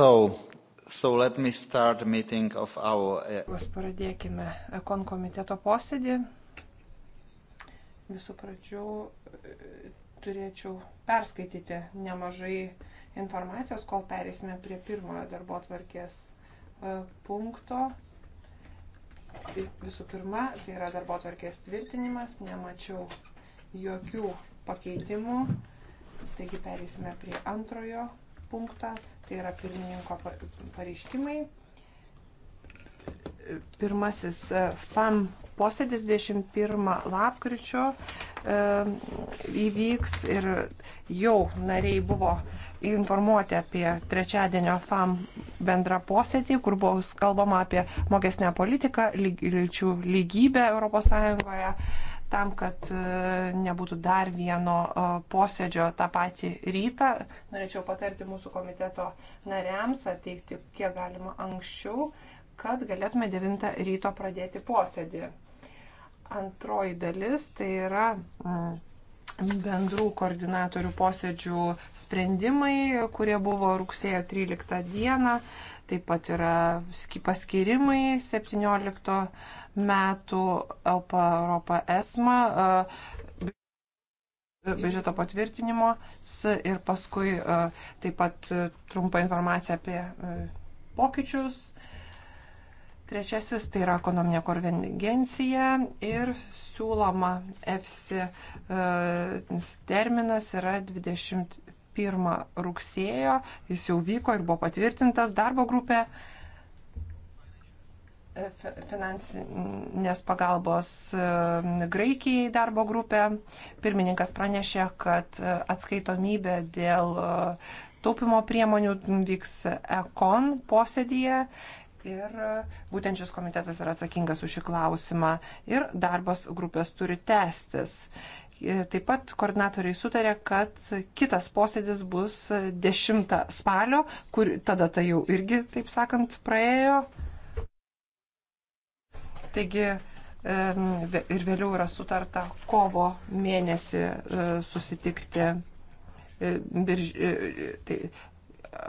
So, so let me start meeting of our. Mes uh, pradėkime ekon komiteto posėdį. Visų pradžių e, turėčiau perskaityti nemažai informacijos, kol perėsime prie pirmojo darbo tvarkės e, punkto. Visų pirma, tai yra darbo tvarkės tvirtinimas, nemačiau jokių pakeitimų, taigi perėsime prie antrojo punktą, tai yra pirmininko pareiškimai. Pirmasis e, FAM posėdis 21 lapkričio e, įvyks ir jau nariai buvo informuoti apie trečiadienio FAM bendrą posėdį, kur buvo kalbama apie mokesnę politiką, lyčių lygybę ES tam, kad e, nebūtų dar vieno e, posėdžio tą patį rytą. Norėčiau patarti mūsų komiteto nariams ateikti kiek galima anksčiau, kad galėtume 9 ryto pradėti posėdį. Antroji dalis tai yra bendrų koordinatorių posėdžių sprendimai, kurie buvo rugsėjo 13 dieną. Taip pat yra paskirimai 17 metų Europa ESMA e, biudžeto patvirtinimo ir paskui e, taip pat e, trumpa informacija apie pokyčius. Trečiasis tai yra ekonominė konvergencija ir siūloma EFSI terminas yra 21 rugsėjo, jis jau vyko ir buvo patvirtintas darbo grupė. Uh, E, finansinės pagalbos e, Graikijai darbo grupė. Pirmininkas pranešė, kad e, atskaitomybė dėl taupimo priemonių vyks ECON posėdėje. Ir būtent šis komitetas yra atsakingas už šį klausimą ir darbos grupės turi tęstis. Taip pat koordinatoriai sutarė, kad kitas posėdis bus 10 spalio, kur tada tai jau irgi, taip sakant, praėjo. Taigi ir vėliau yra sutarta kovo mėnesį e, susitikti. E, birž, e, tai,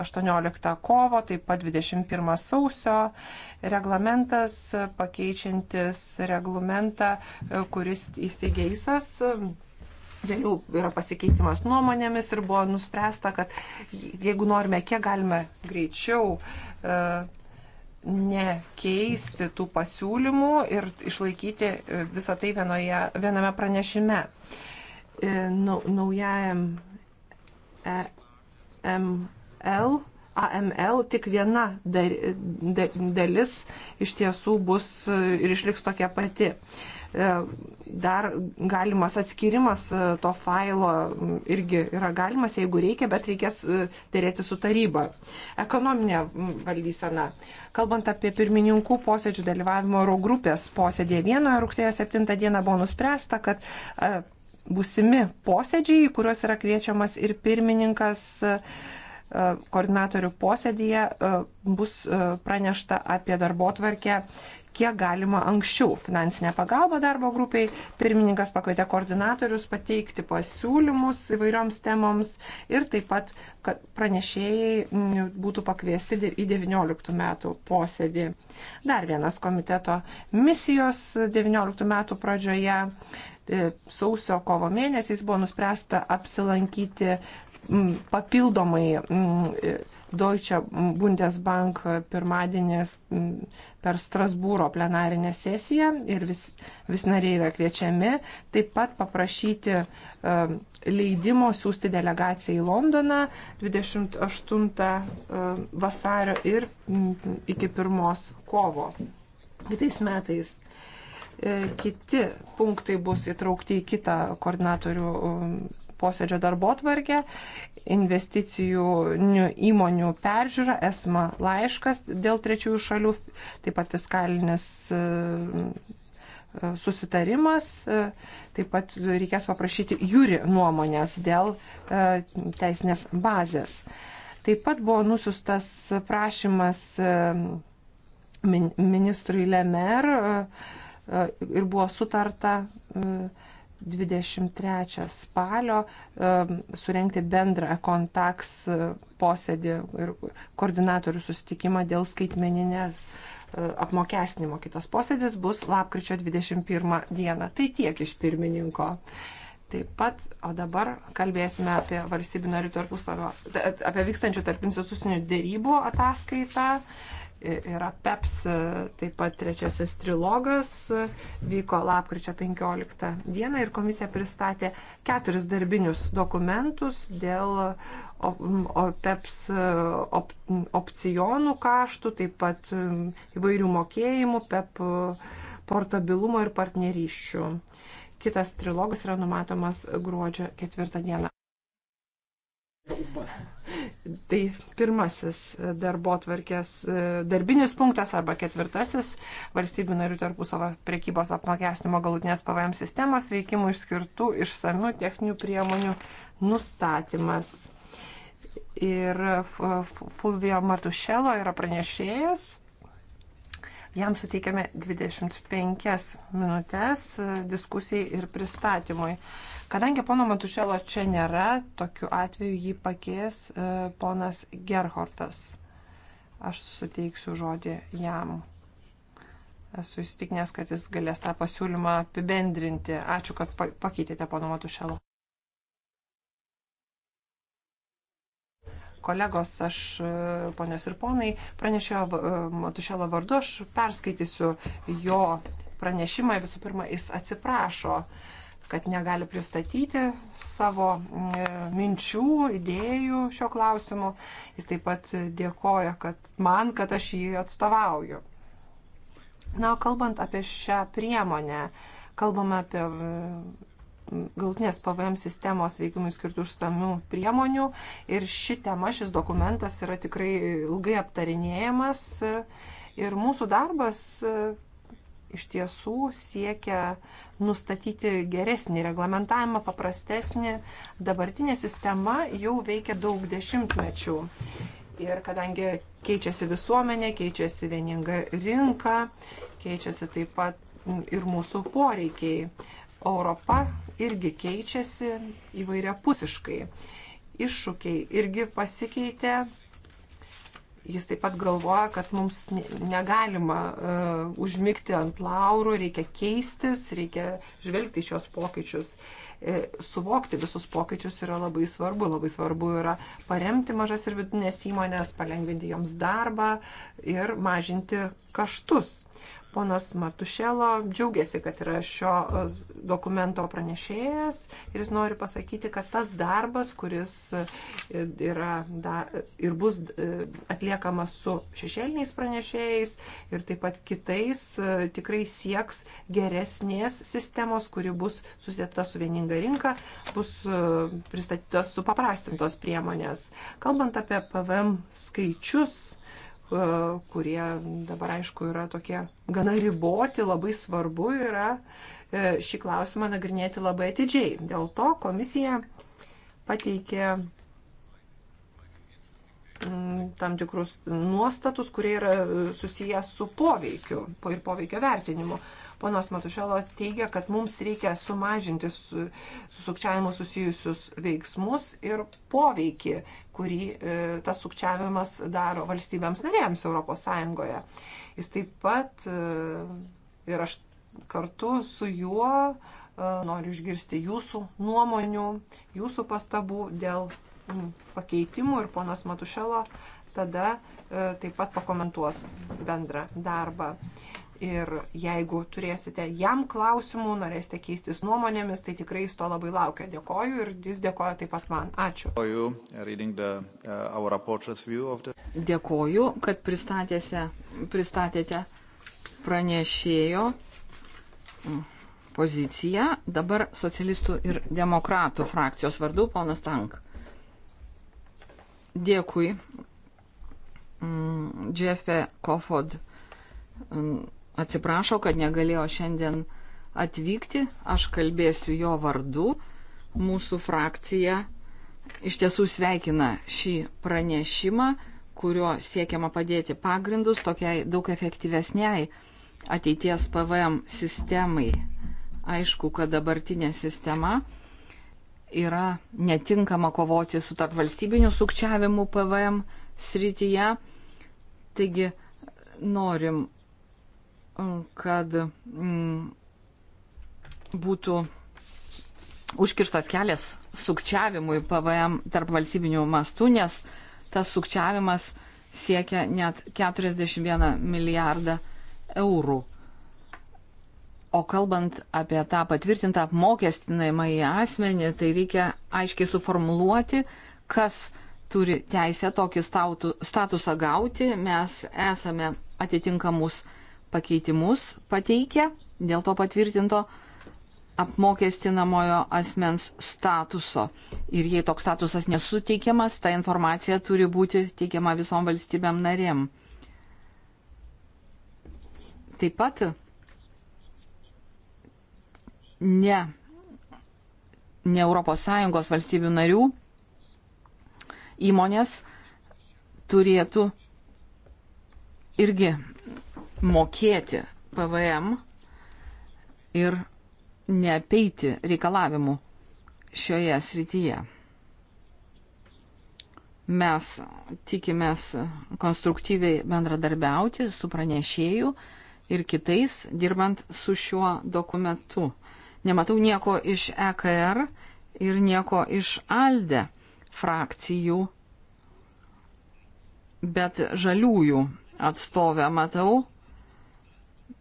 18 kovo, taip pat 21 sausio reglamentas pakeičiantis reglamentą, kuris įsteigė įsas. Vėliau yra pasikeitimas nuomonėmis ir buvo nuspręsta, kad jeigu norime, kiek galime greičiau nekeisti tų pasiūlymų ir išlaikyti e, visą tai vienoje, viename pranešime. E, naujajam EML, AML tik viena e, dalis iš tiesų bus ir išliks tokia pati. E, dar galimas atskirimas e, to failo irgi yra galimas, jeigu reikia, bet reikės e, dėrėti su taryba. Ekonominė valdysena. Kalbant apie pirmininkų posėdžių dalyvavimo oro grupės posėdėje vienoje rugsėjo 7 dieną buvo nuspręsta, kad būsimi posėdžiai, į kuriuos yra kviečiamas ir pirmininkas koordinatorių posėdėje bus pranešta apie darbo tvarkę kiek galima anksčiau finansinę pagalbą darbo grupiai. Pirmininkas pakvietė koordinatorius pateikti pasiūlymus įvairioms temoms ir taip pat, kad pranešėjai mm, būtų pakviesti į 19 metų posėdį. Dar vienas komiteto misijos 19 metų pradžioje. E, sausio kovo mėnesiais buvo nuspręsta apsilankyti mm, papildomai mm, e, Deutsche Bundesbank pirmadienės per Strasbūro plenarinę sesiją ir vis, vis nariai yra kviečiami. Taip pat paprašyti leidimo siūsti delegaciją į Londoną 28 vasario ir iki 1 kovo kitais metais e, kiti punktai bus įtraukti į kitą koordinatorių posėdžio darbo tvarkę investicijų įmonių peržiūra, esma laiškas dėl trečiųjų šalių, taip pat fiskalinis e, e, susitarimas, e, taip pat reikės paprašyti jūri nuomonės dėl teisinės bazės. Taip pat buvo nusiustas prašymas ministrui Lemer ir buvo sutarta 23 spalio surenkti bendrą kontaks e, posėdį ir koordinatorių susitikimą dėl skaitmeninės e, apmokestinimo. Kitas posėdis bus lapkričio 21 dieną. Tai tiek iš pirmininko. Taip pat, o dabar kalbėsime apie valstybių narių tarpusavio, apie vykstančių tarp institucinių dėrybų ataskaitą yra PEPS, e, taip pat trečiasis trilogas, e, vyko lapkričio 15 dieną ir komisija pristatė keturis darbinius dokumentus dėl PEPS e, op, opcionų kaštų, taip pat įvairių mokėjimų, PEP portabilumo ir partnerysčių. Kitas trilogas yra numatomas gruodžio ketvirtą dieną. Tai pirmasis darbo tvarkės e, darbinis punktas arba ketvirtasis valstybių narių tarpusavo prekybos apmokestinimo galutinės PVM sistemos veikimų išskirtų išsamių techninių priemonių nustatymas. Ir Fulvio Martušelo yra pranešėjas. Jam suteikiame 25 minutės e, diskusijai ir pristatymui. Kadangi pono Matušelo čia nėra, tokiu atveju jį pakeis e, ponas Gerhortas. Aš suteiksiu žodį jam. Esu įsitikinęs, kad jis galės tą pasiūlymą apibendrinti. Ačiū, kad pakeitėte pono Matušelo. kolegos, aš, e, ponios ir ponai, pranešėjo e, Matušėlo vardu, aš perskaitysiu jo pranešimą. Visų pirma, jis atsiprašo kad negali pristatyti savo e, minčių, idėjų šio klausimu. Jis taip pat dėkoja kad man, kad aš jį atstovauju. Na, kalbant apie šią priemonę, kalbame apie e, galtinės PVM sistemos veikimui skirtų užsamių priemonių ir ši tema, šis dokumentas yra tikrai ilgai aptarinėjamas e, ir mūsų darbas iš tiesų siekia nustatyti geresnį reglamentavimą, paprastesnį. Dabartinė sistema jau veikia daug dešimtmečių. Ir kadangi keičiasi visuomenė, keičiasi vieninga rinka, keičiasi taip pat ir mūsų poreikiai. Europa irgi keičiasi įvairia pusiškai. Iššūkiai irgi pasikeitė, Jis taip pat galvoja, kad mums negalima uh, e, užmygti ant laurų, reikia keistis, reikia žvelgti šios pokyčius. E, suvokti visus pokyčius yra labai svarbu. Labai svarbu yra paremti mažas ir vidutinės įmonės, palengvinti joms darbą ir mažinti kaštus. Ponas Martušelo džiaugiasi, kad yra šio e, dokumento pranešėjas ir jis nori pasakyti, kad tas darbas, kuris e, yra da, ir bus e, atliekamas su šešėliniais pranešėjais ir taip pat kitais, tikrai sieks geresnės sistemos, kuri bus susieta su vieninga rinka, bus pristatytos supaprastintos priemonės. Kalbant apie PVM skaičius, E, kurie dabar aišku yra tokie gana riboti, labai svarbu yra e, šį klausimą nagrinėti labai atidžiai. Dėl to komisija pateikė mm, tam tikrus nuostatus, kurie yra e, susijęs su poveikiu ir poveikio vertinimu. Ponas Matušelo teigia, kad mums reikia sumažinti su sukčiavimu susijusius veiksmus ir poveikį, kurį e, tas sukčiavimas daro valstybėms narėms ES. Jis taip pat e, ir aš kartu su juo e, noriu išgirsti jūsų nuomonių, jūsų pastabų dėl m, pakeitimų ir ponas Matušelo tada e, taip pat pakomentuos bendrą darbą. Ir jeigu turėsite jam klausimų, norėsite keistis nuomonėmis, tai tikrai jis to labai laukia. Dėkoju ir jis dėkoja taip pat man. Ačiū. Dėkoju, uh, uh, kad pristatėse, pristatėte pranešėjo mm, poziciją. Dabar socialistų ir demokratų frakcijos vardu, ponas Tank. Dėkui. Džefė mm, Kofod mm, atsiprašo, kad negalėjo šiandien atvykti. Aš kalbėsiu jo vardu. Mūsų frakcija iš tiesų sveikina šį pranešimą, kuriuo siekiama padėti pagrindus tokiai daug efektyvesniai ateities PVM sistemai. Aišku, kad dabartinė sistema yra netinkama kovoti su tarp valstybiniu sukčiavimu PVM srityje. Taigi norim kad mm, būtų užkirstas kelias sukčiavimui PVM tarp valstybinių mastų, nes tas sukčiavimas siekia net 41 milijardą eurų. O kalbant apie tą patvirtintą apmokestinamą į asmenį, tai reikia aiškiai suformuluoti, kas turi teisę tokį statusą gauti. Mes esame atitinkamus uh, pakeitimus pateikę dėl to patvirtinto apmokestinamojo asmens statuso. Ir jei toks statusas nesuteikiamas, ta informacija turi būti teikiama visom valstybėm narėm. Taip pat ne, ne ES valstybių narių įmonės turėtų irgi mokėti PVM ir neapeiti reikalavimų šioje srityje. Mes tikimės konstruktyviai bendradarbiauti su pranešėju ir kitais, dirbant su šiuo dokumentu. Nematau nieko iš EKR ir nieko iš ALDE frakcijų, bet žaliųjų atstovę matau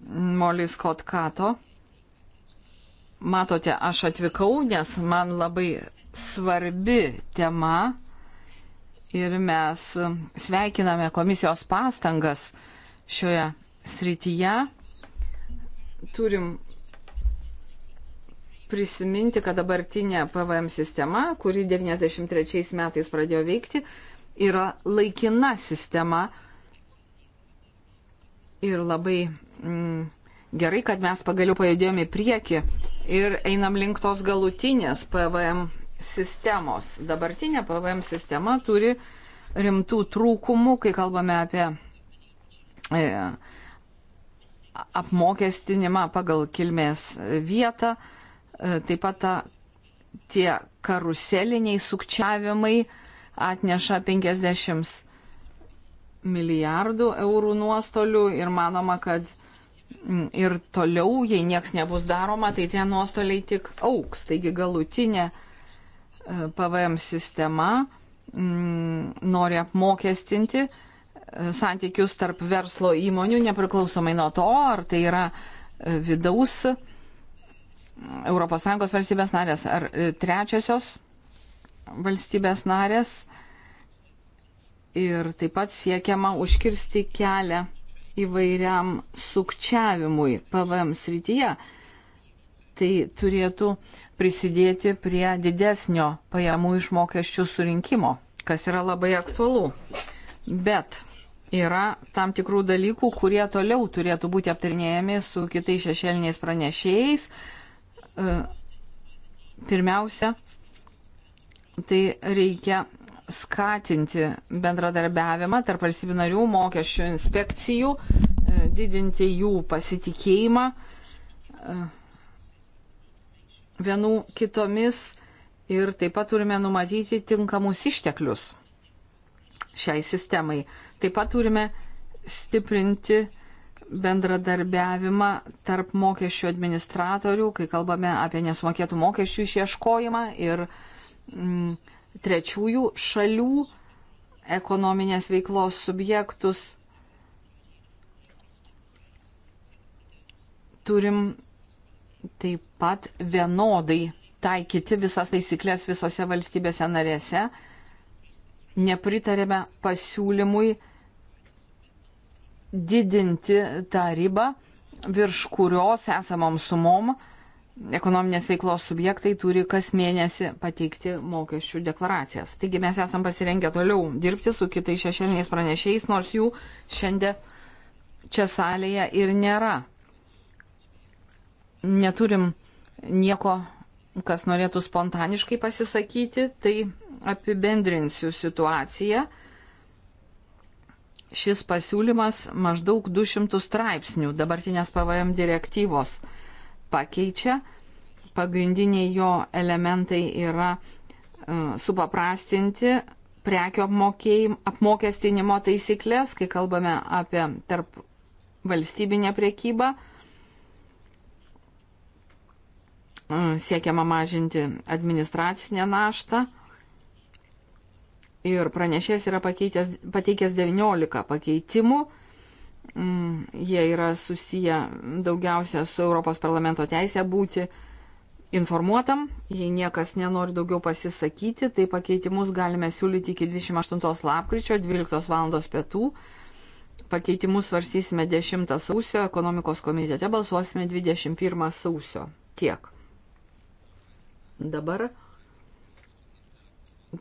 Molly Scott Kato. Matote, aš atvykau, nes man labai svarbi tema ir mes sveikiname komisijos pastangas šioje srityje. Turim prisiminti, kad dabartinė PVM sistema, kuri 93 metais pradėjo veikti, yra laikina sistema ir labai mm, gerai, kad mes pagaliau pajudėjome į priekį ir einam link tos galutinės PVM sistemos. Dabartinė PVM sistema turi rimtų trūkumų, kai kalbame apie e, apmokestinimą pagal kilmės vietą, e, taip pat ta, tie karuseliniai sukčiavimai atneša 50 milijardų eurų nuostolių ir manoma, kad ir toliau, jei nieks nebus daroma, tai tie nuostoliai tik auks. Taigi galutinė e, PVM sistema mm, nori apmokestinti e, santykius tarp verslo įmonių, nepriklausomai nuo to, ar tai yra e, vidaus ES valstybės narės ar trečiosios valstybės narės. Ir taip pat siekiama užkirsti kelią įvairiam sukčiavimui PVM srityje, tai turėtų prisidėti prie didesnio pajamų iš mokesčių surinkimo, kas yra labai aktualu. Bet yra tam tikrų dalykų, kurie toliau turėtų būti aptarinėjami su kitais šešėliniais pranešėjais. E, pirmiausia, tai reikia skatinti bendradarbiavimą tarp valstybių narių mokesčių inspekcijų, e, didinti jų pasitikėjimą e, vienų kitomis ir taip pat turime numatyti tinkamus išteklius šiai sistemai. Taip pat turime stiprinti bendradarbiavimą tarp mokesčių administratorių, kai kalbame apie nesumokėtų mokesčių išieškojimą ir mm, trečiųjų šalių ekonominės veiklos subjektus. Turim taip pat vienodai taikyti visas taisyklės visose valstybėse narėse. Nepritarėme pasiūlymui didinti tą ribą, virš kurios esamom sumom ekonominės veiklos subjektai turi kas mėnesį pateikti mokesčių deklaracijas. Taigi mes esam pasirengę toliau dirbti su kitais šešėliniais pranešėjais, nors jų šiandien čia salėje ir nėra. Neturim nieko, kas norėtų spontaniškai pasisakyti, tai apibendrinsiu situaciją. Šis pasiūlymas maždaug 200 straipsnių dabartinės PVM direktyvos pakeičia. Pagrindiniai jo elementai yra e, supaprastinti prekių apmokestinimo taisyklės, kai kalbame apie tarp valstybinę priekybą. E, siekiama mažinti administracinę naštą. Ir pranešės yra pakeitęs, pateikęs 19 pakeitimų. Mm, jie yra susiję daugiausia su Europos parlamento teisė būti informuotam. Jei niekas nenori daugiau pasisakyti, tai pakeitimus galime siūlyti iki 28 lapkričio 12 val. pietų. Pakeitimus svarsysime 10 sausio, ekonomikos komitete balsuosime 21 sausio. Tiek. Dabar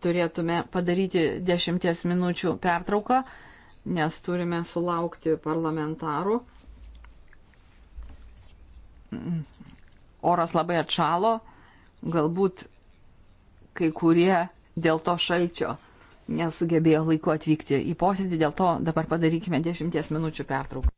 turėtume padaryti 10 minučių pertrauką nes turime sulaukti parlamentarų. Oras labai atšalo, galbūt kai kurie dėl to šalčio nesugebėjo laiku atvykti į posėdį, dėl to dabar padarykime 10 minučių pertrauką.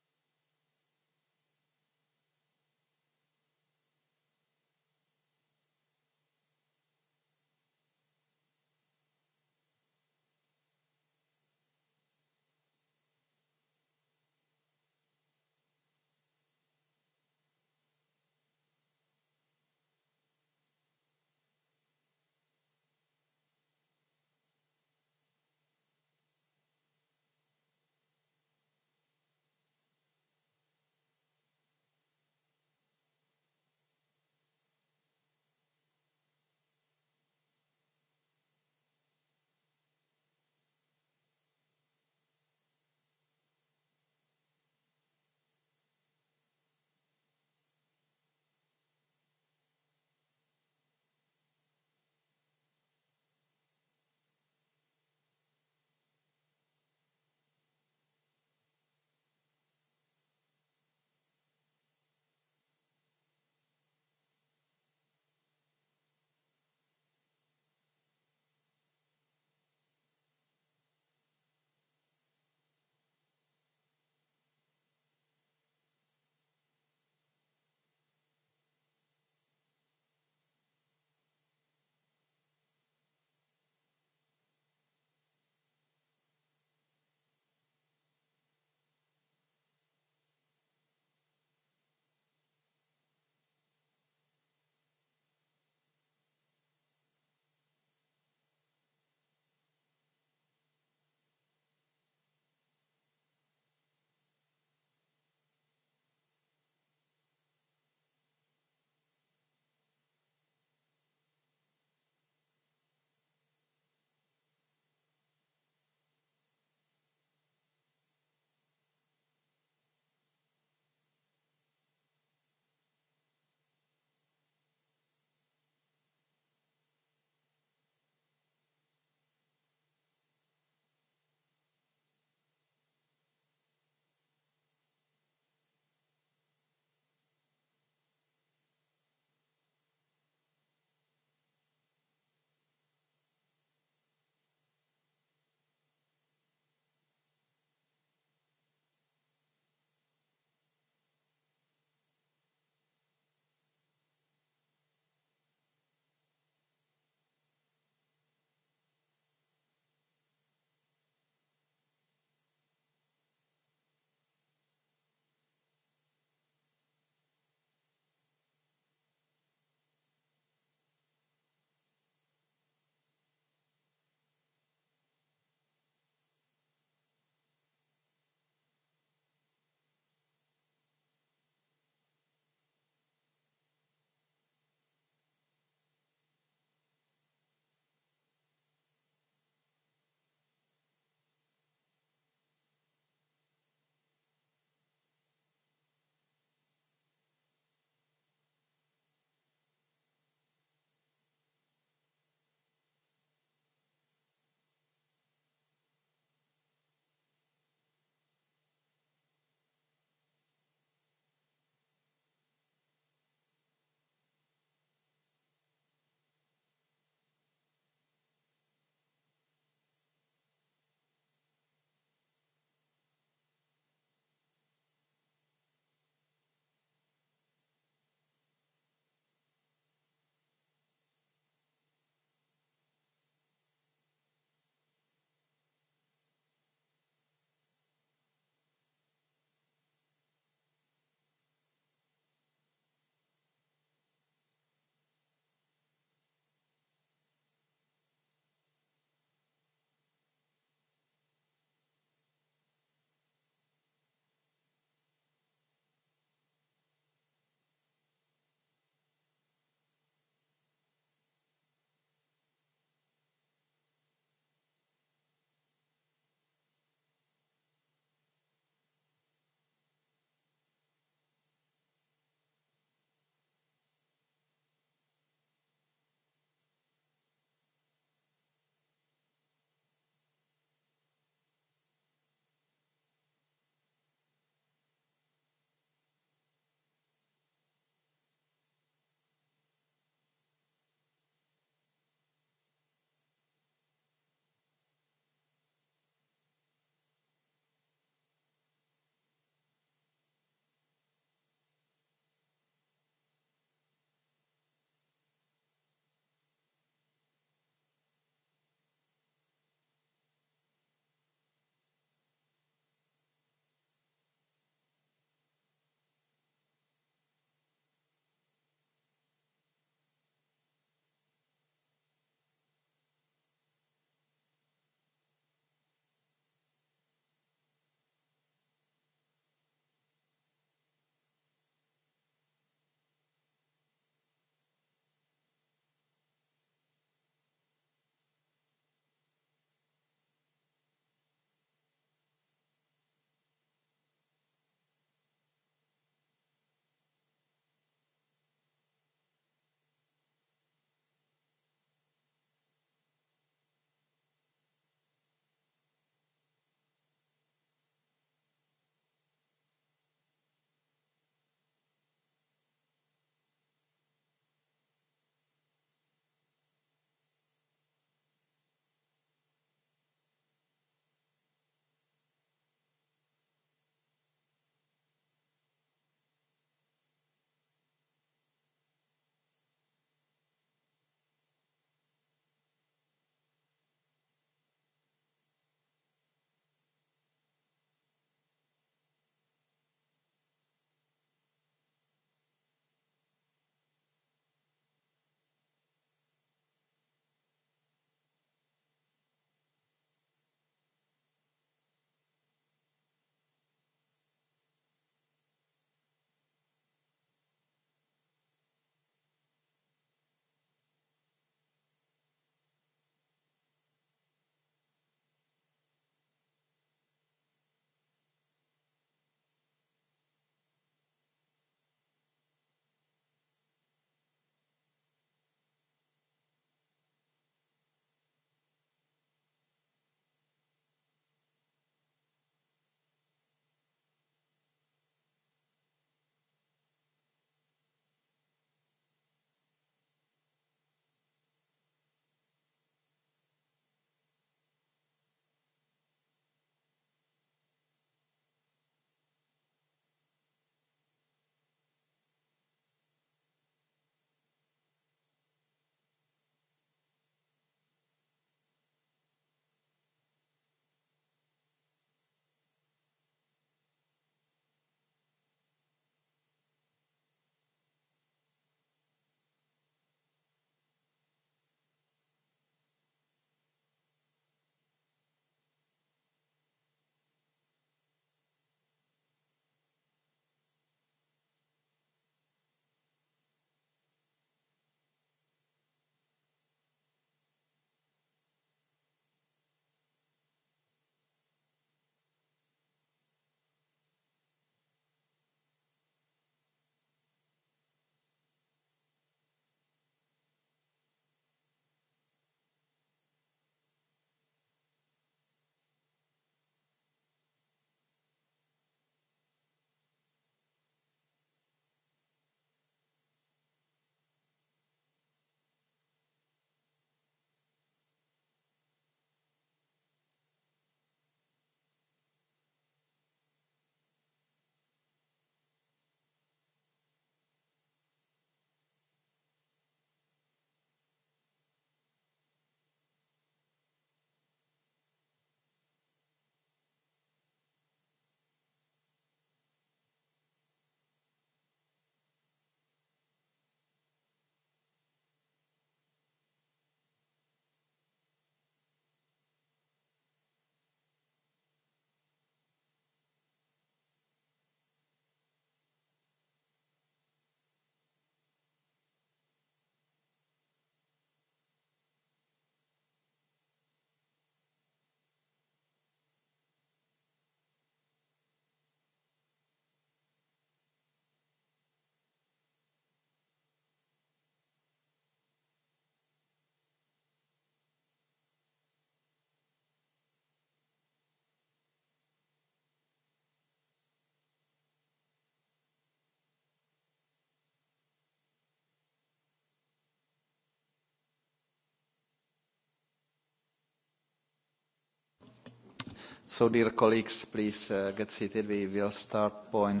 So, dear colleagues, please uh, get seated. We will start point.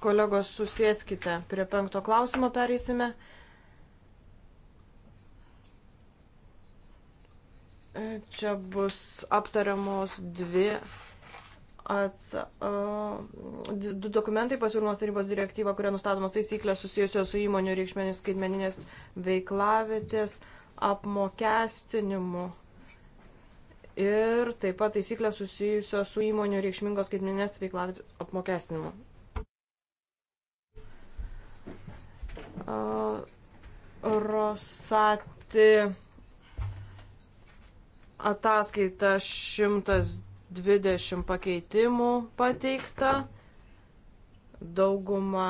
Kolegos, susėskite. Prie penkto klausimo pereisime. Čia bus aptariamos dvi atsa, uh, du dokumentai pasiūlymas tarybos direktyva, kuria nustatomos taisyklės susijusios su įmonių reikšmenis skaitmeninės veiklavėtės apmokestinimu. Uh, ir taip pat taisyklės susijusios su įmonių reikšmingos skaitminės veiklavės apmokestinimu. Rosati ataskaita 120 pakeitimų pateikta. Dauguma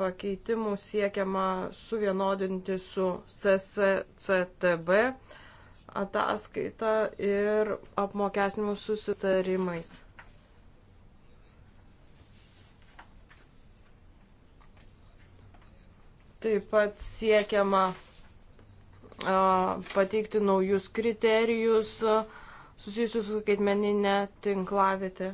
pakeitimų siekiama suvienodinti su CCCTB ataskaita ir apmokestinimų susitarimais. Taip pat siekiama a, pateikti naujus kriterijus susijusius su skaitmeninė tinklavietė.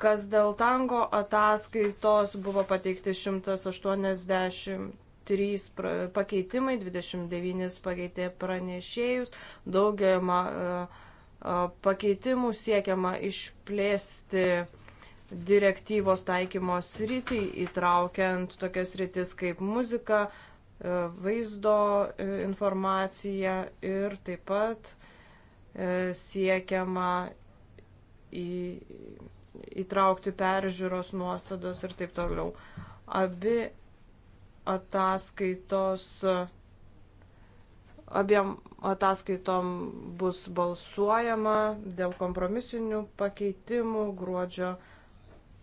Kas dėl tango ataskaitos buvo pateikti 180 3 pakeitimai, 29 pakeitė pranešėjus, daugiama e, e, pakeitimų siekiama išplėsti direktyvos taikymo sritį, įtraukiant tokias rytis kaip muzika, e, vaizdo informacija ir taip pat siekiama į, įtraukti peržiūros nuostados ir taip toliau. Abi ataskaitos, abiem ataskaitom bus balsuojama dėl kompromisinių pakeitimų gruodžio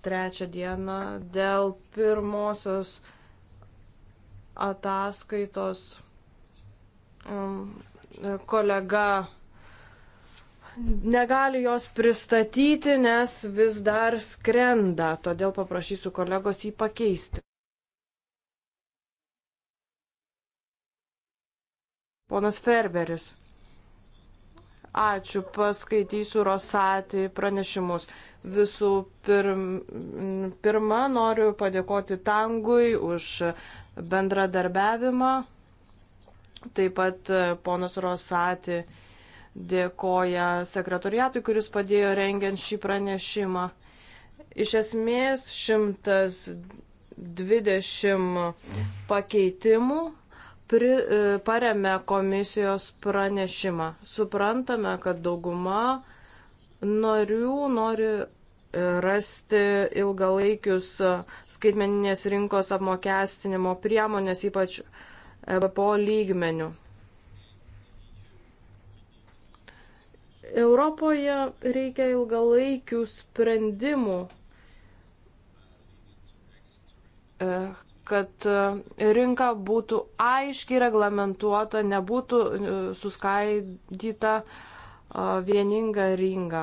trečią dieną, dėl pirmosios ataskaitos um, kolega negali jos pristatyti, nes vis dar skrenda, todėl paprašysiu kolegos jį pakeisti. Ponas Ferberis. Ačiū, paskaitysiu Rosatį pranešimus. Visų pirm, pirma, noriu padėkoti Tangui už bendradarbiavimą. Taip pat e, ponas Rosati dėkoja sekretoriatui, kuris padėjo rengiant šį pranešimą. Iš esmės 120 pakeitimų pri, e, paremė komisijos pranešimą. Suprantame, kad dauguma narių nori e, rasti ilgalaikius skaitmeninės rinkos apmokestinimo priemonės, ypač EBPO lygmenių. Europoje reikia ilgalaikių sprendimų, e, kad e, rinka būtų aiškiai reglamentuota, nebūtų e, suskaidyta e, vieninga rinka.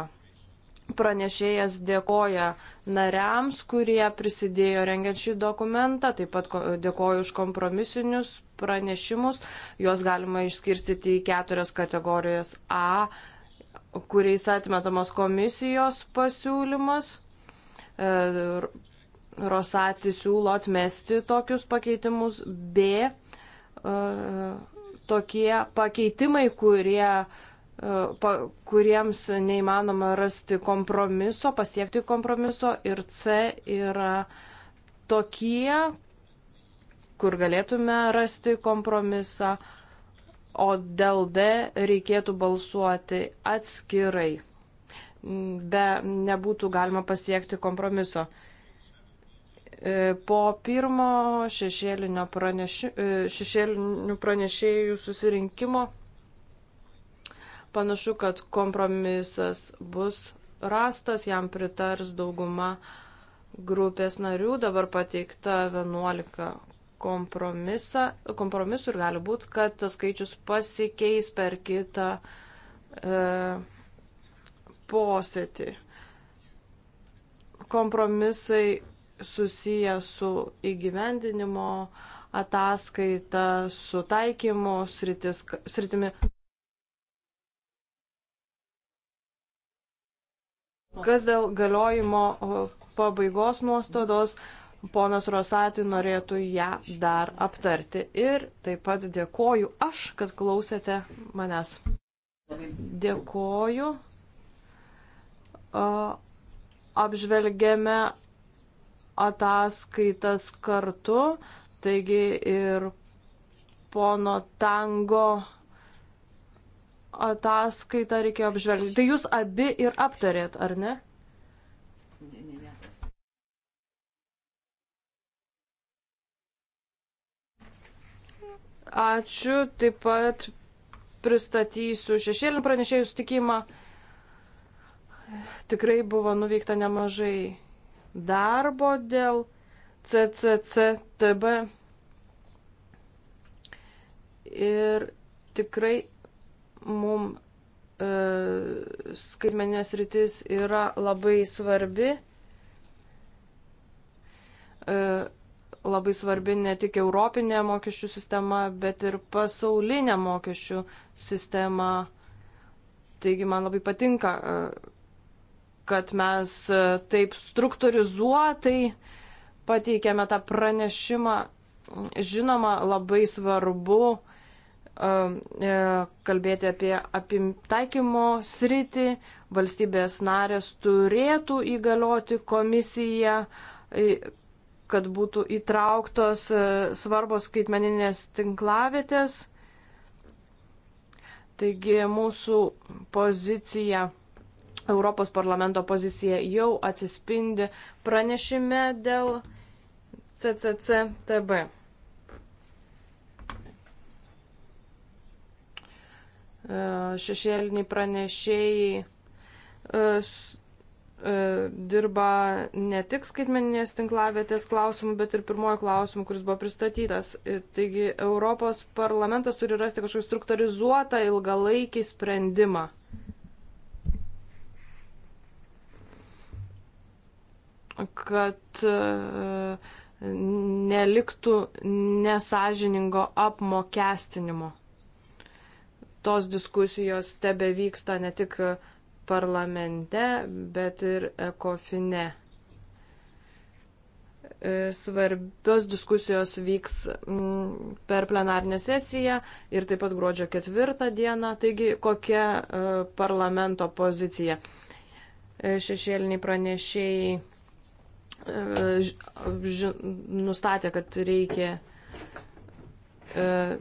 Pranešėjas dėkoja nariams, kurie prisidėjo rengiant šį dokumentą, taip pat dėkoju už kompromisinius pranešimus. Juos galima išskirstyti į keturias kategorijas A, kuriais atmetamas komisijos pasiūlymas Rosati siūlo atmesti tokius pakeitimus, B e, tokie pakeitimai, kurie, e, pa, kuriems neįmanoma rasti kompromiso, pasiekti kompromiso ir C yra tokie, kur galėtume rasti kompromisą, o dėl D reikėtų balsuoti atskirai, be nebūtų galima pasiekti kompromiso. E, po pirmo šešėlinio praneši, e, šešėlinių pranešėjų susirinkimo panašu, kad kompromisas bus rastas, jam pritars dauguma grupės narių, dabar pateikta 11 kompromisų ir gali būti, kad tas skaičius pasikeis per kitą e, posėtį. Kompromisai susiję su įgyvendinimo ataskaita, su taikymo sritis, sritimi. Kas dėl galiojimo pabaigos nuostodos, ponas Rosati norėtų ją dar aptarti. Ir taip pat dėkoju aš, kad klausėte manęs. Dėkoju. Apžvelgėme ataskaitas kartu, taigi ir pono Tango ataskaitą reikėjo apžvelgti. Tai jūs abi ir aptarėt, ar ne? Ne, ne, ne. Ačiū, taip pat pristatysiu šešėlinį pranešėjų sutikimą. Tikrai buvo nuveikta nemažai darbo dėl CCCTB. Ir tikrai mums e, skaitmenės rytis yra labai svarbi. E, labai svarbi ne tik europinė mokesčių sistema, bet ir pasaulinė mokesčių sistema. Taigi man labai patinka e, kad mes e, taip struktūrizuotai pateikėme tą pranešimą. Žinoma, labai svarbu e, e, kalbėti apie apimtaikymo sritį, valstybės narės turėtų įgalioti komisiją, kad būtų įtrauktos svarbos skaitmeninės tinklavietės. Taigi mūsų pozicija Europos parlamento pozicija jau atsispindi pranešime dėl CCCTB. E, šešėliniai pranešėjai e, e, dirba ne tik skaitmeninės tinklavietės klausimų, bet ir pirmojo klausimų, kuris buvo pristatytas. Taigi Europos parlamentas turi rasti kažkokį struktūrizuotą ilgalaikį sprendimą kad e, neliktų nesažiningo apmokestinimo. Tos diskusijos tebe vyksta ne tik parlamente, bet ir ekofine. E, svarbios diskusijos vyks per plenarnę sesiją ir taip pat gruodžio ketvirtą dieną. Taigi, kokia e, parlamento pozicija? Šešėliniai pranešėjai ži, nustatė, kad reikia e,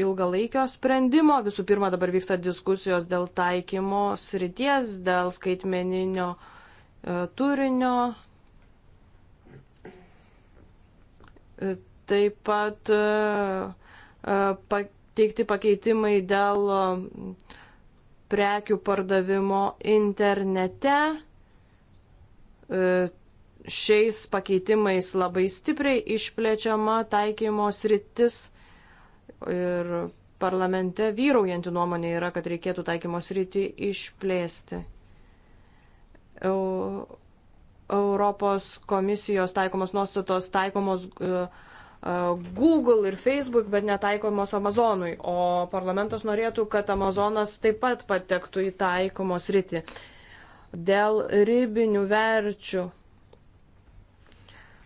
ilgalaikio sprendimo. Visų pirma, dabar vyksta diskusijos dėl taikymo srities, dėl skaitmeninio e, turinio. E, taip pat e, e pateikti pakeitimai dėl prekių pardavimo internete E, šiais pakeitimais labai stipriai išplečiama taikymo sritis ir parlamente vyraujanti nuomonė yra, kad reikėtų taikymo sritį išplėsti. Europos komisijos taikomos nuostatos taikomos e, e, Google ir Facebook, bet netaikomos Amazonui. O parlamentas norėtų, kad Amazonas taip pat patektų į taikomos rytį dėl ribinių verčių.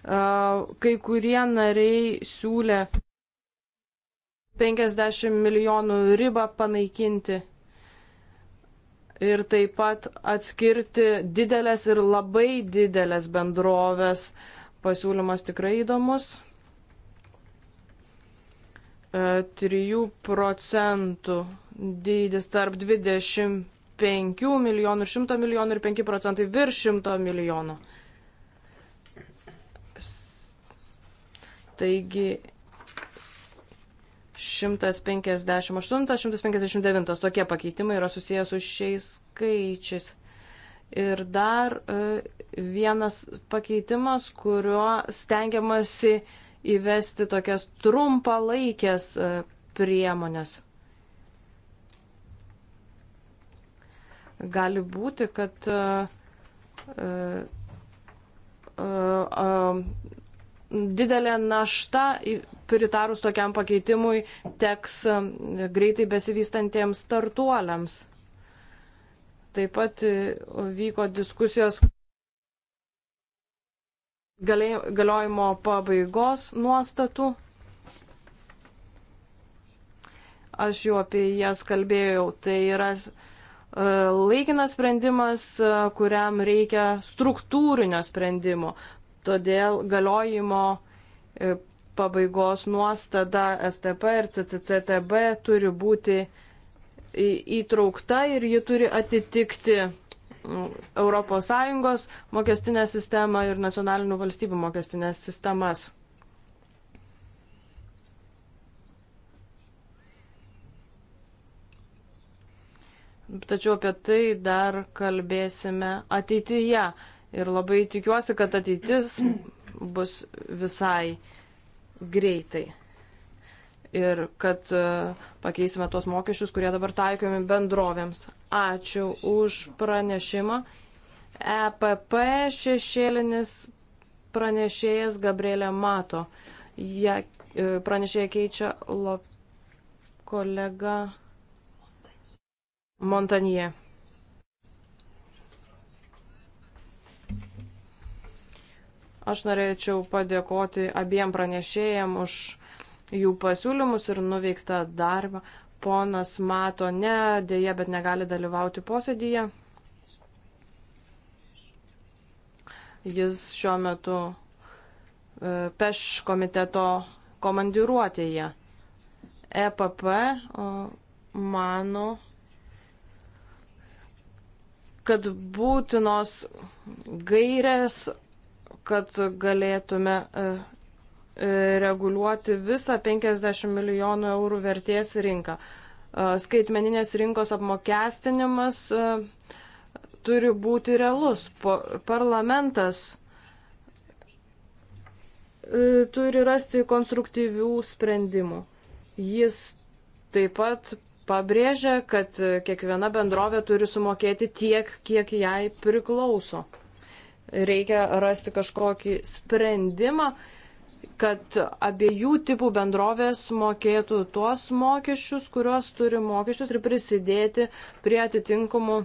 Kai kurie nariai siūlė 50 milijonų ribą panaikinti ir taip pat atskirti didelės ir labai didelės bendrovės. Pasiūlymas tikrai įdomus. 3 e, procentų dydis tarp 20 5 milijonų, 100 milijonų ir 5 procentai virš 100 milijonų. Taigi 158-159 tokie pakeitimai yra susijęs su šiais skaičiais. Ir dar e, vienas pakeitimas, kuriuo stengiamasi įvesti tokias trumpalaikės e, priemonės. gali būti, kad e, e, e, didelė našta pritarus tokiam pakeitimui teks greitai besivystantiems startuoliams. Taip pat vyko diskusijos galiojimo pabaigos nuostatų. Aš jau apie jas kalbėjau. Tai yra E, laikinas sprendimas, e, kuriam reikia struktūrinio sprendimo. Todėl galiojimo e, pabaigos nuostada STP ir CCCTB turi būti įtraukta ir ji turi atitikti mm, ES mokestinę sistemą ir nacionalinių valstybių mokestinės sistemas. Tačiau apie tai dar kalbėsime ateityje. Ir labai tikiuosi, kad ateitis bus visai greitai. Ir kad e, pakeisime tuos mokesčius, kurie dabar taikomi bendrovėms. Ačiū už pranešimą. EPP šešėlinis pranešėjas Gabrielė Mato. Ja, e, pranešėja keičia lo, kolega Montanie. Aš norėčiau padėkoti abiem pranešėjam už jų pasiūlymus ir nuveiktą darbą. Ponas Mato ne, dėje, bet negali dalyvauti posėdyje. Jis šiuo metu e, peš komiteto komandiruotėje. EPP mano kad būtinos gairės, kad galėtume e, e, reguliuoti visą 50 milijonų eurų vertės rinką. E, skaitmeninės rinkos apmokestinimas turi būti realus. Parlamentas turi rasti konstruktyvių sprendimų. Jis taip pat pabrėžia, kad kiekviena bendrovė turi sumokėti tiek, kiek jai priklauso. Reikia rasti kažkokį sprendimą, kad abiejų tipų bendrovės mokėtų tuos mokesčius, kuriuos turi mokesčius ir prisidėti prie atitinkamų e,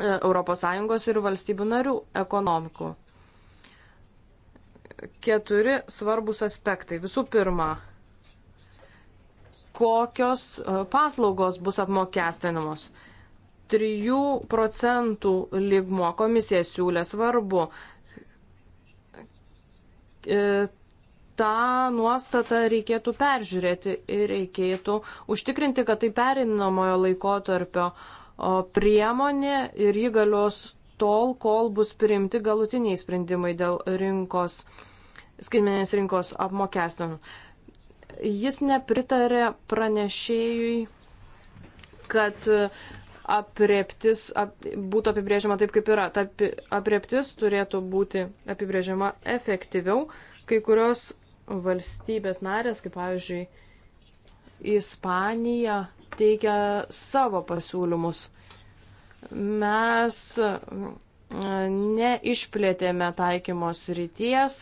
ES ir valstybių narių ekonomikų. Keturi svarbus aspektai. Visų pirma, kokios e, paslaugos bus apmokestinamos. 3 procentų lygmo komisija siūlė svarbu. E, Ta nuostata reikėtų peržiūrėti ir reikėtų užtikrinti, kad tai perinamojo laikotarpio priemonė ir jį galios tol, kol bus priimti galutiniai sprendimai dėl rinkos, skaitmenės rinkos apmokestinimų. Jis nepritarė pranešėjui, kad apreptis ap, būtų apibrėžiama taip, kaip yra. Ta apreptis turėtų būti apibrėžiama efektyviau. Kai kurios valstybės narės, kaip pavyzdžiui, Ispanija teikia savo pasiūlymus. Mes mm, neišplėtėme taikymos ryties,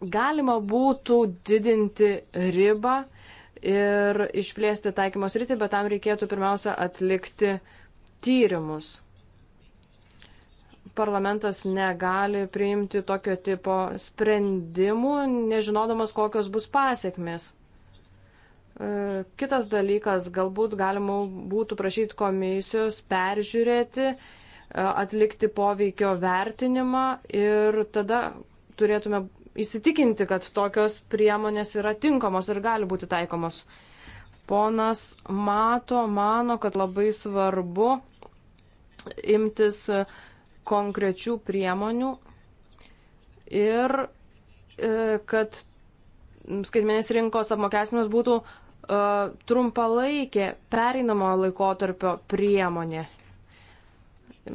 galima būtų didinti ribą ir išplėsti taikymos rytį, bet tam reikėtų pirmiausia atlikti tyrimus. Parlamentas negali priimti tokio tipo sprendimų, nežinodamas, kokios bus pasiekmes. E, kitas dalykas, galbūt galima būtų prašyti komisijos peržiūrėti, e, atlikti poveikio vertinimą ir tada turėtume įsitikinti, kad tokios priemonės yra tinkamos ir gali būti taikomos. Ponas Mato mano, kad labai svarbu imtis konkrečių priemonių ir e, kad skaitmenės rinkos apmokestinimas būtų uh, trumpalaikė pereinamo laikotarpio priemonė.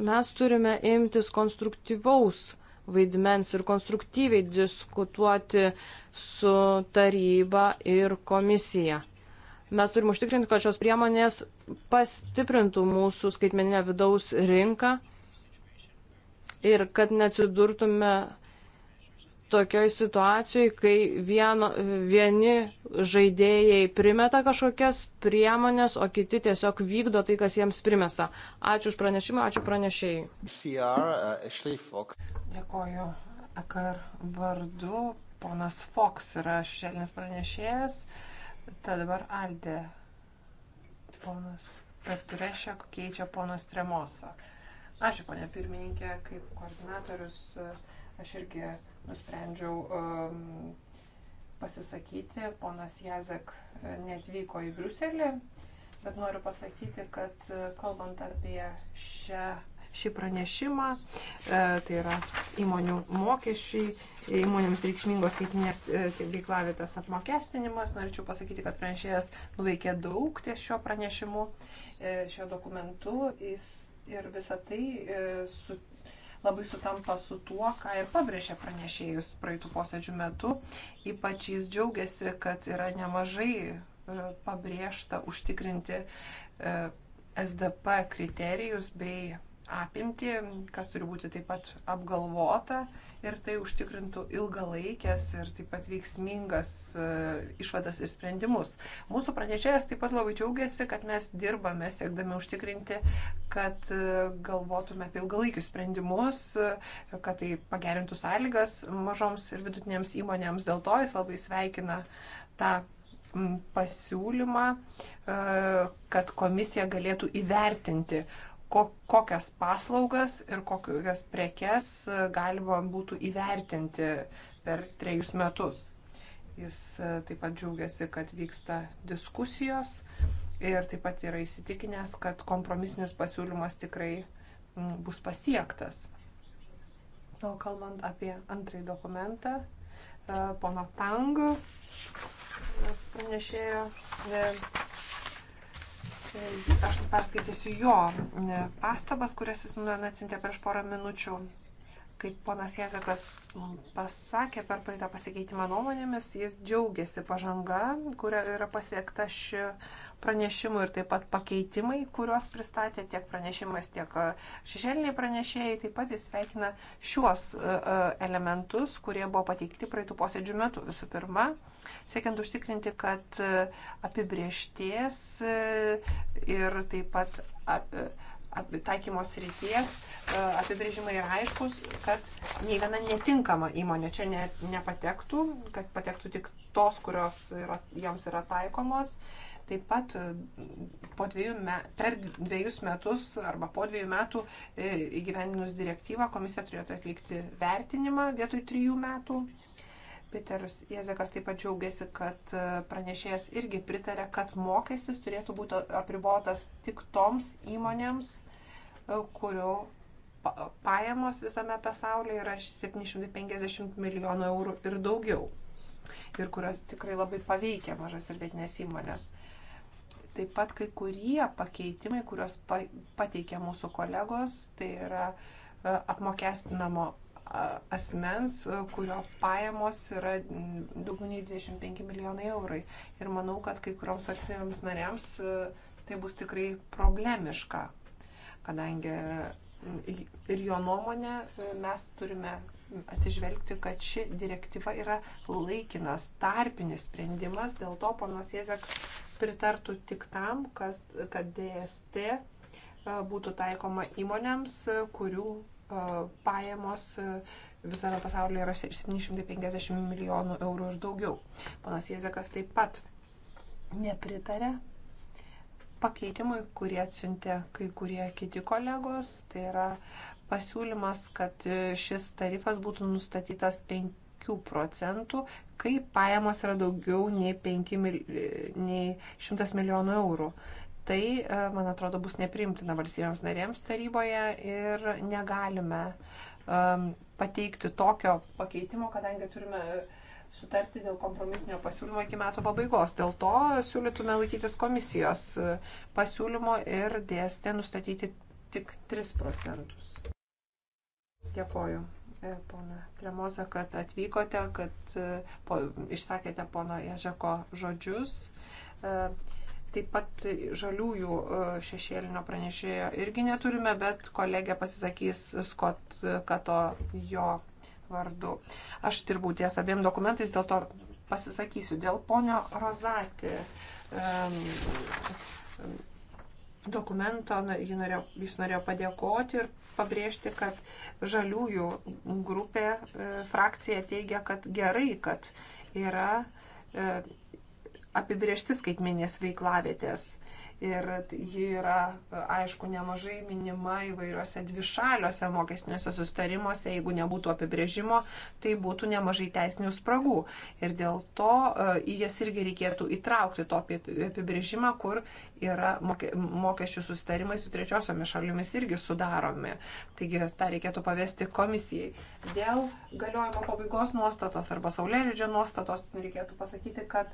Mes turime imtis konstruktyvaus vaidmens ir konstruktyviai diskutuoti su taryba ir komisija. Mes turim užtikrinti, kad šios priemonės pastiprintų mūsų skaitmeninę vidaus rinką ir kad neatsidurtume tokioj situacijoj, kai vieno, vieni žaidėjai primeta kažkokias priemonės, o kiti tiesiog vykdo tai, kas jiems primesta. Ačiū už pranešimą, ačiū pranešėjai. CR, uh, Dėkoju. Akar vardu, ponas Fox yra šešėlinis pranešėjas, tad dabar Aldė, ponas Peturešek keičia ponas Tremosą. Ačiū, ponė pirmininkė, kaip koordinatorius, uh, aš irgi uh, nusprendžiau um, pasisakyti. Ponas Jazek e, netvyko į Briuselį, bet noriu pasakyti, kad e, kalbant apie šią, šį pranešimą, e, tai yra įmonių mokesčiai, įmonėms reikšmingos skaitinės e, veiklavietas apmokestinimas, norėčiau pasakyti, kad pranešėjas nuveikė daug ties šio pranešimu, e, šio dokumentu. Jis ir visa tai e, su, labai sutampa su tuo, ką ir pabrėžė pranešėjus praeitų posėdžių metu. Ypač jis džiaugiasi, kad yra nemažai e, pabrėžta užtikrinti e, SDP kriterijus bei apimti, kas turi būti taip pat apgalvota ir tai užtikrintų ilgalaikės ir taip pat veiksmingas e, išvadas ir sprendimus. Mūsų pranešėjas taip pat labai džiaugiasi, kad mes dirbame siekdami užtikrinti, kad e, galvotume apie ilgalaikius sprendimus, e, kad tai pagerintų sąlygas mažoms ir vidutinėms įmonėms. Dėl to jis labai sveikina tą pasiūlymą, kad komisija galėtų įvertinti ko, kokias paslaugas ir kokias prekes e, galima būtų įvertinti per trejus metus. Jis e, taip pat džiaugiasi, kad vyksta diskusijos ir taip pat yra įsitikinęs, kad kompromisinis pasiūlymas tikrai bus pasiektas. O kalbant apie antrąjį dokumentą, e, pono Tang pranešėjo Aš perskaitysiu jo pastabas, kurias jis man atsintė prieš porą minučių. Kaip ponas Jezekas pasakė per praeitą pasikeitimą nuomonėmis, jis džiaugiasi pažanga, kuria yra pasiekta ši pranešimų ir taip pat pakeitimai, kuriuos pristatė tiek pranešimas, tiek e, šešėliniai pranešėjai. Taip pat jis sveikina šiuos e, e, elementus, kurie buvo pateikti praeitų posėdžių metu. Visų pirma, siekiant užtikrinti, kad apibriešties ir taip pat ap, ap, taikymos ryties apibrėžimai yra aiškus, kad nei viena netinkama įmonė čia ne, nepatektų, kad patektų tik tos, kurios yra, joms yra taikomos. Taip pat e, po dviejų me, per dviejus metus arba po dviejų metų e, įgyvendinus direktyvą komisija turėtų atlikti vertinimą vietoj trijų metų. Peteris Jezekas taip pat džiaugiasi, kad e, pranešėjas irgi pritarė, kad mokestis turėtų būti apribotas tik toms įmonėms, kurių pajamos visame pasaulyje yra 750 milijonų eurų ir daugiau. Ir kurios tikrai labai paveikia mažas ir vietinės įmonės. Taip pat kai kurie pakeitimai, kuriuos pateikė mūsų kolegos, tai yra e, apmokestinamo asmens, e, kurio pajamos yra daugiau nei 25 milijonai eurai. Ir manau, kad kai kurioms akcinėms narėms e, tai bus tikrai problemiška, kadangi ir jo nuomonė mes turime atsižvelgti, kad ši direktyva yra laikinas, tarpinis sprendimas, dėl to panas Jezek pritartų tik tam, kas, kad DST e, būtų taikoma įmonėms, kurių e, pajamos e, visame pasaulyje yra 750 milijonų eurų ir daugiau. Panas Jezekas taip pat nepritarė pakeitimui, kurie atsiuntė kai kurie kiti kolegos. Tai yra pasiūlymas, kad šis tarifas būtų nustatytas 5 procentų, kai pajamos yra daugiau nei, 5, nei 100 milijonų eurų. Tai, e, man atrodo, bus neprimtina valstybėms narėms taryboje ir negalime um, pateikti tokio pakeitimo, kadangi turime uh, sutarti dėl kompromisinio pasiūlymo iki metų pabaigos. Dėl to siūlytume laikytis komisijos e, pasiūlymo ir dėstė nustatyti tik 3 procentus. Dėkoju, e, pona Tremoza, kad atvykote, kad e, po, išsakėte pono Ježeko žodžius. Taip pat žaliųjų šešėlinio pranešėjo irgi neturime, bet kolegė pasisakys Skot Kato jo vardu. Aš dirbau ties abiem dokumentais, dėl to pasisakysiu. Dėl ponio Rozati um, dokumento jis norėjo, jis norėjo padėkoti ir pabrėžti, kad žaliųjų grupė e, frakcija teigia, kad gerai, kad yra e, apibriežti skaitminės veiklavietės. E, ir ji yra, aišku, nemažai minima įvairiuose dvišaliuose mokesniuose sustarimuose, jeigu nebūtų apibrėžimo, tai būtų nemažai teisinių spragų. Ir dėl to e, į jas irgi reikėtų įtraukti to apibrėžimą, kur yra mokesčių sustarimai su trečiosiomis šalimis irgi sudaromi. Taigi tą reikėtų pavesti komisijai. Dėl galiojimo pabaigos nuostatos arba saulėlydžio nuostatos reikėtų pasakyti, kad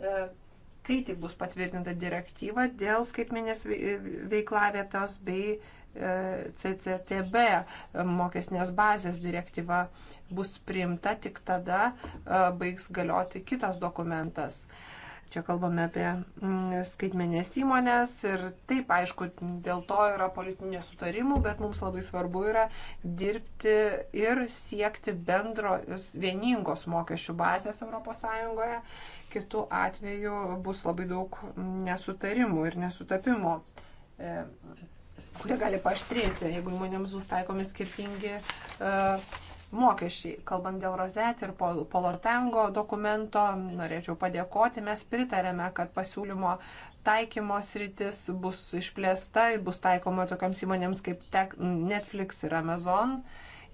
e, kai tik bus patvirtinta direktyva dėl skaitminės veiklavietos bei e, CCTB mokesnės bazės direktyva bus priimta, tik tada e, baigs galioti kitas dokumentas. Čia kalbame apie mm, skaitmenės įmonės ir taip, aišku, dėl to yra politinių nesutarimų, bet mums labai svarbu yra dirbti ir siekti bendro vieningos mokesčių bazės ES. Kitu atveju bus labai daug nesutarimų ir nesutapimų, e, kurie gali paštrėti, jeigu įmonėms bus taikomi skirtingi uh, mokesčiai. Kalbant dėl Rozet ir Polotengo dokumento, norėčiau padėkoti. Mes pritarėme, kad pasiūlymo taikymo sritis bus išplėsta, bus taikoma tokiams įmonėms kaip Netflix ir Amazon.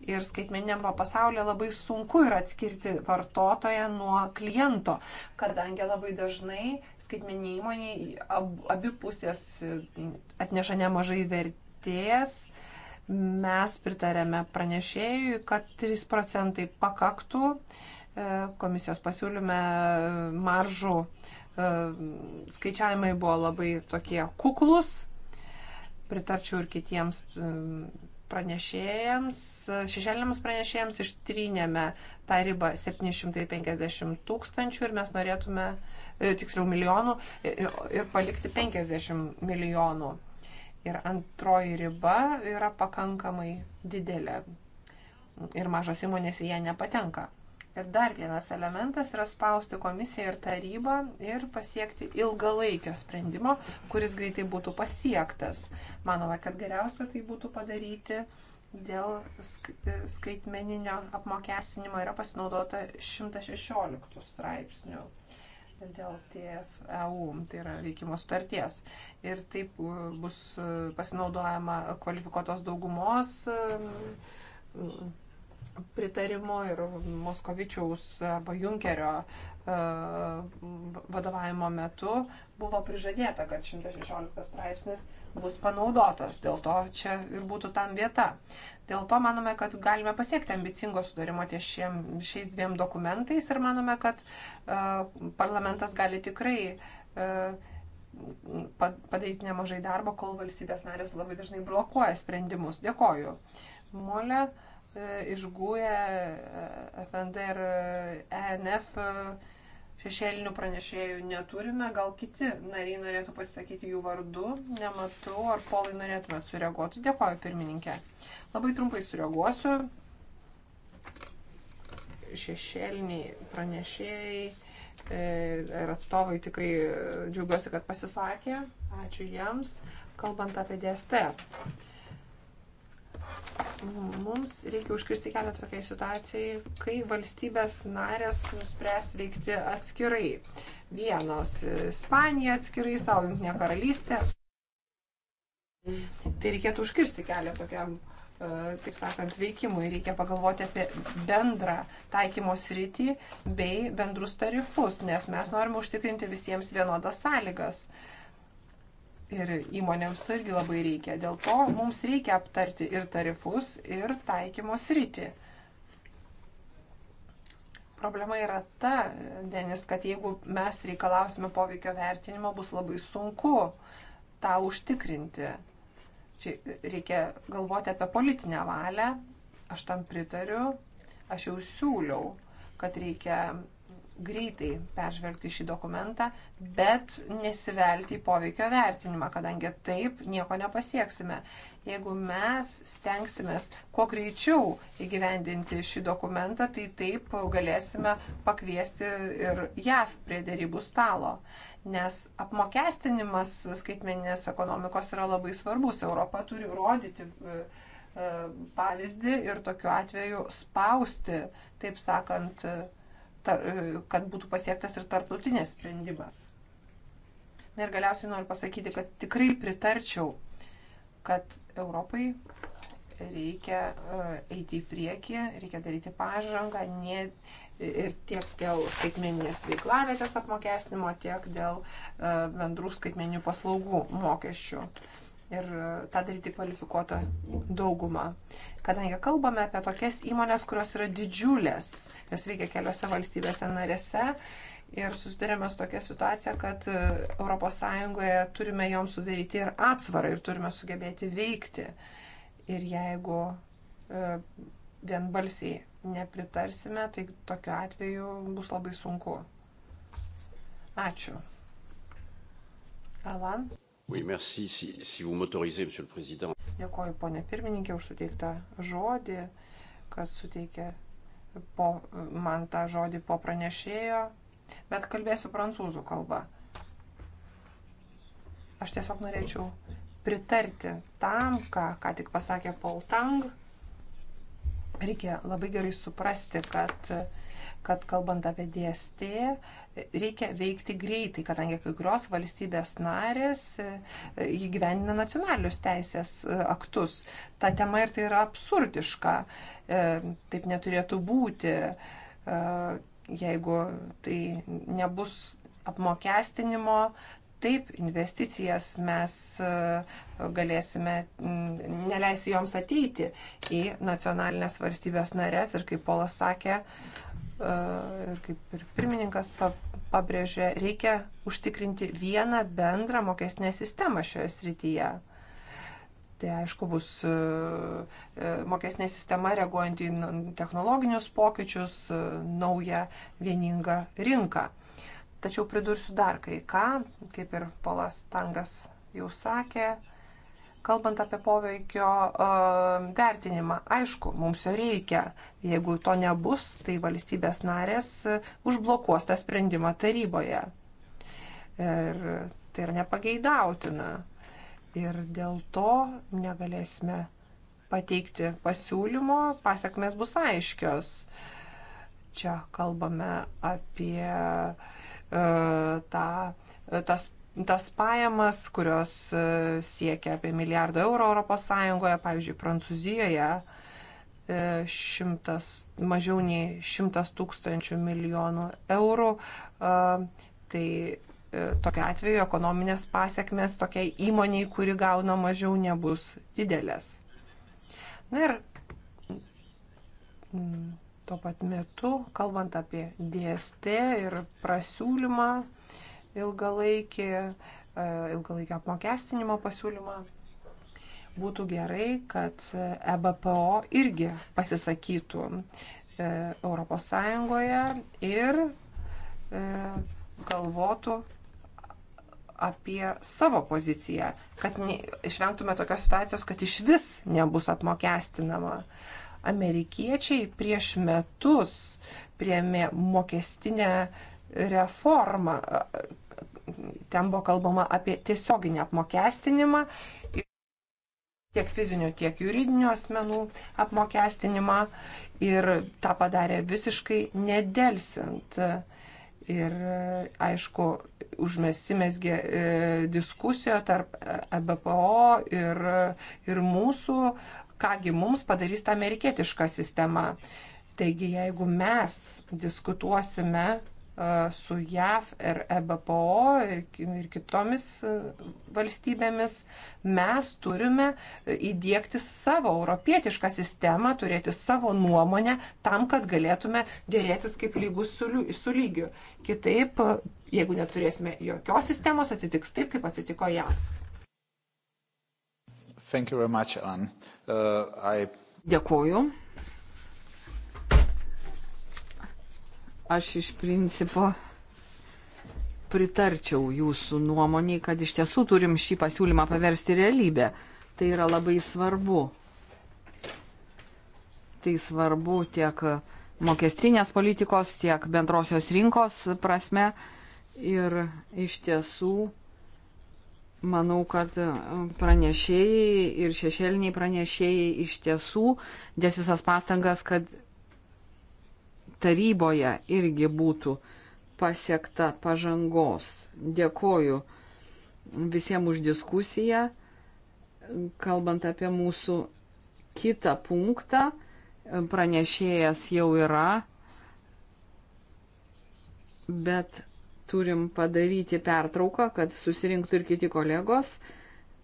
Ir skaitmeniniame pasaulyje labai sunku yra atskirti vartotoją nuo kliento, kadangi labai dažnai skaitmeniniai įmoniai abi pusės atneša nemažai vertės Mes pritarėme pranešėjui, kad 3 procentai pakaktų e, komisijos pasiūlyme e, maržų e, skaičiavimai buvo labai tokie kuklus. Pritarčiau ir kitiems pranešėjams, šešėlėms pranešėjams ištrynėme tą ribą 750 tūkstančių ir mes norėtume, tiksliau, milijonų ir palikti 50 milijonų ir antroji riba yra pakankamai didelė ir mažos įmonės į ją nepatenka. Ir dar vienas elementas yra spausti komisiją ir tarybą ir pasiekti ilgalaikio sprendimo, kuris greitai būtų pasiektas. Manoma, kad geriausia tai būtų padaryti dėl skaitmeninio apmokestinimo yra pasinaudota 116 straipsnių dėl TFEU, tai yra veikimo sutarties. Ir taip bus e, pasinaudojama kvalifikuotos daugumos e, pritarimo ir Moskovičiaus arba Junkerio e, vadovavimo metu buvo prižadėta, kad 116 straipsnis bus panaudotas. Dėl to čia ir būtų tam vieta. Dėl to manome, kad galime pasiekti ambicingo sudarimo ties šiem, šiais dviem dokumentais ir manome, kad uh, parlamentas gali tikrai uh, padaryti nemažai darbo, kol valstybės narės labai dažnai blokuoja sprendimus. Dėkoju. Molė uh, e, išgūė FND ir ENF. Uh, Šešėlinių pranešėjų neturime, gal kiti nariai norėtų pasisakyti jų vardu, nematau, ar polai norėtumėt sureaguoti. Dėkoju, pirmininkė. Labai trumpai sureaguosiu. Šešėliniai pranešėjai e, ir atstovai tikrai e, džiaugiuosi, kad pasisakė. Ačiū jiems, kalbant apie DST. Mums reikia užkirsti kelią tokiai situacijai, kai valstybės narės nuspręs veikti atskirai. Vienos Ispanija atskirai, savo Junktinė karalystė. Tai reikėtų užkirsti kelią tokiam, e, taip sakant, veikimui. Reikia pagalvoti apie bendrą taikymo sritį bei bendrus tarifus, nes mes norime užtikrinti visiems vienodas sąlygas. Uh, Ir įmonėms to irgi labai reikia. Dėl to mums reikia aptarti ir tarifus, ir taikymo sritį. Problema yra ta, Denis, kad jeigu mes reikalausime poveikio vertinimo, bus labai sunku tą užtikrinti. Čia reikia galvoti apie politinę valią, aš tam pritariu, aš jau siūliau, kad reikia greitai peržvelgti šį dokumentą, bet nesivelti į poveikio vertinimą, kadangi taip nieko nepasieksime. Jeigu mes stengsimės kuo greičiau įgyvendinti šį dokumentą, tai taip galėsime pakviesti ir JAV prie dėrybų stalo. Nes apmokestinimas skaitmeninės ekonomikos yra labai svarbus. Europa turi rodyti e, e, pavyzdį ir tokiu atveju spausti, taip sakant, kad būtų pasiektas ir tarptautinės sprendimas. Ir galiausiai noriu pasakyti, kad tikrai pritarčiau, kad Europai reikia e, eiti į priekį, reikia daryti pažangą ne, ir tiek dėl skaitmeninės veiklavėtės apmokestinimo, tiek dėl e, bendrų skaitmeninių paslaugų mokesčių. Uh, ir e, tą daryti kvalifikuotą daugumą. Kadangi kalbame apie tokias įmonės, kurios yra didžiulės, jos veikia keliose valstybėse narėse ir susidurėme su tokia situacija, kad ES turime joms sudaryti ir atsvarą ir turime sugebėti veikti. Ir jeigu e, vienbalsiai nepritarsime, tai tokiu atveju bus labai sunku. Ačiū. Alan. Oui, merci, si, si vous m'autorisez, monsieur le président. Dėkoju, ponė pirmininkė, už suteiktą žodį, kas suteikė po, man tą žodį po pranešėjo, bet kalbėsiu prancūzų kalba. Aš tiesiog norėčiau pritarti tam, ką, ką tik pasakė Paul Tang. Reikia labai gerai suprasti, kad uh, kad kalbant apie DST, reikia veikti greitai, kadangi kai kurios valstybės narės e, įgyvenina nacionalius teisės e, aktus. Ta tema ir tai yra absurdiška. E, taip neturėtų būti, jeigu tai nebus apmokestinimo. Taip, investicijas mes galėsime neleisti joms ateiti į nacionalinės valstybės narės ir kaip Polas sakė, ir kaip ir pirmininkas pabrėžė, reikia užtikrinti vieną bendrą mokesnę sistemą šioje srityje. Tai aišku bus mokesnė sistema reaguojant į technologinius pokyčius, naują vieningą rinką. Tačiau pridursiu dar kai ką, kaip ir Polas Tangas jau sakė, Kalbant apie poveikio uh, vertinimą, aišku, mums jo reikia. Jeigu to nebus, tai valstybės narės e, užblokuos tą sprendimą taryboje. Ir tai yra nepageidautina. Ir dėl to negalėsime pateikti pasiūlymo, pasiekmes bus aiškios. Čia kalbame apie uh, tą, tas tas pajamas, kurios e, siekia apie milijardą eurų ES, pavyzdžiui, Prancūzijoje e, šimtas, mažiau nei šimtas tūkstančių milijonų eurų. E, tai tokiu atveju ekonominės pasiekmes tokiai įmoniai, kuri gauna mažiau, nebus didelės. Na ir tuo pat metu, kalbant apie DST ir prasiūlymą, uh, ilgalaikį, e, ilgalaikį apmokestinimo pasiūlymą. Būtų gerai, kad EBPO irgi pasisakytų ES ir e, galvotų apie savo poziciją, kad ne, išvengtume tokios situacijos, kad iš vis nebus apmokestinama. Amerikiečiai prieš metus priemė mokestinę reformą, ten buvo kalbama apie tiesioginį apmokestinimą, tiek fizinių, tiek juridinių asmenų apmokestinimą ir tą padarė visiškai nedelsint. Ir aišku, užmesimėsgi e, diskusijo tarp EBPO e ir, ir mūsų, kągi mums padarys ta amerikietiška sistema. Taigi, jeigu mes diskutuosime su JAV ir EBPO ir kitomis valstybėmis, mes turime įdėkti savo europietišką sistemą, turėti savo nuomonę tam, kad galėtume dėrėtis kaip lygus su lygiu. Kitaip, jeigu neturėsime jokios sistemos, atsitiks taip, kaip atsitiko JAV. Much, Anne. uh, I... Dėkuoju. Aš iš principo pritarčiau jūsų nuomoniai, kad iš tiesų turim šį pasiūlymą paversti realybę. Tai yra labai svarbu. Tai svarbu tiek mokestinės politikos, tiek bendrosios rinkos prasme. Ir iš tiesų manau, kad pranešėjai ir šešėliniai pranešėjai iš tiesų dės visas pastangas, kad taryboje irgi būtų pasiekta pažangos. Dėkoju visiems už diskusiją. Kalbant apie mūsų kitą punktą, pranešėjas jau yra, bet turim padaryti pertrauką, kad susirinktų ir kiti kolegos.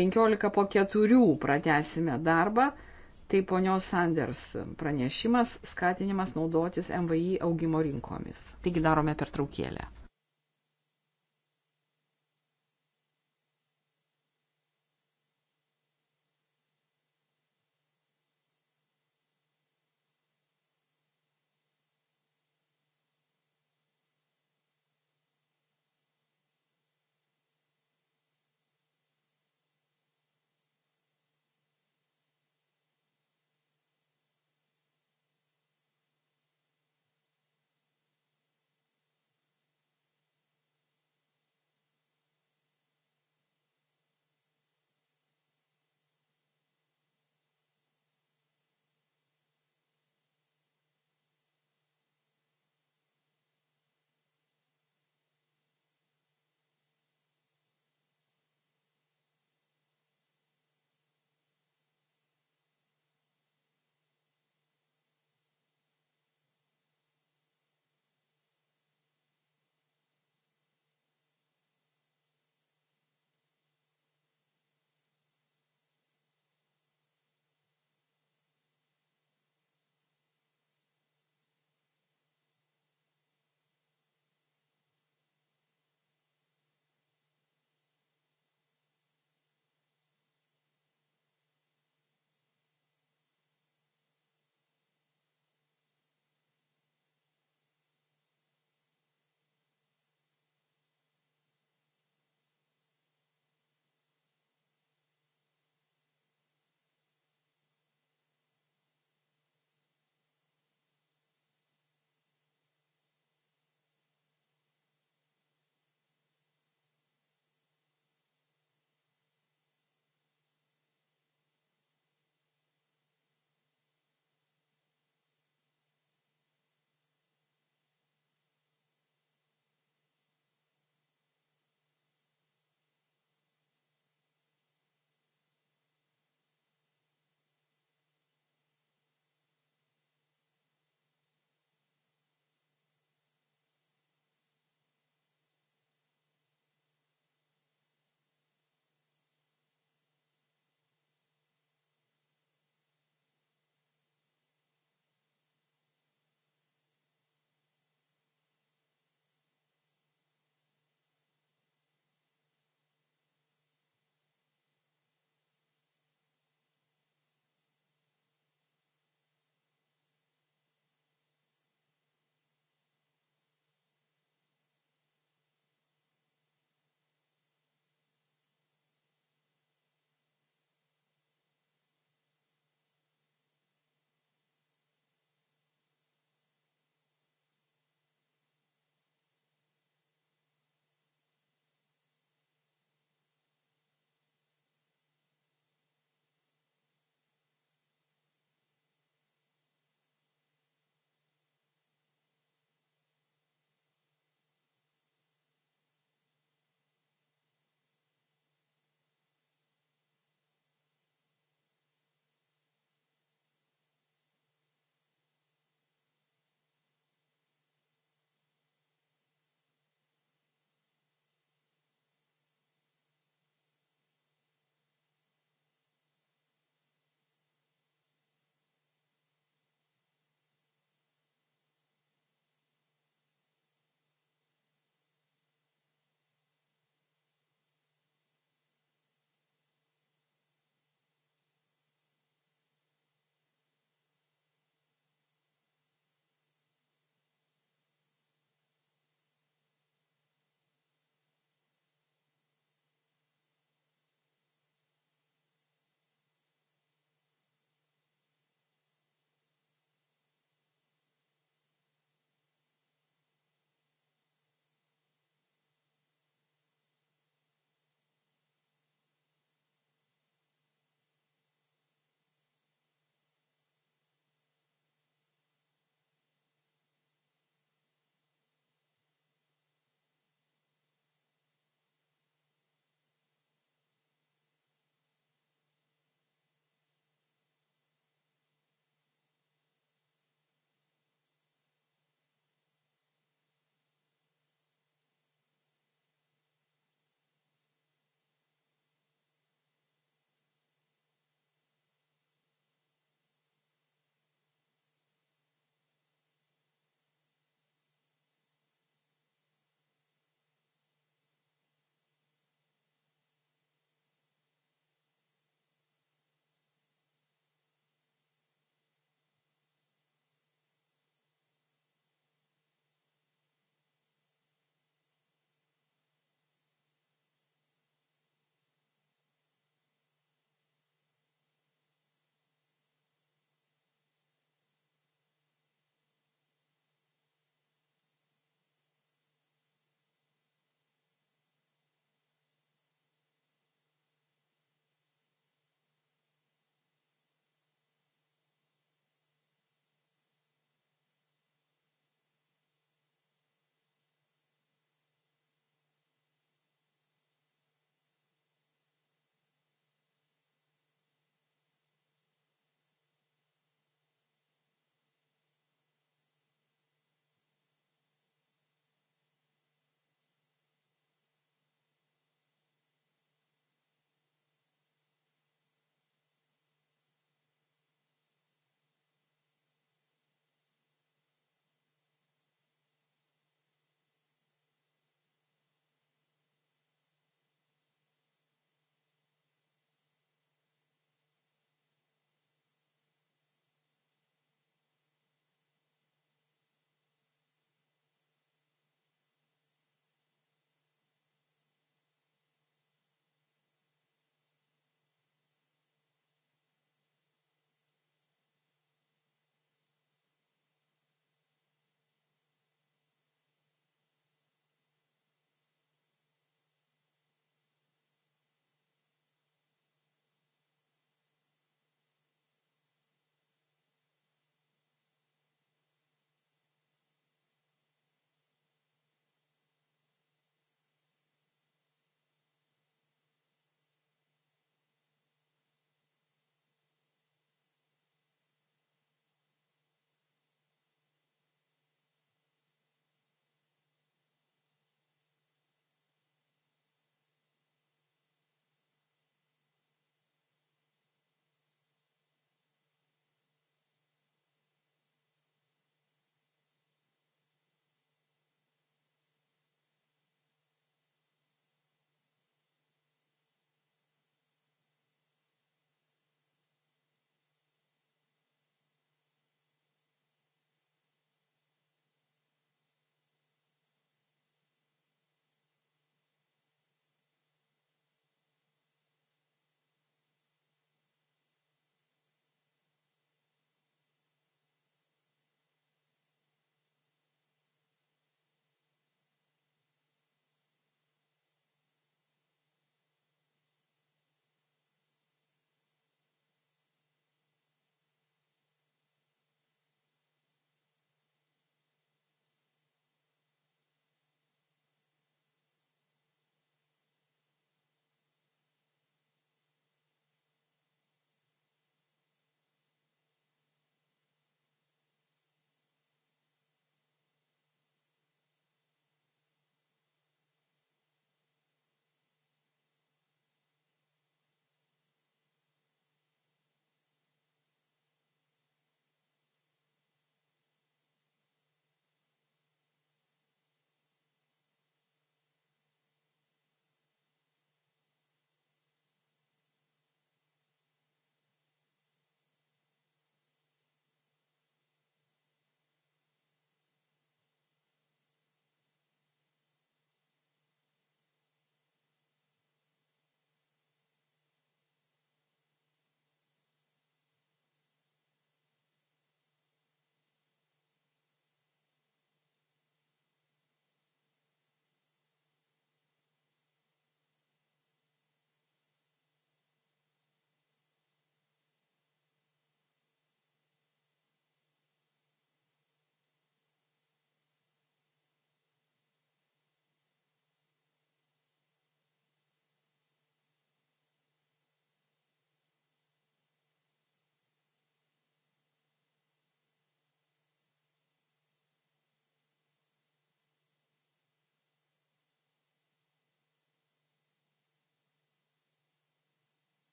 15 po 4 pratesime darbą. Tai ponios Sanders pranešimas - skatinimas naudotis MVI augimo rinkomis. Taigi darome pertraukėlę.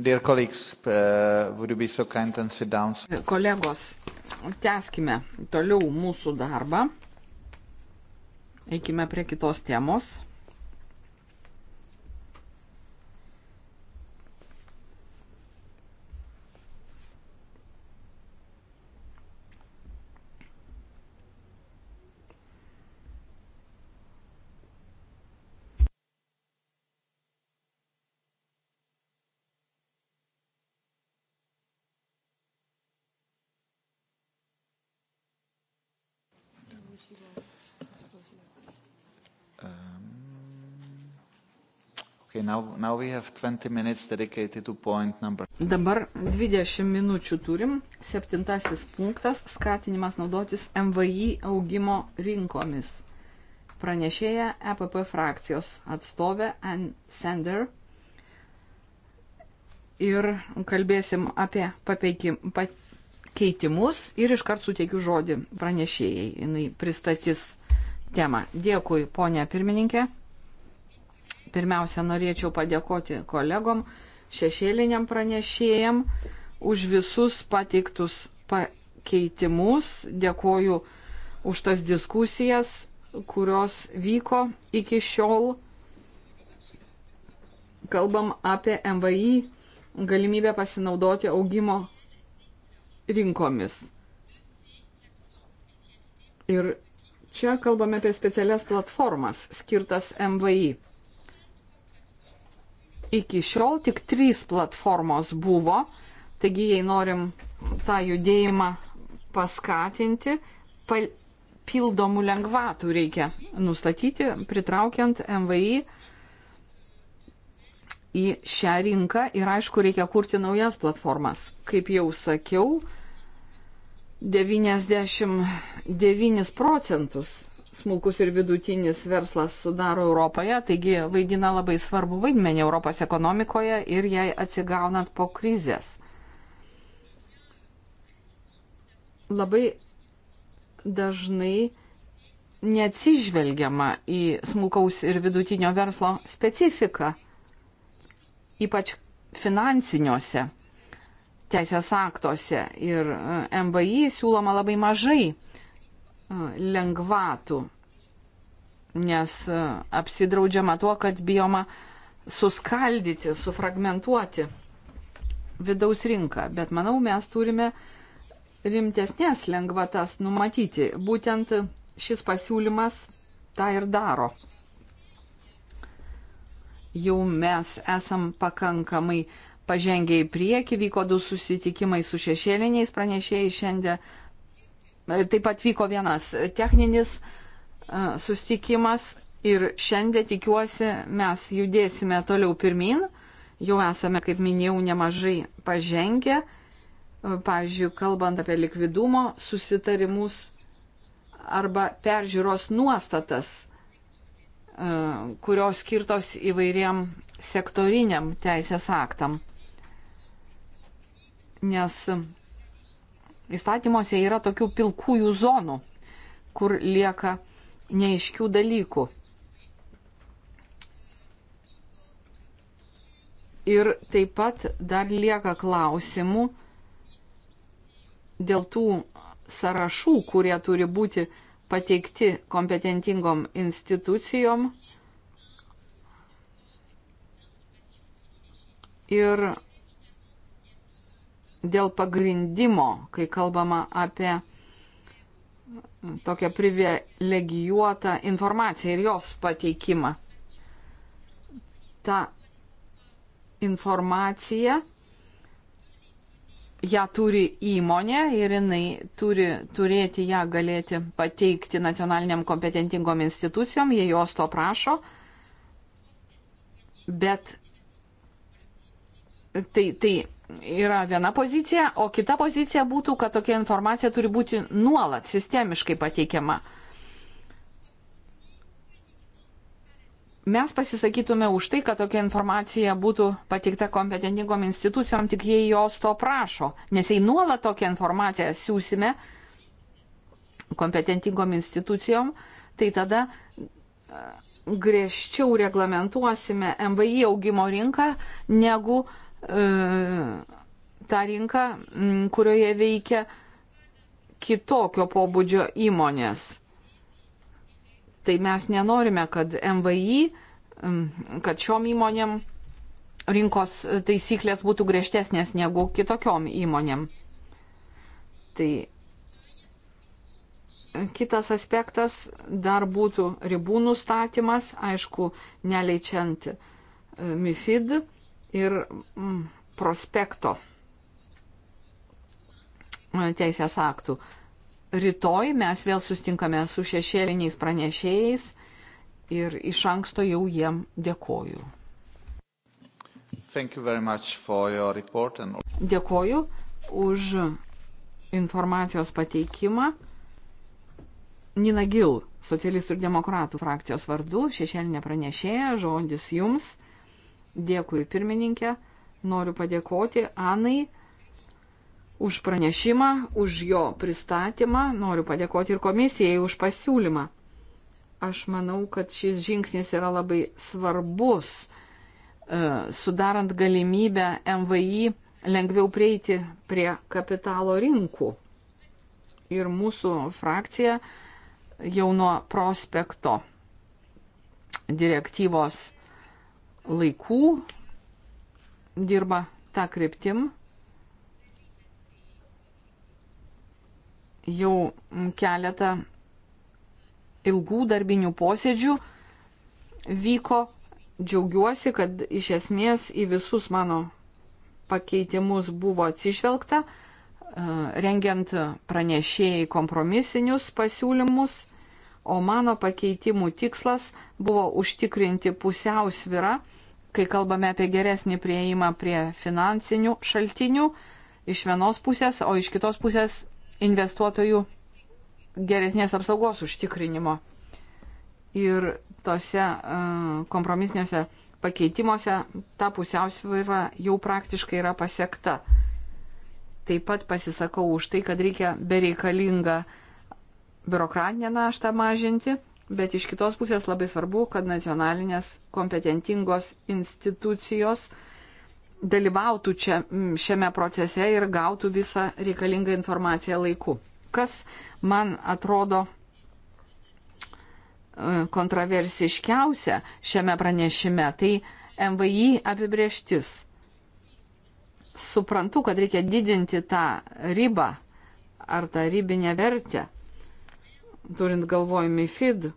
Dear colleagues, uh, would you be so kind and sit down? Kolegos, tęskime toliau mūsų darbą. Eikime prie kitos temos. Now, now Dabar 20 minučių turim. Septintasis punktas - skatinimas naudotis MVI augimo rinkomis. Pranešėja EPP frakcijos atstovė Ann Sender. Ir kalbėsim apie papeikim, pakeitimus ir iškart suteikiu žodį pranešėjai. Jis pristatys temą. Dėkui, ponia pirmininkė. Pirmiausia, norėčiau padėkoti kolegom, šešėliniam pranešėjam už visus pateiktus pakeitimus. Dėkoju už tas diskusijas, kurios vyko iki šiol. Kalbam apie MVI galimybę pasinaudoti augimo rinkomis. Ir čia kalbame apie specialias platformas skirtas MVI iki šiol tik trys platformos buvo, taigi jei norim tą judėjimą paskatinti, papildomų lengvatų reikia nustatyti, pritraukiant MVI į šią rinką ir aišku, reikia kurti naujas platformas. Kaip jau sakiau, 99 procentus smulkus ir vidutinis verslas sudaro Europoje, taigi vaidina labai svarbu vaidmenį Europos ekonomikoje ir jai atsigaunant po krizės. Labai dažnai neatsižvelgiama į smulkaus ir vidutinio verslo specifiką, ypač finansiniuose teisės aktuose ir e, MVI siūloma labai mažai lengvatų, nes e, apsidraudžiama tuo, kad bijoma suskaldyti, sufragmentuoti vidaus rinką. Bet manau, mes turime rimtesnės lengvatas numatyti. Būtent šis pasiūlymas tą ir daro. Jau mes esam pakankamai pažengę į priekį, vyko du susitikimai su šešėliniais pranešėjais šiandien Taip pat vyko vienas techninis sustikimas ir šiandien tikiuosi mes judėsime toliau pirmin. Jau esame, kaip minėjau, nemažai pažengę. Pavyzdžiui, kalbant apie likvidumo susitarimus arba peržiūros nuostatas, kurios skirtos įvairiam sektoriniam teisės aktam. Nes įstatymuose yra tokių pilkųjų zonų, kur lieka neaiškių dalykų. Ir taip pat dar lieka klausimų dėl tų sąrašų, kurie turi būti pateikti kompetentingom institucijom. Ir dėl pagrindimo, kai kalbama apie tokią privilegijuotą informaciją ir jos pateikimą. Ta informacija, ją turi įmonė ir jinai turi turėti ją galėti pateikti nacionaliniam kompetentingom institucijom, jei jos to prašo. Bet tai, tai yra viena pozicija, o kita pozicija būtų, kad tokia informacija turi būti nuolat sistemiškai pateikiama. Mes pasisakytume už tai, kad tokia informacija būtų pateikta kompetentingom institucijom, tik jei jos to prašo. Nes jei nuolat tokią informaciją siūsime kompetentingom institucijom, tai tada e, griežčiau reglamentuosime MVI augimo rinką, negu uh, E, tą rinką, kurioje veikia kitokio pobūdžio įmonės. Tai mes nenorime, kad MVI, kad šiom įmonėm rinkos taisyklės būtų griežtesnės negu kitokiom įmonėm. Tai kitas aspektas dar būtų ribų nustatymas, aišku, neleičiant e, MIFID ir mm, prospekto e, teisės aktų. Rytoj mes vėl sustinkame su šešėliniais pranešėjais ir iš anksto jau jiem dėkoju. And... Dėkoju už informacijos pateikimą. Nina Gil, socialistų ir demokratų frakcijos vardu, šešėlinė pranešėja, žodis jums. Dėkui pirmininkė, noriu padėkoti Anai už pranešimą, už jo pristatymą, noriu padėkoti ir komisijai už pasiūlymą. Aš manau, kad šis žingsnis yra labai svarbus, e, sudarant galimybę MVI lengviau prieiti prie kapitalo rinkų. Ir mūsų frakcija jau nuo prospekto direktyvos laikų dirba tą kryptim. Jau keletą ilgų darbinių posėdžių vyko. Džiaugiuosi, kad iš esmės į visus mano pakeitimus buvo atsižvelgta, rengiant pranešėjai kompromisinius pasiūlymus o mano pakeitimų tikslas buvo užtikrinti pusiausvirą, kai kalbame apie geresnį prieimą prie finansinių šaltinių iš vienos pusės, o iš kitos pusės investuotojų geresnės apsaugos užtikrinimo. Ir tose uh, kompromisiniuose pakeitimuose ta pusiausvyrą jau praktiškai yra pasiekta. Taip pat pasisakau už tai, kad reikia bereikalingą uh, biurokratinę naštą mažinti, bet iš kitos pusės labai svarbu, kad nacionalinės kompetentingos institucijos dalyvautų čia, šiame procese ir gautų visą reikalingą informaciją laiku. Kas man atrodo e, kontroversiškiausia šiame pranešime, tai MVI apibrieštis. Suprantu, kad reikia didinti tą ribą ar tą ribinę vertę, turint galvoj MIFID,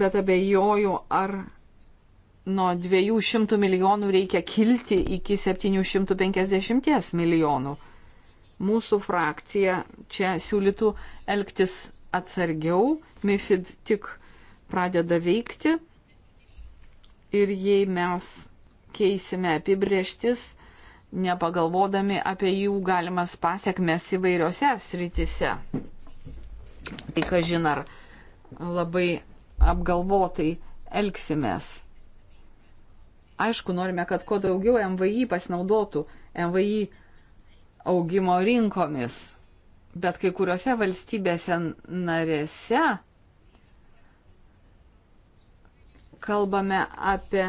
bet abejoju, ar nuo 200 milijonų reikia kilti iki 750 milijonų. Mūsų frakcija čia siūlytų elgtis atsargiau, MIFID tik pradeda veikti ir jei mes keisime apibrieštis, nepagalvodami apie jų galimas pasiekmes įvairiose sritise. Tai ką žin, ar labai apgalvotai elgsimės. Aišku, norime, kad kuo daugiau MVI pasinaudotų MVI augimo rinkomis, bet kai kuriuose valstybėse narėse kalbame apie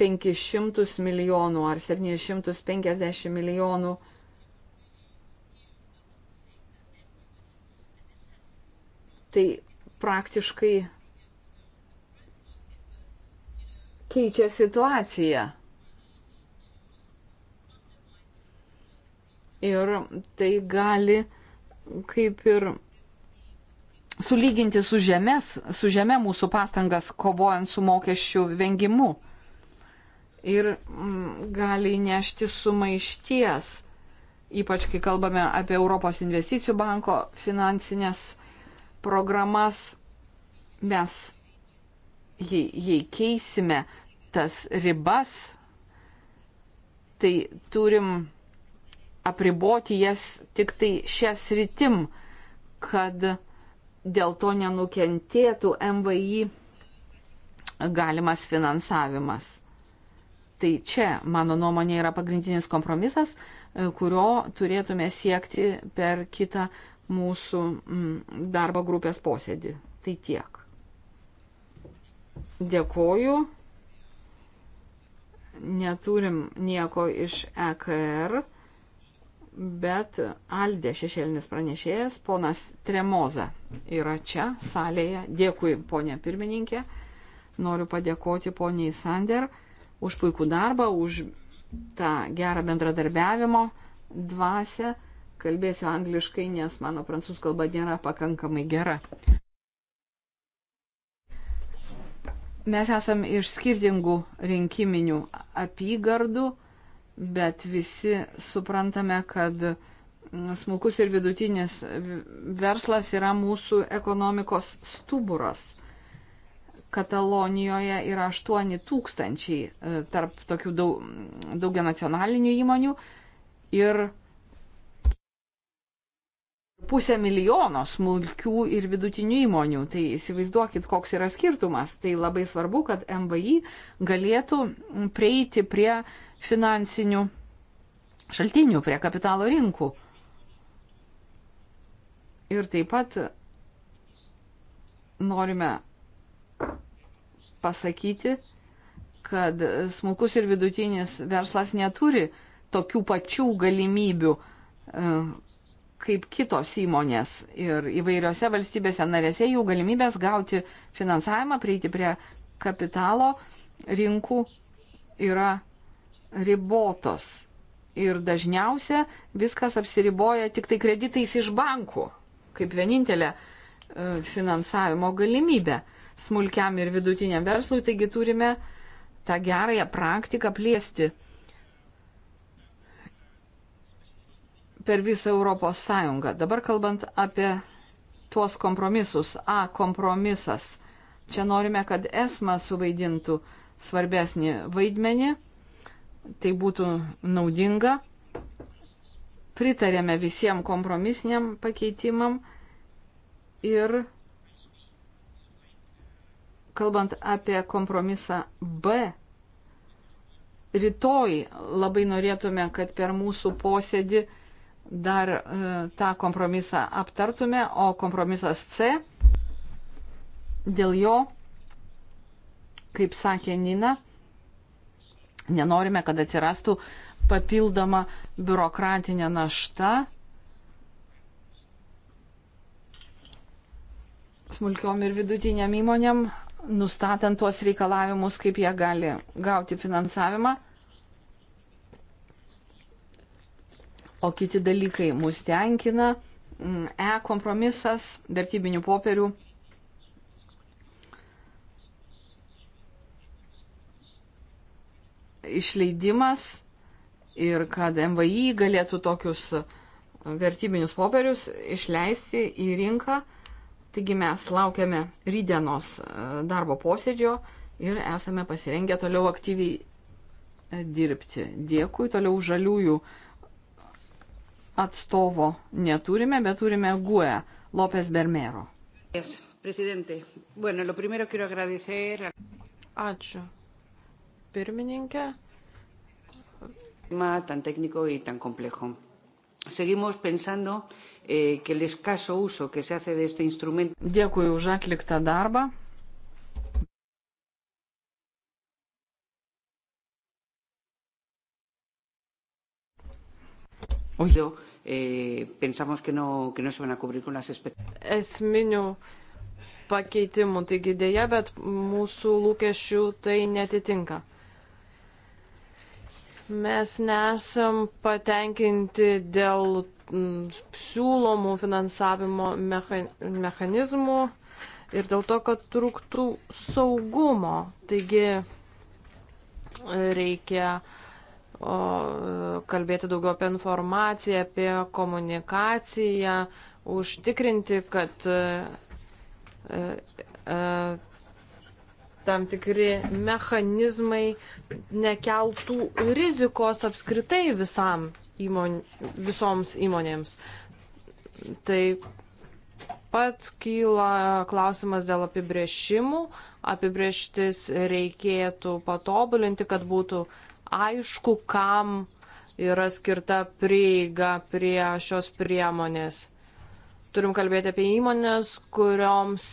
500 milijonų ar 750 milijonų. Tai praktiškai keičia situaciją. Ir tai gali kaip ir sulyginti su, žemės, su žemė mūsų pastangas kovojant su mokesčių vengimu ir mm, gali nešti sumaišties, ypač kai kalbame apie Europos investicijų banko finansinės programas. Mes jei, jei keisime tas ribas, tai turim apriboti jas tik tai šias rytim, kad dėl to nenukentėtų MVI galimas finansavimas. Tai čia, mano nuomonė, yra pagrindinis kompromisas, e, kurio turėtume siekti per kitą mūsų mm, darbo grupės posėdį. Tai tiek. Dėkoju. Neturim nieko iš EKR, bet Aldė šešėlinis pranešėjas, ponas Tremoza yra čia salėje. Dėkui, ponė pirmininkė. Noriu padėkoti poniai Sander už puikų darbą, už tą gerą bendradarbiavimo dvasę. Kalbėsiu angliškai, nes mano prancūzų kalba nėra pakankamai gera. Mes esam iš skirtingų rinkiminių apygardų, bet visi suprantame, kad smulkus ir vidutinis verslas yra mūsų ekonomikos stuburas. Katalonijoje yra 8 tūkstančiai e, tarp tokių daug, daugia nacionalinių įmonių ir pusę milijono smulkių ir vidutinių įmonių. Tai įsivaizduokit, koks yra skirtumas. Tai labai svarbu, kad MVI galėtų prieiti prie finansinių šaltinių, prie kapitalo rinkų. Ir taip pat norime pasakyti, kad smulkus ir vidutinis verslas neturi tokių pačių galimybių e, kaip kitos įmonės ir įvairiose valstybėse narėse jų galimybės gauti finansavimą, prieiti prie kapitalo rinkų yra ribotos. Ir dažniausia viskas apsiriboja tik tai kreditais iš bankų, kaip vienintelė e, finansavimo galimybė smulkiam ir vidutiniam verslui, taigi turime tą gerąją praktiką plėsti per visą Europos Sąjungą. Dabar kalbant apie tuos kompromisus, A kompromisas, čia norime, kad ESMA suvaidintų svarbesnį vaidmenį, tai būtų naudinga. Pritarėme visiems kompromisiniam pakeitimam ir kalbant apie kompromisą B, rytoj labai norėtume, kad per mūsų posėdį dar e, tą kompromisą aptartume, o kompromisas C, dėl jo, kaip sakė Nina, nenorime, kad atsirastų papildoma biurokratinė našta smulkiom ir vidutiniam įmonėm nustatant tuos reikalavimus, kaip jie gali gauti finansavimą. O kiti dalykai mus tenkina. Mm, e-kompromisas, vertybinių popierių. Išleidimas ir kad MVI galėtų tokius vertybinius popierius išleisti į rinką Taigi mes laukiame rydienos e, darbo posėdžio ir esame pasirengę toliau aktyviai e, dirbti. Dėkui, toliau žaliųjų atstovo neturime, bet turime GUE Lopes Bermero. Ačiū. Pirmininkė. Tan técnico y tan complejo. Seguimos pensando Eh, que el escaso uso que se hace de este instrumento. Dėkui už atliktą darbą. Uy. Eh, pensamos que no, que no se van a cubrir con las expectativas pakeitimų. Taigi dėja, bet mūsų lūkesčių tai netitinka. Mes nesam patenkinti dėl siūlomų finansavimo mechanizmų ir dėl to, kad trūktų saugumo. Taigi e, reikia o, kalbėti daugiau apie informaciją, apie komunikaciją, užtikrinti, kad e, e, e tam tikri mechanizmai nekeltų rizikos apskritai visam įmon, visoms įmonėms. Taip pat kyla klausimas dėl apibrėžimų. Apibrėžtis reikėtų patobulinti, kad būtų aišku, kam yra skirta prieiga prie šios priemonės. Turim kalbėti apie įmonės, kurioms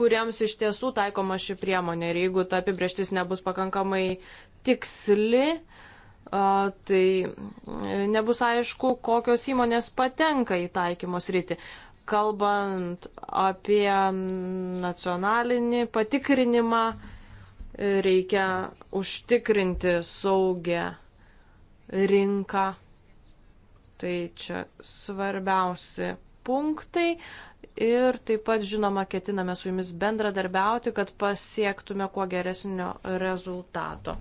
kuriems iš tiesų taikoma ši priemonė. Ir jeigu ta apibrieštis nebus pakankamai tiksli, uh, tai e, nebus aišku, kokios įmonės patenka į taikymos rytį. Kalbant apie nacionalinį patikrinimą, e, reikia užtikrinti saugę rinką. Tai čia svarbiausi punktai. Ir taip pat, žinoma, ketiname su jumis bendradarbiauti, kad pasiektume kuo geresnio rezultato.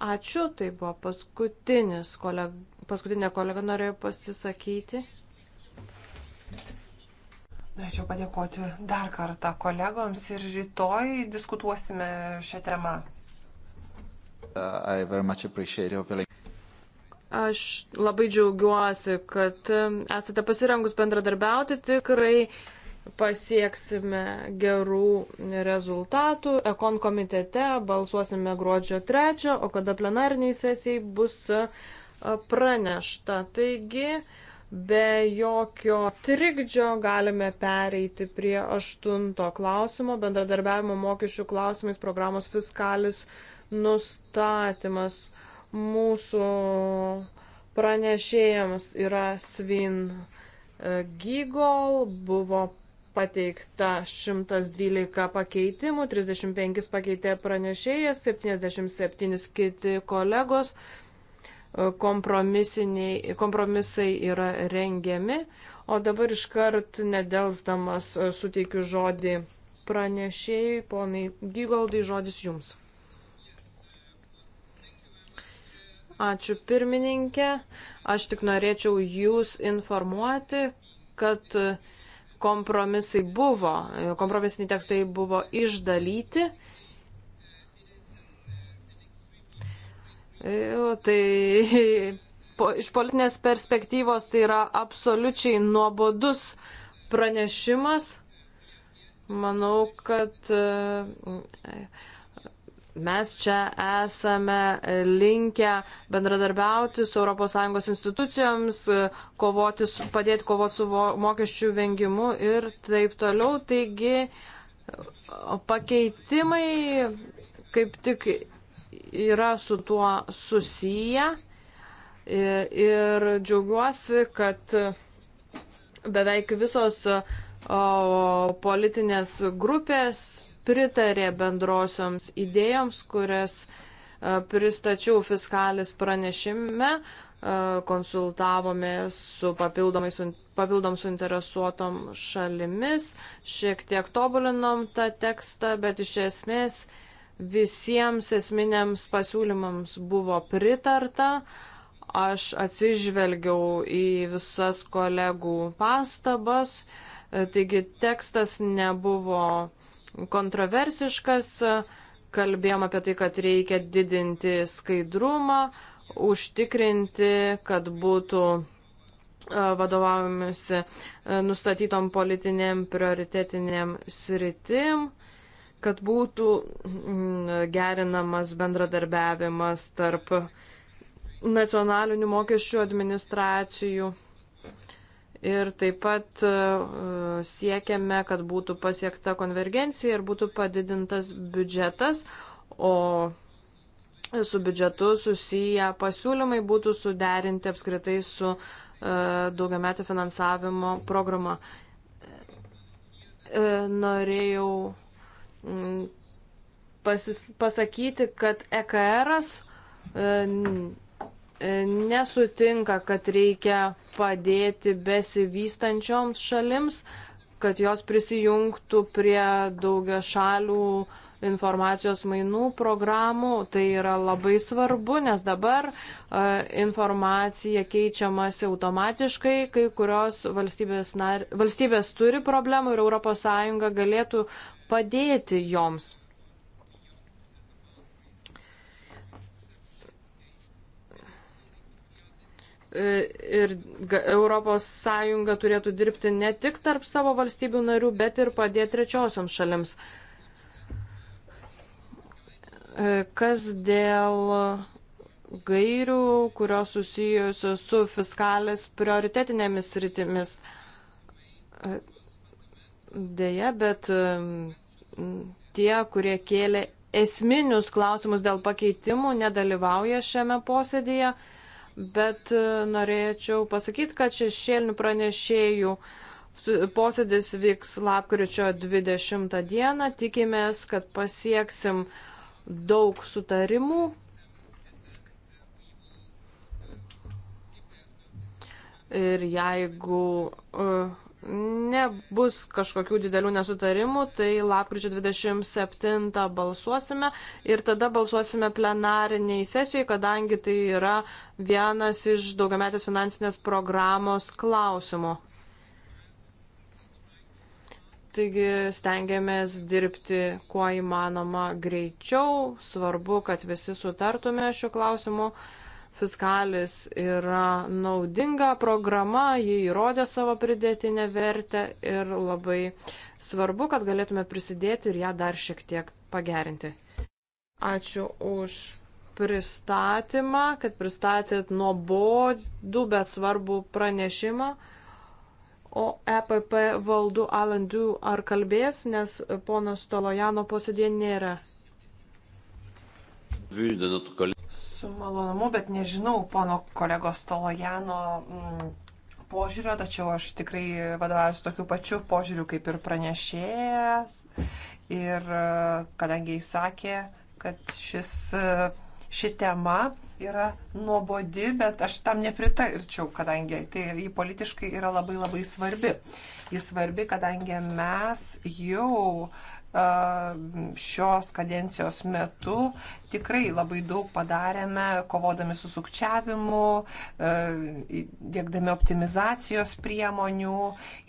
Ačiū, tai buvo paskutinis kolega, paskutinė kolega norėjo pasisakyti. Norėčiau padėkoti dar kartą kolegoms ir rytoj diskutuosime šią temą. Uh, Aš labai džiaugiuosi, kad esate pasirengus bendradarbiauti tikrai pasieksime gerų rezultatų. Ekon komitete balsuosime gruodžio 3, o kada plenariniai sesijai bus e, pranešta. Taigi, be jokio trikdžio galime pereiti prie aštunto klausimo - bendradarbiavimo mokesčių klausimais programos fiskalis nustatymas. Mūsų pranešėjams yra Svin e, Gygol, buvo pateikta 112 pakeitimų, 35 pakeitė pranešėjas, 77 kiti kolegos, kompromisai yra rengiami, o dabar iškart nedelsdamas suteikiu žodį pranešėjai, ponai Gygoldai, žodis jums. Ačiū pirmininkė, aš tik norėčiau jūs informuoti, kad uh, kompromisai buvo, kompromisiniai tekstai buvo išdalyti. E, tai po, iš politinės perspektyvos tai yra absoliučiai nuobodus pranešimas. Manau, kad e, mes čia esame linkę bendradarbiauti su ES institucijoms, kovoti, padėti kovoti su mokesčių vengimu ir taip toliau. Taigi pakeitimai kaip tik yra su tuo susiję ir džiaugiuosi, kad beveik visos politinės grupės pritarė bendrosioms idėjoms, kurias e, pristačiau fiskalis pranešime, e, konsultavome su papildomai su papildom suinteresuotom šalimis, šiek tiek tobulinom tą tekstą, bet iš esmės visiems esminiams pasiūlymams buvo pritarta. Aš atsižvelgiau į visas kolegų pastabas, e, taigi tekstas nebuvo kontroversiškas, kalbėjom apie tai, kad reikia didinti skaidrumą, užtikrinti, kad būtų e, vadovaujamosi e, nustatytom politiniam prioritetiniam sritim, kad būtų mm, gerinamas bendradarbiavimas tarp nacionalinių mokesčių administracijų. Ir taip pat e, siekiame, kad būtų pasiekta konvergencija ir būtų padidintas biudžetas, o su biudžetu susiję pasiūlymai būtų suderinti apskritai su e, daugiametė finansavimo programa. E, norėjau pasis, pasakyti, kad EKRas nesutinka, kad reikia padėti besivystančioms šalims, kad jos prisijungtų prie daugia šalių informacijos mainų programų. Tai yra labai svarbu, nes dabar e, informacija keičiamasi automatiškai, kai kurios valstybės, nar... valstybės turi problemų ir ES galėtų padėti joms. E, ir ES turėtų dirbti ne tik tarp savo valstybių narių, bet ir padėti trečiosioms šalims. E, kas dėl gairių, kurios susijusios su fiskalės prioritetinėmis rytimis. E, Deja, bet tie, kurie kėlė esminius klausimus dėl pakeitimų, nedalyvauja šiame posėdėje bet e, norėčiau pasakyti, kad šešėlinių pranešėjų posėdis vyks lapkričio 20 dieną. Tikimės, kad pasieksim daug sutarimų. Ir jeigu uh, nebus kažkokių didelių nesutarimų, tai lapkričio 27 balsuosime ir tada balsuosime plenariniai sesijai, kadangi tai yra vienas iš daugiametės finansinės programos klausimų. Taigi stengiamės dirbti kuo įmanoma greičiau, svarbu, kad visi sutartume šiuo klausimu Fiskalis yra naudinga programa, ji įrodė savo pridėtinę vertę ir labai svarbu, kad galėtume prisidėti ir ją dar šiek tiek pagerinti. Ačiū už pristatymą, kad pristatėt nuobodų, bet svarbų pranešimą. O EPP valdų Alandų ar kalbės, nes ponas Tolojano posėdė nėra su malonumu, bet nežinau pono kolegos Tolojano m, mm, požiūrio, tačiau aš tikrai vadovaujuosi tokiu pačiu požiūriu kaip ir pranešėjas. Ir e, kadangi jis sakė, kad šis, e, ši tema yra nuobodi, bet aš tam nepritarčiau, kadangi tai jį politiškai yra labai labai svarbi. Jis svarbi, kadangi mes jau uh, šios kadencijos metu tikrai labai daug padarėme, kovodami su sukčiavimu, įdėkdami optimizacijos priemonių,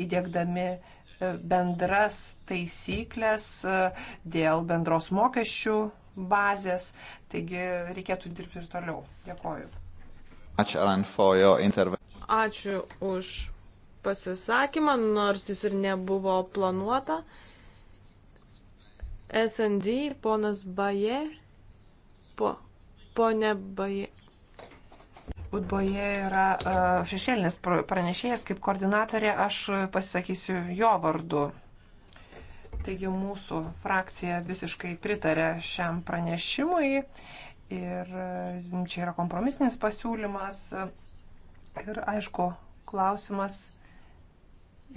įdėkdami bendras taisyklės dėl bendros mokesčių bazės. Taigi reikėtų dirbti ir toliau. Dėkoju. Ačiū už pasisakymą, nors jis ir nebuvo planuota. SND, ponas Baje, po, ponė Baje. Utboje yra e, šešėlinis pranešėjas, kaip koordinatorė aš pasisakysiu jo vardu. Taigi mūsų frakcija visiškai pritarė šiam pranešimui ir e, čia yra kompromisinis pasiūlymas ir aišku, klausimas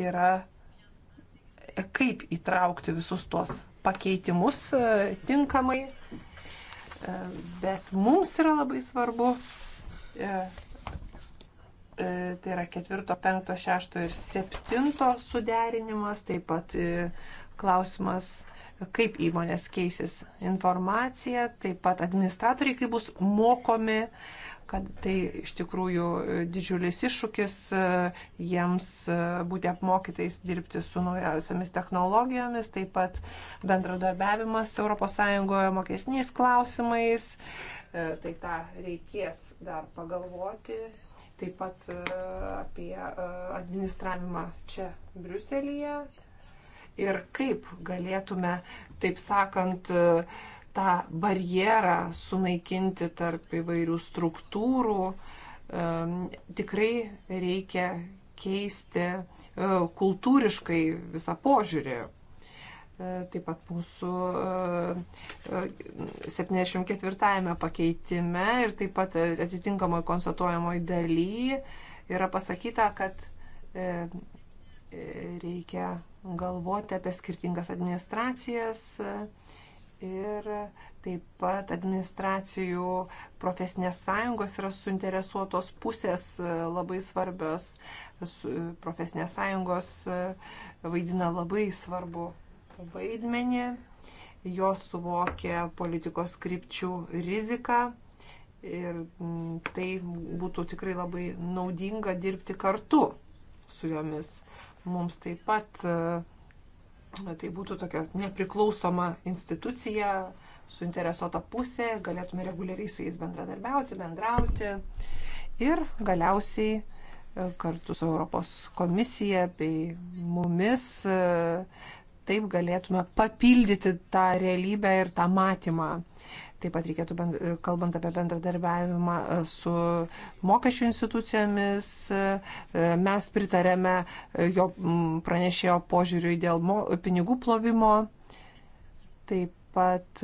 yra, kaip įtraukti visus tuos pakeitimus e, tinkamai. E, bet mums yra labai svarbu, e, tai yra ketvirto, penkto, šešto ir septinto suderinimas, taip pat klausimas, kaip įmonės keisis informacija, taip pat administratoriai, kaip bus mokomi, kad tai iš tikrųjų e, didžiulis iššūkis e, jiems e, būti apmokytais dirbti su naujausiamis technologijomis, taip pat bendradarbiavimas ES mokesniais klausimais, tai tą reikės dar pagalvoti, taip pat apie administravimą čia Briuselėje ir kaip galėtume, taip sakant, tą barjerą sunaikinti tarp įvairių struktūrų, tikrai reikia keisti e, kultūriškai visą požiūrį. E, taip pat mūsų 74-ame e, pakeitime ir taip pat atitinkamoje konstatuojamoje dalyje yra pasakyta, kad reikia galvoti apie skirtingas administracijas, Ir taip pat administracijų profesinės sąjungos yra suinteresuotos pusės e, labai svarbios. E, profesinės sąjungos e, vaidina labai svarbu vaidmenį, jos suvokia politikos krypčių riziką ir tai būtų tikrai labai naudinga dirbti kartu su jomis. Mums taip pat tai būtų tokia nepriklausoma institucija, suinteresuota pusė, galėtume reguliariai su jais bendradarbiauti, bendrauti. Ir galiausiai e, kartu su Europos komisija bei mumis e, taip galėtume papildyti tą realybę ir tą matymą. Taip pat reikėtų, kalbant apie bendradarbiavimą e, su mokesčių institucijomis, e, mes pritarėme e, jo pranešėjo požiūriui dėl pinigų plovimo, taip pat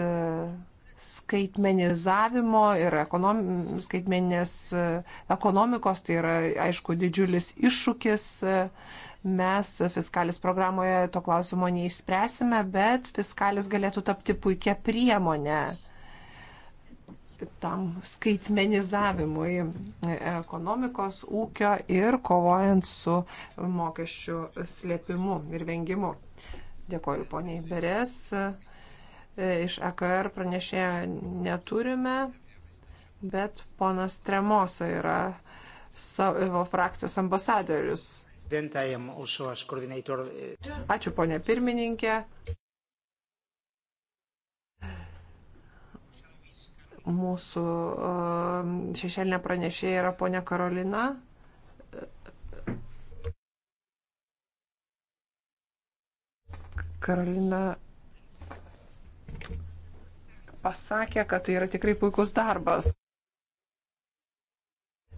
skaitmenizavimo ir ekonom, skaitmeninės ekonomikos, tai yra, aišku, didžiulis iššūkis. Mes fiskalis programoje to klausimo neišspręsime, bet fiskalis galėtų tapti puikia priemonė tam skaitmenizavimui ekonomikos, ūkio ir kovojant su mokesčių slėpimu ir vengimu. Dėkoju poniai Beres. E, iš AKR e pranešėjo neturime, bet ponas Tremosa yra savo e, frakcijos ambasadorius. Ačiū ponė pirmininkė. Mūsų um, šešėlinė pranešėja yra ponia Karolina. Karolina pasakė, kad tai yra tikrai puikus darbas.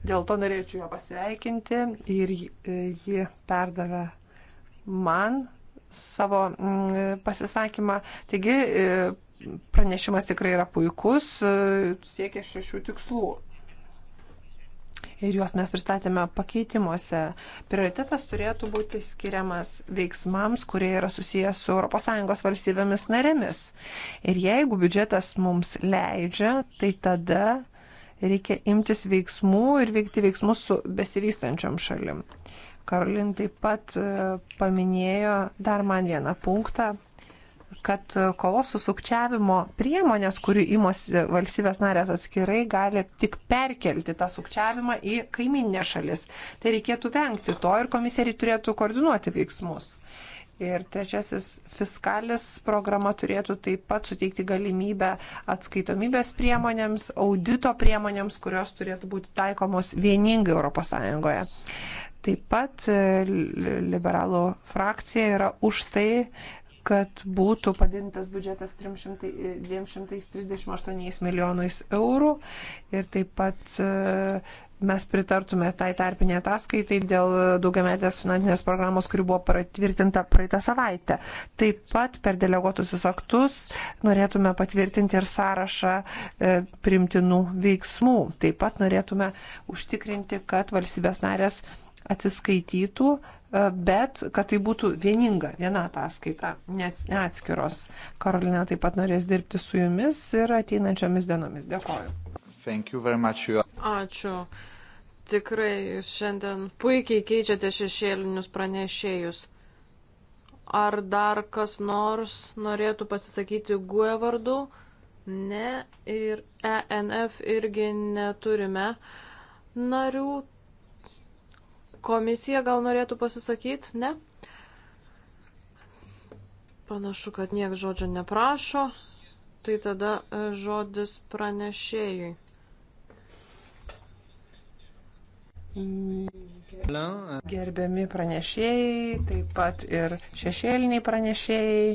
Dėl to norėčiau ją pasveikinti ir ji perdavė man savo mm, pasisakymą. Taigi e, pranešimas tikrai yra puikus, siekia šešių tikslų. Ir juos mes pristatėme pakeitimuose. Prioritetas turėtų būti skiriamas veiksmams, kurie yra susijęs su ES valstybėmis narėmis. Ir jeigu biudžetas mums leidžia, tai tada reikia imtis veiksmų ir veikti veiksmus su besivystančiom šalim. Karolin taip pat e, paminėjo dar man vieną punktą kad kovos su sukčiavimo priemonės, kurių įmosi valstybės narės atskirai, gali tik perkelti tą sukčiavimą į kaiminę šalis. Tai reikėtų vengti to ir komisariai turėtų koordinuoti veiksmus. Ir trečiasis fiskalis programa turėtų taip pat suteikti galimybę atskaitomybės priemonėms, audito priemonėms, kurios turėtų būti taikomos vieningai ES. Taip pat e, liberalų frakcija yra už tai, kad būtų padintas biudžetas 300, 238 milijonais eurų ir taip pat e, mes pritartume tai tarpinė ataskaitai dėl daugiametės finansinės programos, kuri buvo patvirtinta praeitą savaitę. Taip pat per deleguotusius aktus norėtume patvirtinti ir sąrašą e, primtinų veiksmų. Taip pat norėtume užtikrinti, kad valstybės narės atsiskaitytų, e, bet kad tai būtų vieninga, viena ataskaita, ne atskiros. Karolina taip pat norės dirbti su jumis ir ateinančiomis dienomis. Dėkoju. Ačiū. Tikrai jūs šiandien puikiai keičiate šešėlinius pranešėjus. Ar dar kas nors norėtų pasisakyti GUE vardu? Ne, ir ENF irgi neturime narių, Komisija gal norėtų pasisakyti, ne? Panašu, kad niek žodžio neprašo. Tai tada e, žodis pranešėjui. Gerbiami pranešėjai, taip pat ir šešėliniai pranešėjai.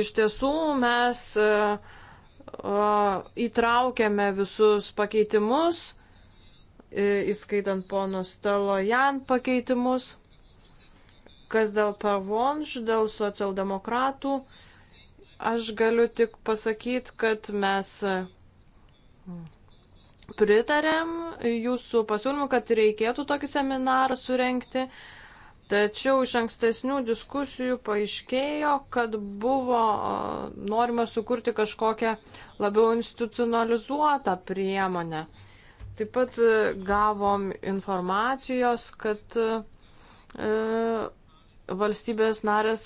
Iš tiesų mes e, įtraukėme visus pakeitimus E, įskaitant pono Stalojan pakeitimus, kas dėl Pavonž, dėl socialdemokratų. Aš galiu tik pasakyti, kad mes pritarėm jūsų pasiūlymu, kad reikėtų tokį seminarą surenkti. Tačiau iš ankstesnių diskusijų paaiškėjo, kad buvo e, norima sukurti kažkokią labiau institucionalizuotą priemonę. Taip pat e, gavom informacijos, kad e, valstybės narės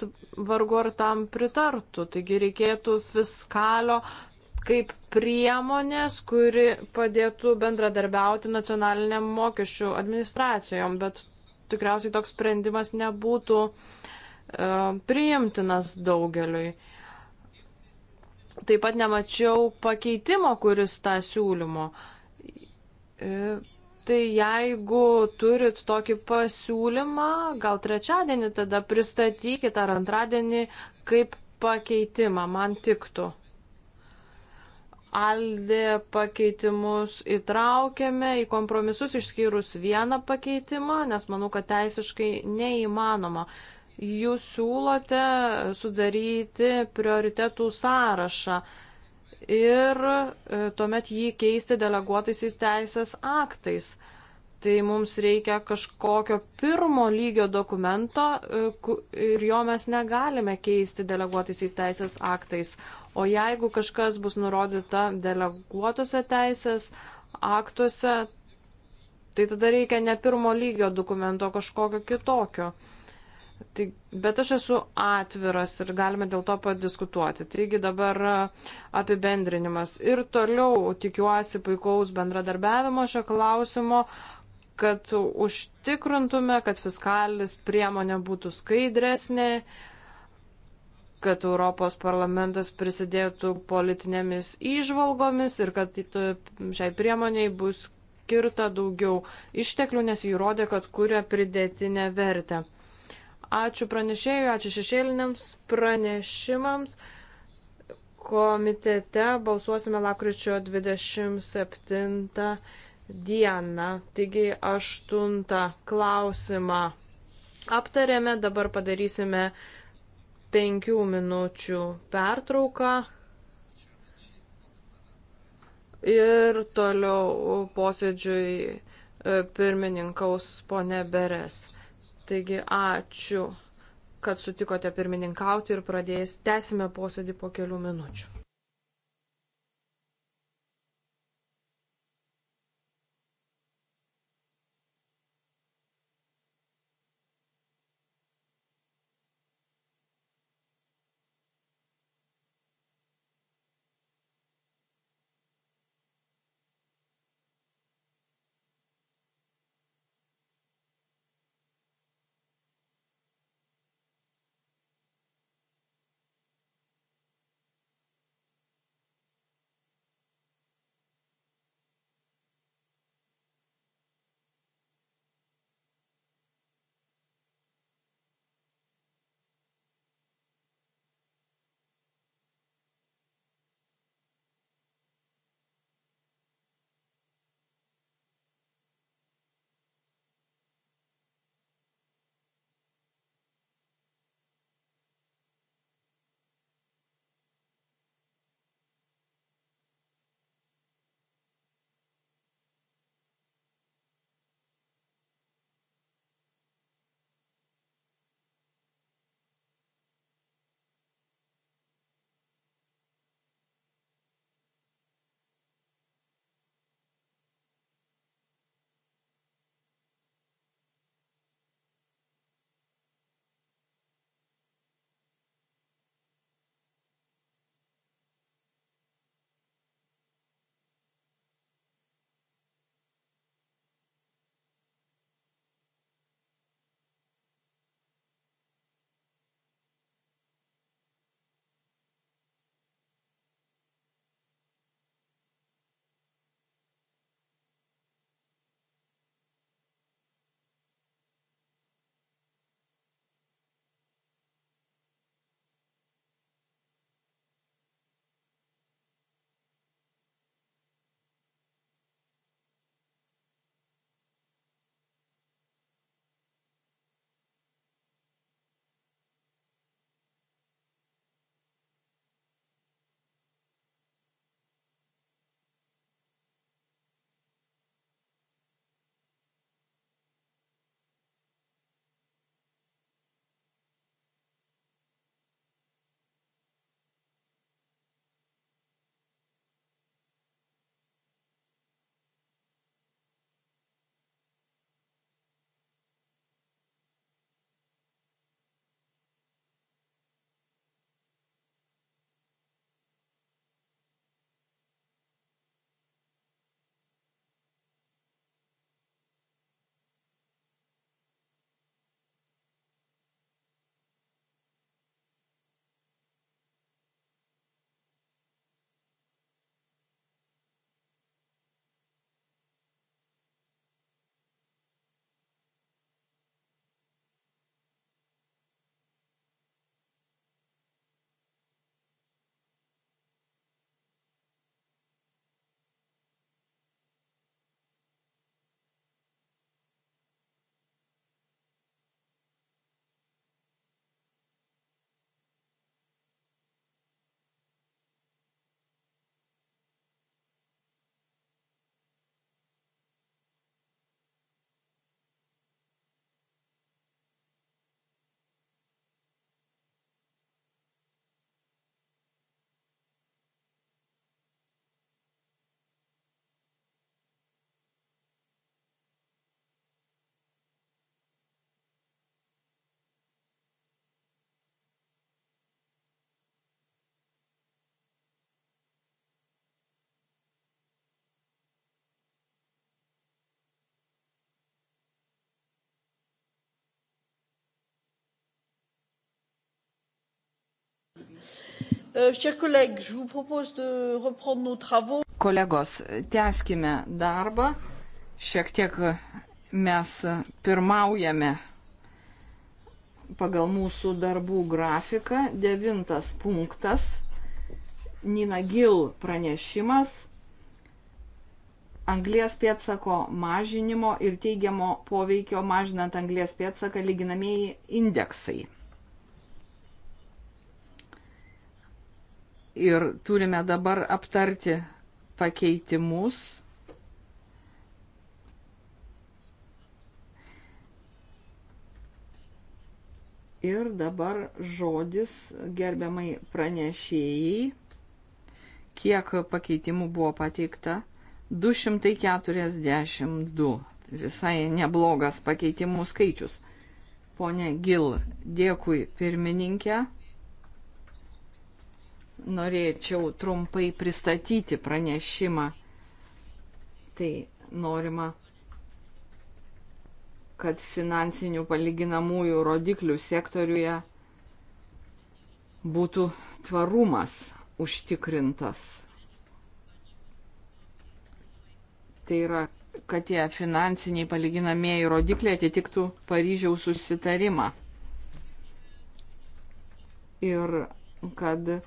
vargu ar tam pritartų. Taigi reikėtų fiskalio kaip priemonės, kuri padėtų bendradarbiauti nacionaliniam mokesčių administracijom, bet tikriausiai toks sprendimas nebūtų e, priimtinas daugeliui. Taip pat nemačiau pakeitimo, kuris tą siūlymo. E, E, tai jeigu turit tokį pasiūlymą, gal trečiadienį tada pristatykit ar antradienį kaip pakeitimą, man tiktų. Aldė pakeitimus įtraukėme į kompromisus išskyrus vieną pakeitimą, nes manau, kad teisiškai neįmanoma. Jūs siūlote sudaryti prioritetų sąrašą. Uh, ir e, tuomet jį keisti deleguotaisiais teisės aktais. Tai mums reikia kažkokio pirmo lygio dokumento e, ir jo mes negalime keisti deleguotaisiais teisės aktais. O jeigu kažkas bus nurodyta deleguotose teisės aktuose, tai tada reikia ne pirmo lygio dokumento, kažkokio kitokio. Tai, bet aš esu atviras ir galime dėl to padiskutuoti. Taigi dabar e, apibendrinimas. Ir toliau tikiuosi puikaus bendradarbiavimo šio klausimo, kad užtikrintume, kad fiskalis priemonė būtų skaidresnė, kad Europos parlamentas prisidėtų politinėmis įžvalgomis ir kad tai, šiai priemoniai bus skirta daugiau išteklių, nes įrodė, kad kuria pridėtinę vertę. Ačiū pranešėjui, ačiū šešėliniams pranešimams. Komitete balsuosime lakryčio 27 dieną. Taigi aštuntą klausimą aptarėme, dabar padarysime penkių minučių pertrauką. Ir toliau posėdžiui e, pirmininkaus ponė Beres. Taigi ačiū, kad sutikote pirmininkauti ir pradėjęs. Tęsime posėdį po kelių minučių. Euh, Kolegos, tęskime darbą. Šiek tiek mes pirmaujame pagal mūsų darbų grafiką. Devintas punktas. Nina Gil pranešimas. Anglės pėtsako mažinimo ir teigiamo poveikio mažinant anglės pėtsaką lyginamieji indeksai. Ir turime dabar aptarti pakeitimus. Ir dabar žodis gerbiamai pranešėjai, kiek pakeitimų buvo pateikta. 242. Visai neblogas pakeitimų skaičius. Pone Gil, dėkui pirmininkė norėčiau trumpai pristatyti pranešimą. Tai norima, kad finansinių palyginamųjų rodiklių sektoriuje būtų tvarumas užtikrintas. Tai yra, kad tie finansiniai palyginamieji rodikliai atitiktų Paryžiaus susitarimą. Ir kad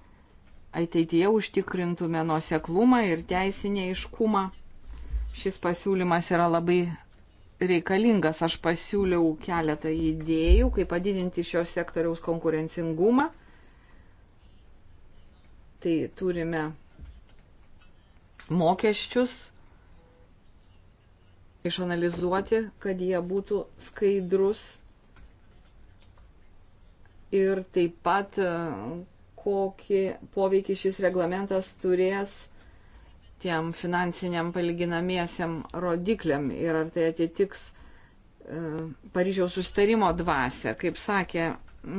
ateityje užtikrintume nuoseklumą ir teisinį aiškumą. Šis pasiūlymas yra labai reikalingas. Aš pasiūliau keletą idėjų, kaip padidinti šio sektoriaus konkurencingumą. Tai turime mokesčius išanalizuoti, kad jie būtų skaidrus ir taip pat kokį poveikį šis reglamentas turės tiem finansiniam palyginamiesiam rodikliam ir ar tai atitiks e, Paryžiaus sustarimo dvasę. Kaip, sakė,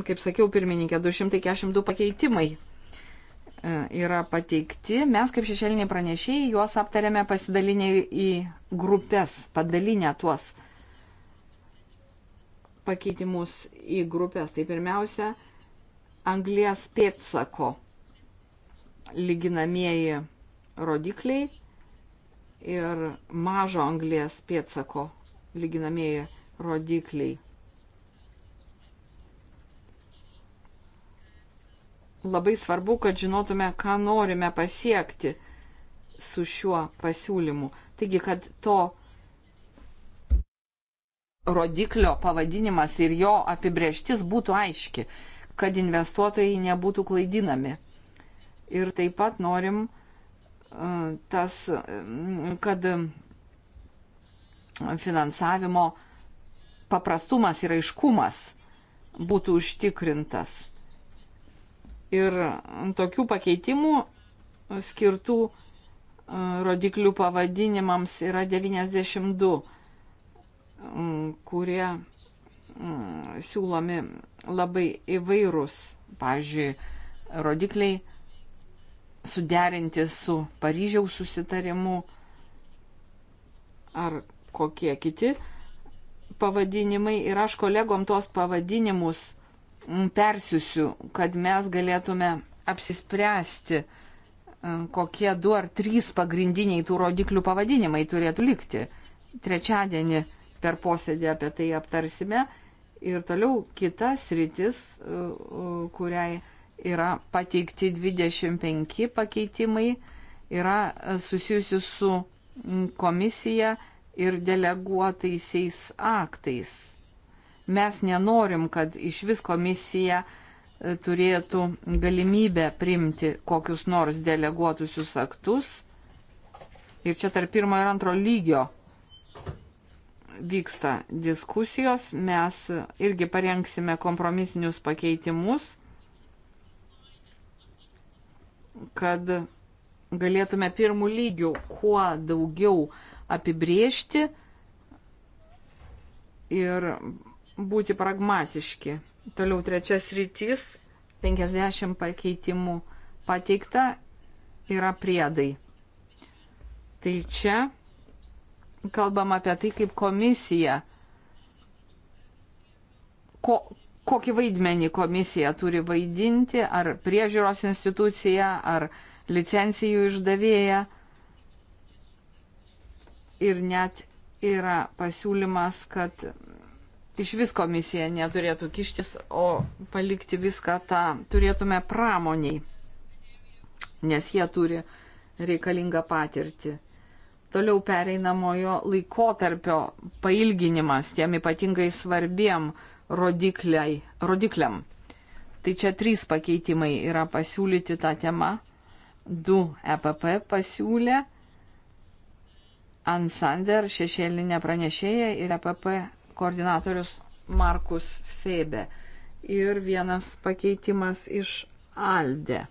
kaip sakiau, pirmininkė, 242 pakeitimai e, yra pateikti. Mes kaip šešėliniai pranešėjai juos aptarėme pasidalinę į grupės, padalinę tuos pakeitimus į grupės. Tai pirmiausia, anglės pėtsako lyginamieji rodikliai ir mažo anglės pėtsako lyginamieji rodikliai. Labai svarbu, kad žinotume, ką norime pasiekti su šiuo pasiūlymu. Taigi, kad to rodiklio pavadinimas ir jo apibrieštis būtų aiški kad investuotojai nebūtų klaidinami. Ir taip pat norim e, tas, e, kad e, finansavimo paprastumas ir aiškumas būtų užtikrintas. Ir tokių pakeitimų skirtų rodiklių pavadinimams yra 92, kurie mm, siūlomi labai įvairūs, pavyzdžiui, rodikliai suderinti su Paryžiaus susitarimu ar kokie kiti pavadinimai. Ir aš kolegom tos pavadinimus mm, persiusiu, kad mes galėtume apsispręsti, mm, kokie du ar trys pagrindiniai tų rodiklių pavadinimai turėtų likti. Trečiadienį per posėdį apie tai aptarsime Ir toliau kitas rytis, e, e, kuriai yra pateikti 25 pakeitimai, yra e, susijusi su komisija ir deleguotaisiais aktais. Mes nenorim, kad iš vis komisija turėtų galimybę priimti kokius nors deleguotusius aktus. Ir čia tarp pirmo ir antro lygio vyksta diskusijos, mes irgi parengsime kompromisinius pakeitimus, kad galėtume pirmų lygių kuo daugiau apibriežti ir būti pragmatiški. Toliau trečias rytis, 50 pakeitimų pateikta yra priedai. Tai čia kalbam apie tai, kaip komisija, ko, kokį vaidmenį komisija turi vaidinti, ar priežiūros institucija, ar licencijų išdavėja. Ir net yra pasiūlymas, kad iš vis komisija neturėtų kištis, o palikti viską tą turėtume pramoniai, nes jie turi reikalingą patirtį. Toliau pereinamojo laikotarpio pailginimas tiem ypatingai svarbiem rodikliam. Tai čia trys pakeitimai yra pasiūlyti tą temą. Du EPP pasiūlė, Ansander šešėlinė pranešėja ir EPP koordinatorius Markus Febe. Ir vienas pakeitimas iš Alde.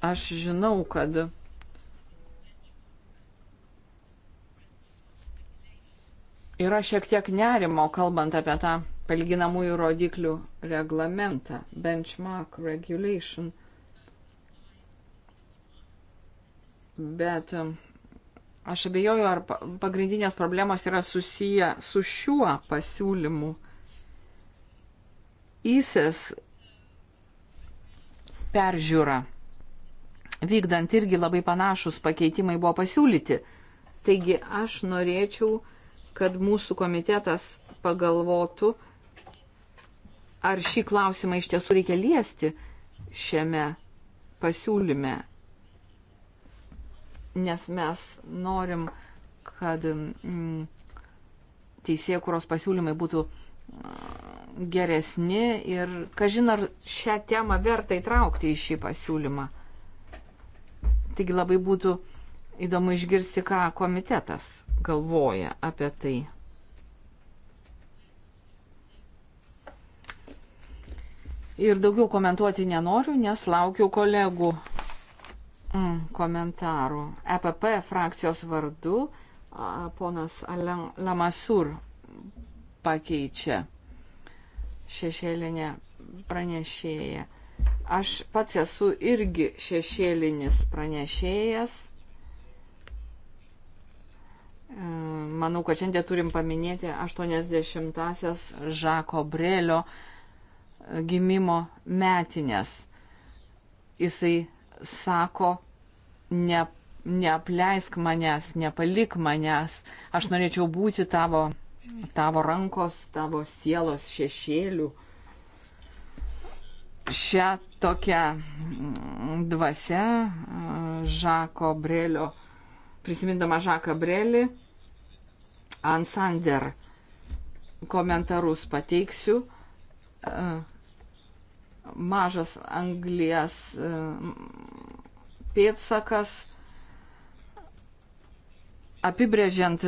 Aš žinau, kad yra šiek tiek nerimo, kalbant apie tą palyginamųjų rodiklių reglamentą, benchmark regulation. Bet um, aš abejoju, ar pagrindinės problemos yra susiję su šiuo pasiūlymu. ISIS peržiūra vykdant irgi labai panašus pakeitimai buvo pasiūlyti. Taigi aš norėčiau, kad mūsų komitetas pagalvotų, ar šį klausimą iš tiesų reikia liesti šiame pasiūlyme. Nes mes norim, kad mm, teisėkuros pasiūlymai būtų mm, geresni ir, kažin, ar šią temą verta įtraukti į šį pasiūlymą. Taigi labai būtų įdomu išgirsti, ką komitetas galvoja apie tai. Ir daugiau komentuoti nenoriu, nes laukiu kolegų mm, komentarų. EPP frakcijos vardu a, ponas Alain Lamasur pakeičia šešėlinę pranešėją. Aš pats esu irgi šešėlinis pranešėjas. E, manau, kad šiandien turim paminėti 80-asias Žako Brelio e, gimimo metinės. Jisai sako, ne, neapleisk manęs, nepalik manęs, aš norėčiau būti tavo, tavo rankos, tavo sielos šešėlių šią tokią mm, dvasę Žako Brelio, prisimindama Žaką Brelį, Ansander komentarus pateiksiu. Mažas anglijas pėtsakas apibrėžiant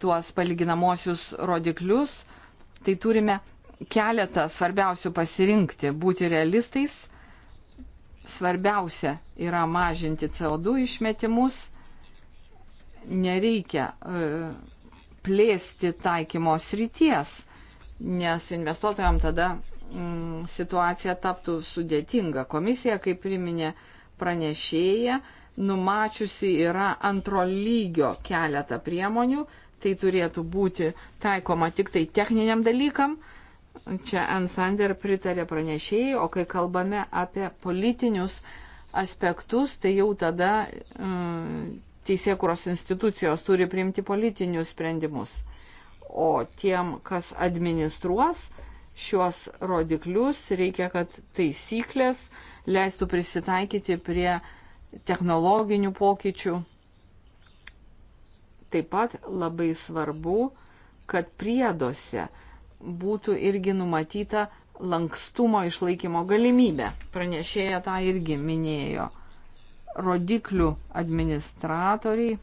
tuos palyginamosius rodiklius, tai turime keletą svarbiausių pasirinkti, būti realistais. Svarbiausia yra mažinti CO2 išmetimus. Nereikia e, plėsti taikymo srities, nes investuotojams tada mm, situacija taptų sudėtinga. Komisija, kaip priminė pranešėja, numačiusi yra antro lygio keletą priemonių, tai turėtų būti taikoma tik tai techniniam dalykam, Čia Ansander pritarė pranešėjai, o kai kalbame apie politinius aspektus, tai jau tada mm, teisėkuros institucijos turi priimti politinius sprendimus. O tiem, kas administruos šiuos rodiklius, reikia, kad taisyklės leistų prisitaikyti prie technologinių pokyčių. Taip pat labai svarbu, kad prieduose būtų irgi numatyta lankstumo išlaikymo galimybė. Pranešėja tą irgi minėjo. Rodiklių administratoriai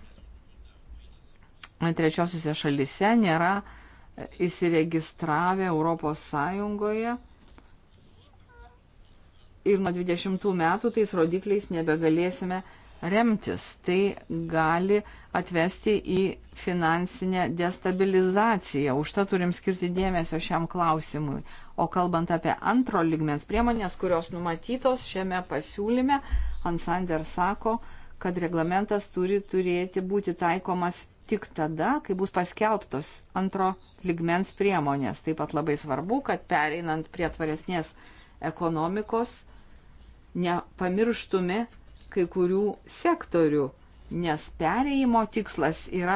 trečiosiuose šalise nėra įsiregistravę Europos Sąjungoje ir nuo 20 metų tais rodikliais nebegalėsime remtis. Tai gali atvesti į finansinę destabilizaciją. Užta turim skirti dėmesio šiam klausimui. O kalbant apie antro ligmens priemonės, kurios numatytos šiame pasiūlyme, Ansander sako, kad reglamentas turi turėti būti taikomas tik tada, kai bus paskelbtos antro ligmens priemonės. Taip pat labai svarbu, kad pereinant prie tvaresnės ekonomikos nepamirštume kai kurių sektorių, nes pereimo tikslas yra,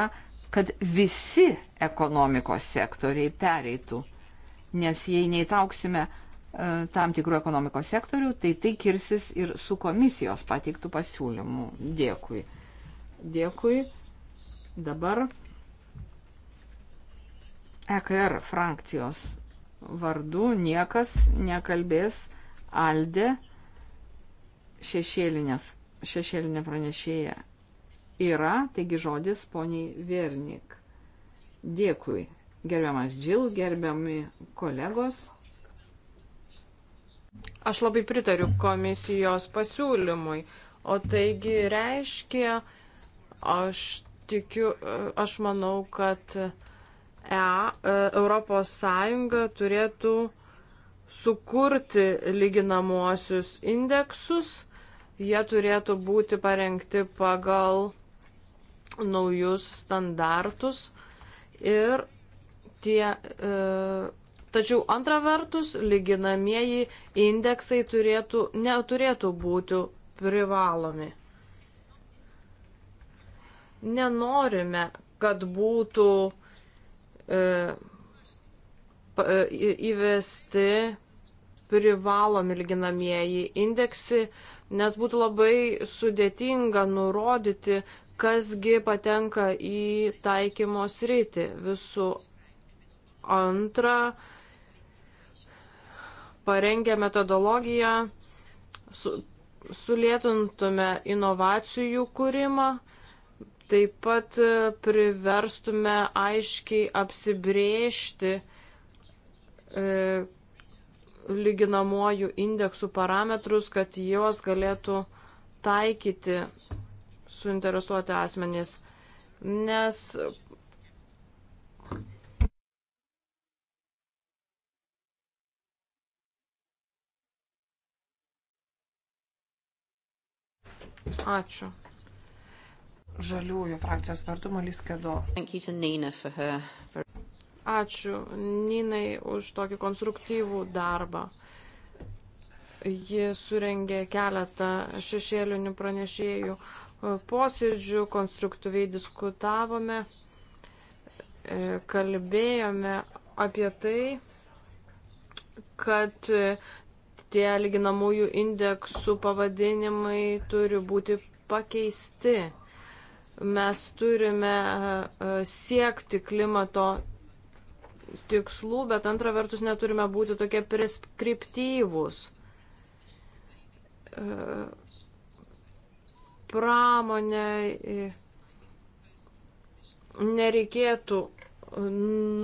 kad visi ekonomikos sektoriai pereitų. Nes jei neįtrauksime e, tam tikrų ekonomikos sektorių, tai tai kirsis ir su komisijos pateiktų pasiūlymų. Dėkui. Dėkui. Dabar EKR frakcijos vardu niekas nekalbės Alde šešėlinės šešėlinė pranešėja yra, taigi žodis poniai Vernik. Dėkui, gerbiamas Džil, gerbiami kolegos. Aš labai pritariu komisijos pasiūlymui, o taigi reiškia, aš tikiu, aš manau, kad e, e Europos Sąjunga turėtų sukurti lyginamuosius indeksus, jie turėtų būti parengti pagal naujus standartus ir tie. E, Tačiau antra vertus, lyginamieji indeksai turėtų, neturėtų būti privalomi. Nenorime, kad būtų e, e įvesti privalomi lyginamieji indeksai, nes būtų labai sudėtinga nurodyti, kasgi patenka į taikymo sritį. Visų antra, parengę metodologiją, su, sulėtintume inovacijų kūrimą, taip pat e, priverstume aiškiai apsibriežti, e, lyginamojų indeksų parametrus, kad juos galėtų taikyti suinteresuoti asmenys. Nes Ačiū. Žaliųjų frakcijos vardu Malis Kedo. Ačiū Ninai už tokį konstruktyvų darbą. Ji surengė keletą šešėlinių pranešėjų posėdžių, konstruktyviai diskutavome, e, kalbėjome apie tai, kad tie lyginamųjų indeksų pavadinimai turi būti pakeisti. Mes turime e, siekti klimato tikslų, bet antra vertus neturime būti tokie preskriptyvūs. E, pramonė e, nereikėtų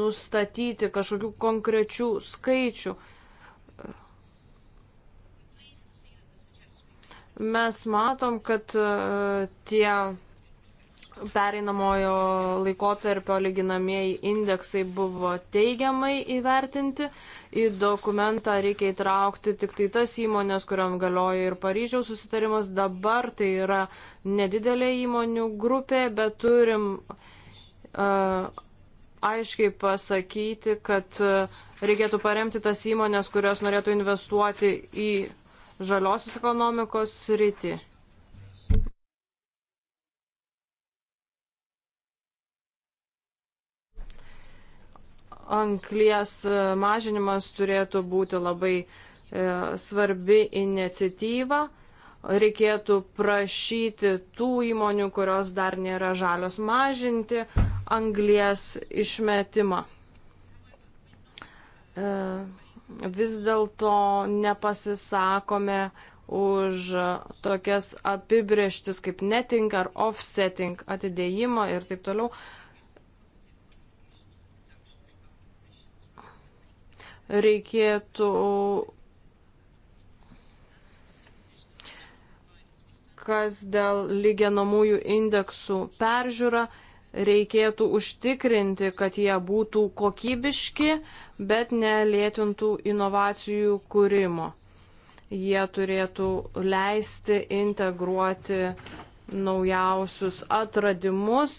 nustatyti kažkokių konkrečių skaičių. E, mes matom, kad tie pereinamojo laikotarpio lyginamieji indeksai buvo teigiamai įvertinti. Į dokumentą reikia įtraukti tik tai tas įmonės, kuriam galioja ir Paryžiaus susitarimas. Dabar tai yra nedidelė įmonių grupė, bet turim uh, aiškiai pasakyti, kad uh, reikėtų paremti tas įmonės, kurios norėtų investuoti į žaliosios ekonomikos sritį. anklės e, mažinimas turėtų būti labai e, svarbi iniciatyva. Reikėtų prašyti tų įmonių, kurios dar nėra žalios, mažinti anglės išmetimą. E, vis dėlto nepasisakome už tokias apibrieštis kaip netink ar offsetting atidėjimą ir taip toliau. reikėtų, kas dėl lygienamųjų indeksų peržiūra, reikėtų užtikrinti, kad jie būtų kokybiški, bet nelėtintų inovacijų kūrimo. Jie turėtų leisti integruoti naujausius atradimus,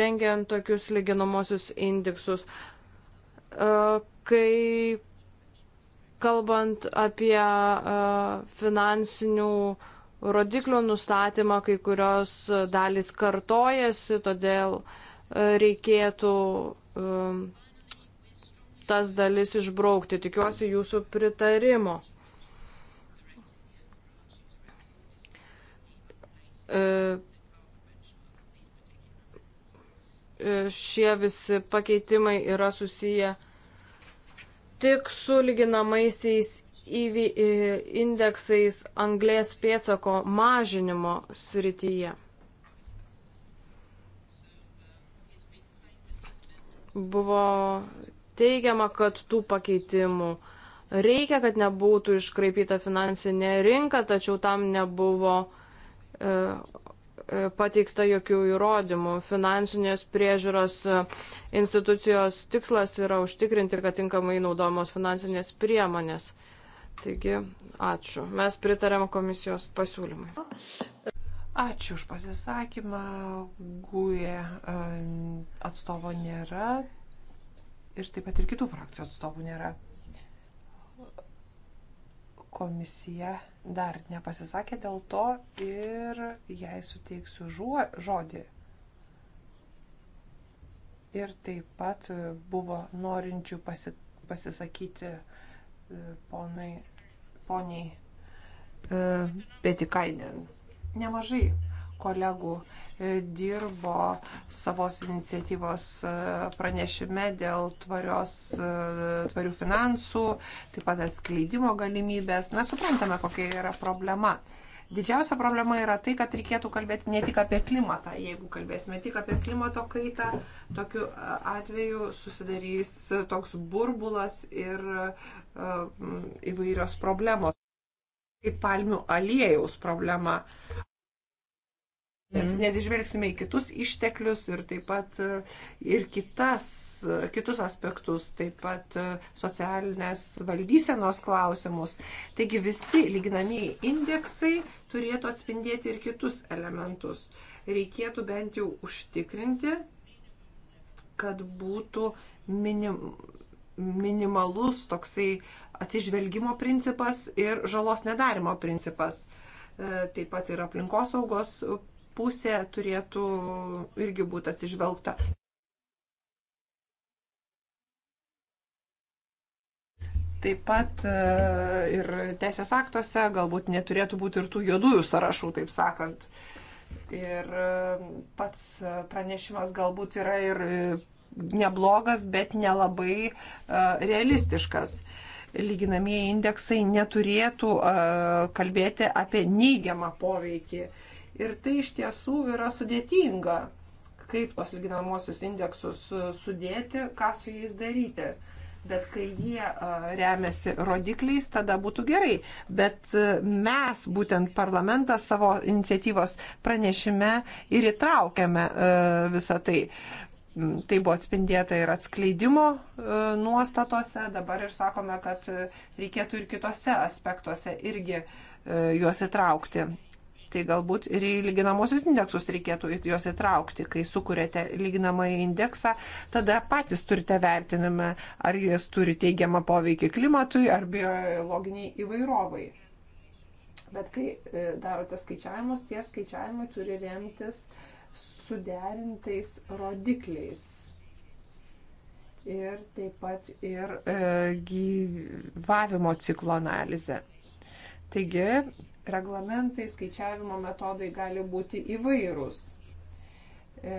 rengiant tokius lyginamosius indeksus. E, kai kalbant apie e, finansinių rodiklių nustatymą, kai kurios dalys kartojasi, todėl e, reikėtų tas dalis išbraukti. Tikiuosi jūsų pritarimo. E, E, šie visi pakeitimai yra susiję tik su lyginamaisiais įvy, e, indeksais anglės pėtsako mažinimo srityje. Buvo teigiama, kad tų pakeitimų reikia, kad nebūtų iškraipyta finansinė rinka, tačiau tam nebuvo e, E, pateikta jokių įrodymų. Finansinės priežiūros e, institucijos tikslas yra užtikrinti, kad tinkamai naudojamos finansinės priemonės. Taigi, ačiū. Mes pritarėm komisijos pasiūlymui. Ačiū už pasisakymą. Guje e, atstovo nėra. Ir taip pat ir kitų frakcijų atstovų nėra. Komisija dar nepasisakė dėl to ir jai suteiksiu žodį. Ir taip pat buvo norinčių pasi, pasisakyti e, ponai, poniai Betikainė. E, Nemažai kolegų e, dirbo savos iniciatyvos e, pranešime dėl tvarios, e, tvarių finansų, taip pat atskleidimo galimybės. Mes suprantame, kokia yra problema. Didžiausia problema yra tai, kad reikėtų kalbėti ne tik apie klimatą. Jeigu kalbėsime tik apie klimato kaitą, tokiu atveju susidarys toks burbulas ir įvairios problemos. Kaip palmių aliejaus problema. Nes, mhm. nes išvelgsime į kitus išteklius ir taip pat e, ir kitas, e, kitus aspektus, taip pat e, socialinės valdysenos klausimus. Taigi visi lyginamieji indeksai turėtų atspindėti ir kitus elementus. Reikėtų bent jau užtikrinti, kad būtų minim, minimalus toksai atsižvelgimo principas ir žalos nedarimo principas taip pat ir aplinkosaugos pusė turėtų irgi būti atsižvelgta. Taip pat e, ir teisės aktuose galbūt neturėtų būti ir tų juodųjų sąrašų, taip sakant. Ir e, pats pranešimas galbūt yra ir neblogas, bet nelabai e, realistiškas. Lyginamieji indeksai neturėtų kalbėti apie neigiamą poveikį. Ir tai iš tiesų yra sudėtinga, kaip tos lyginamosius indeksus e, sudėti, ką su jais daryti. Bet kai jie e, remiasi rodikliais, tada būtų gerai. Bet e, mes, būtent parlamentas, savo iniciatyvos pranešime ir įtraukiame visą tai. Mm, tai buvo atspindėta ir atskleidimo nuostatose, dabar ir sakome, kad reikėtų ir kitose aspektuose irgi juos įtraukti tai galbūt ir į lyginamosius indeksus reikėtų juos įtraukti. Kai sukūrėte lyginamąjį indeksą, tada patys turite vertinimą, ar jis turi teigiamą poveikį klimatui ar biologiniai įvairovai. Bet kai e, darote skaičiavimus, tie skaičiavimai turi remtis suderintais rodikliais ir taip pat ir e, gyvavimo ciklo analizę. Taigi, reglamentai, skaičiavimo metodai gali būti įvairūs. E,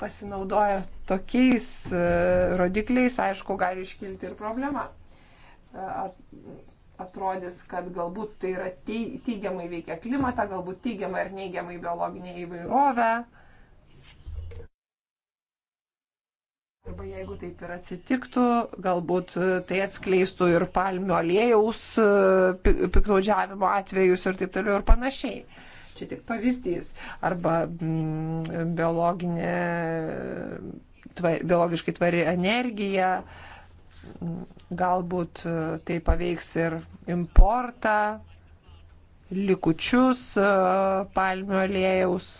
pasinaudoja tokiais e, rodikliais, aišku, gali iškilti ir problema. E, atrodys, kad galbūt tai yra teigiamai veikia klimatą, galbūt teigiamai ar neigiamai biologinė įvairovė. Arba jeigu taip ir atsitiktų, galbūt e, tai atskleistų ir palmių aliejaus e, piknaudžiavimo atvejus ir taip toliau ir panašiai. Čia tik pavyzdys. Arba mm, biologinė, tvar, biologiškai tvari energija. Galbūt e, tai paveiks ir importą, likučius palmių aliejaus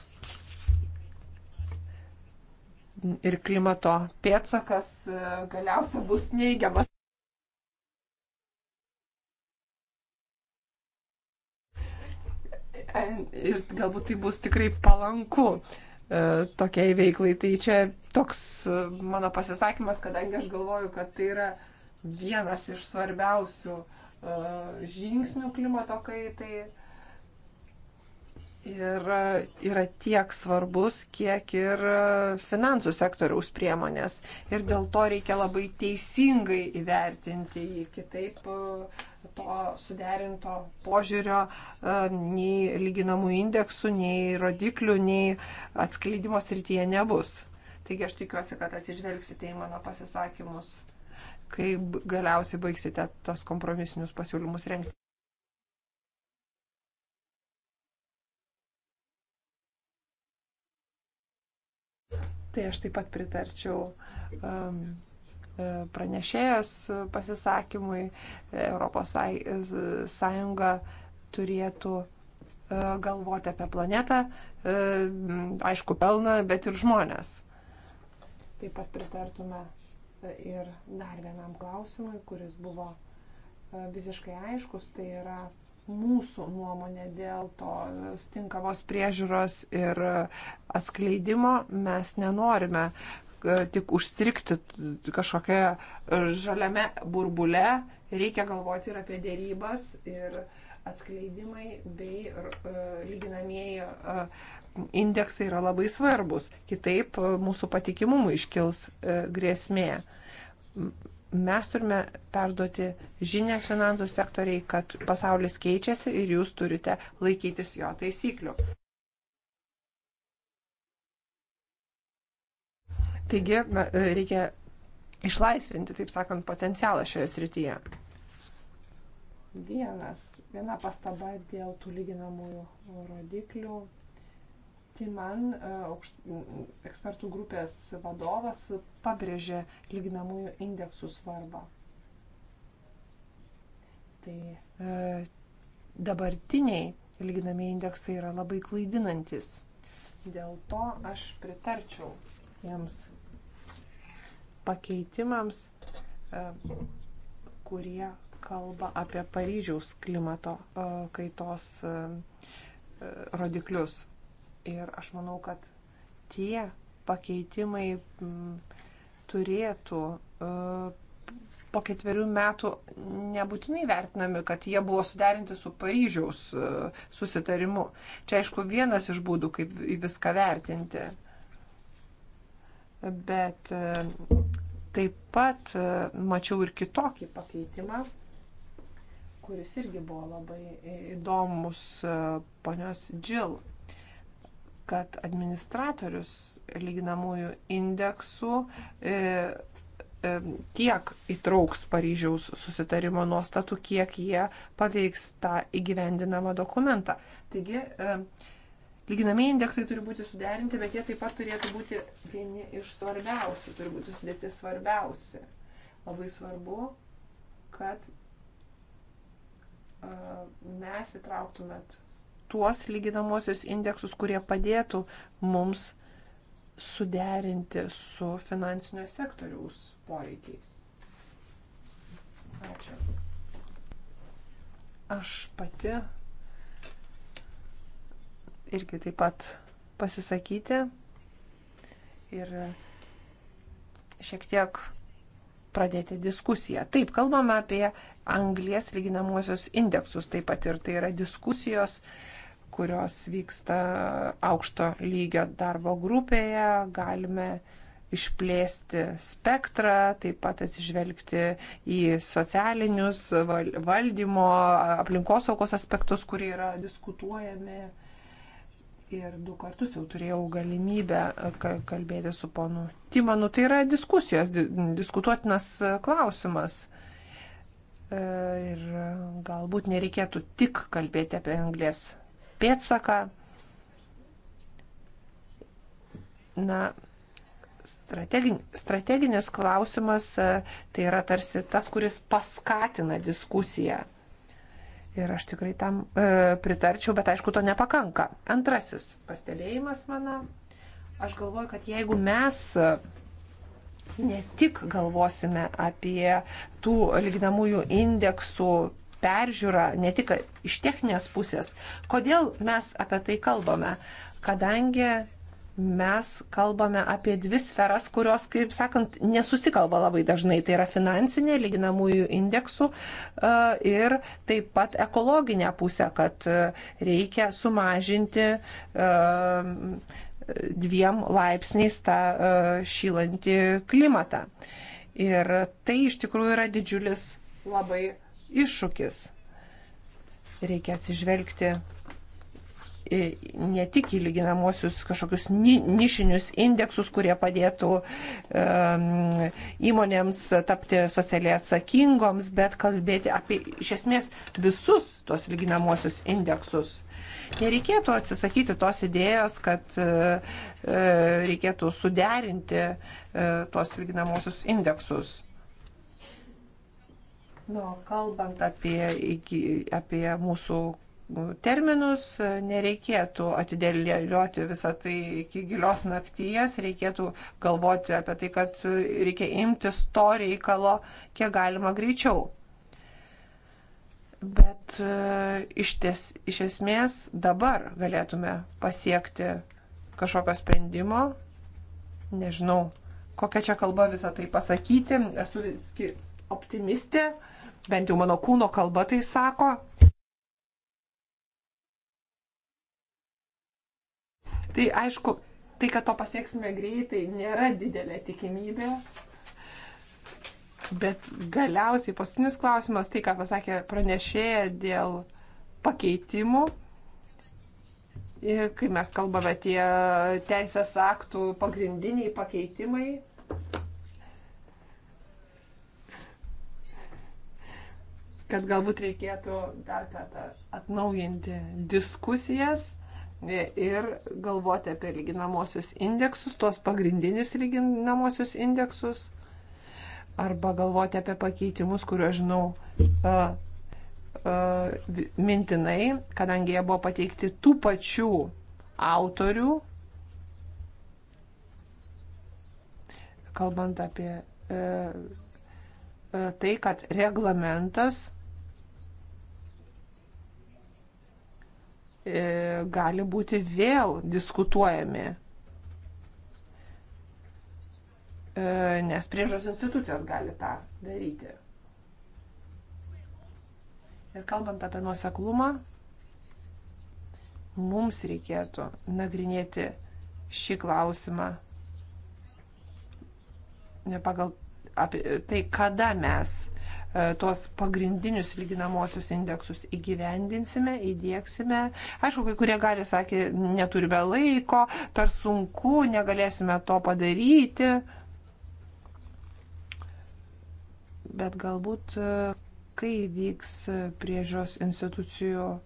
ir klimato pėtsakas e, galiausia bus neigiamas. E, ir galbūt tai bus tikrai palanku e, tokiai veiklai. Tai čia toks mano pasisakymas, kadangi aš galvoju, kad tai yra vienas iš svarbiausių žingsnių klimato kaitai ir yra tiek svarbus, kiek ir e, finansų sektoriaus priemonės. Ir dėl to reikia labai teisingai įvertinti jį kitaip e, to suderinto požiūrio e, nei lyginamų indeksų, nei rodiklių, nei atskleidimo srityje nebus. Taigi aš tikiuosi, kad atsižvelgsite į mano pasisakymus, kai galiausiai baigsite tos kompromisinius pasiūlymus renkti. Tai aš taip pat pritarčiau um, e, pranešėjos pasisakymui. Europos Sąjunga turėtų e, galvoti apie planetą, e, aišku, pelną, bet ir žmonės. Taip pat pritartume ir dar vienam klausimui, kuris buvo visiškai aiškus, tai yra mūsų nuomonė dėl to tinkamos priežiūros ir atskleidimo mes nenorime e, tik užstrikti kažkokia e, žaliame burbule, reikia galvoti ir apie dėrybas ir atskleidimai bei e, lyginamieji indeksai yra labai svarbus, kitaip mūsų patikimumui iškils grėsmė mes turime perduoti žinias finansų sektoriai, kad pasaulis keičiasi ir jūs turite laikytis jo taisyklių. Taigi reikia išlaisvinti, taip sakant, potencialą šioje srityje. Vienas, viena pastaba dėl tų lyginamųjų rodiklių Timan, e, ekspertų grupės vadovas, pabrėžė lyginamųjų indeksų svarbą. Tai e, dabartiniai lyginamieji indeksai yra labai klaidinantis. Dėl to aš pritarčiau tiems pakeitimams, e, kurie kalba apie Paryžiaus klimato e, kaitos e, e rodiklius. Ir aš manau, kad tie pakeitimai mm, turėtų e, po ketverių metų nebūtinai vertinami, kad jie buvo suderinti su Paryžiaus e, susitarimu. Čia aišku vienas iš būdų, kaip viską vertinti. Bet e, taip pat mačiau ir kitokį pakeitimą, kuris irgi buvo labai įdomus ponios Džil kad administratorius lyginamųjų indeksų e, e, tiek įtrauks Paryžiaus susitarimo nuostatų, kiek jie paveiks tą įgyvendinamą dokumentą. Taigi, e, lyginamieji indeksai turi būti suderinti, bet jie taip pat turėtų būti vieni iš svarbiausių, turi būti sudėti svarbiausi. Labai svarbu, kad e, mes įtrauktumėt tuos lyginamosius indeksus, kurie padėtų mums suderinti su finansinio sektoriaus poreikiais. Ačiū. Aš pati irgi taip pat pasisakyti ir šiek tiek pradėti diskusiją. Taip, kalbame apie anglės lyginamosios indeksus taip pat ir tai yra diskusijos, uh, kurios vyksta aukšto lygio darbo grupėje, galime išplėsti spektrą, taip pat atsižvelgti į socialinius valdymo, aplinkosaugos aspektus, kurie yra diskutuojami. Ir du kartus jau turėjau galimybę kalbėti su ponu Timanu. Tai yra diskusijos, diskutuotinas klausimas. E, ir galbūt nereikėtų tik kalbėti apie anglės pėtsaką. Na, strateginis klausimas e, tai yra tarsi tas, kuris paskatina diskusiją. Ir aš tikrai tam e, pritarčiau, bet aišku, to nepakanka. Antrasis pastebėjimas mano. Aš galvoju, kad jeigu mes e, ne tik galvosime apie tų lyginamųjų indeksų peržiūrą, ne tik iš techninės pusės. Kodėl mes apie tai kalbame? Kadangi mes kalbame apie dvi sferas, kurios, kaip sakant, nesusikalba labai dažnai. Tai yra finansinė, lyginamųjų indeksų e, ir taip pat ekologinė pusė, kad e, reikia sumažinti e, dviem laipsniais tą šylantį klimatą. Ir tai iš tikrųjų yra didžiulis labai iššūkis. Reikia atsižvelgti ne tik į lyginamosius kažkokius ni, nišinius indeksus, kurie padėtų um, įmonėms tapti socialiai atsakingoms, bet kalbėti apie iš esmės visus tos lyginamosius indeksus. Nereikėtų atsisakyti tos idėjos, kad uh, reikėtų suderinti uh, e, tos lyginamosius indeksus. Nu, kalbant apie, iki, apie mūsų terminus, nereikėtų atidėlioti visą tai iki gilios nakties, reikėtų galvoti apie tai, kad reikia imtis to reikalo kiek galima greičiau. Bet e, iš, ties, iš esmės dabar galėtume pasiekti kažkokio sprendimo, nežinau, kokia čia kalba visą tai pasakyti, esu optimistė bent jau mano kūno kalba tai sako. Tai aišku, tai, kad to pasieksime greitai, nėra didelė tikimybė. Bet galiausiai paskutinis klausimas, tai ką pasakė pranešėja dėl pakeitimų. Ir kai mes kalbame tie teisės aktų pagrindiniai pakeitimai, kad galbūt reikėtų dar kartą atnaujinti diskusijas ir galvoti apie lyginamosius indeksus, tuos pagrindinius lyginamosius indeksus, arba galvoti apie pakeitimus, kuriuos žinau mintinai, kadangi jie buvo pateikti tų pačių autorių, kalbant apie e, e, tai, kad reglamentas E, gali būti vėl diskutuojami. E, nes priežos institucijos gali tą daryti. Ir kalbant apie nuoseklumą, mums reikėtų nagrinėti šį klausimą ne pagal apie tai, kada mes E, tuos pagrindinius lyginamosius indeksus įgyvendinsime, įdėksime. Aišku, kai kurie gali, sakė, neturime laiko, per sunku, negalėsime to padaryti. Bet galbūt, e, kai vyks priežios institucijų e,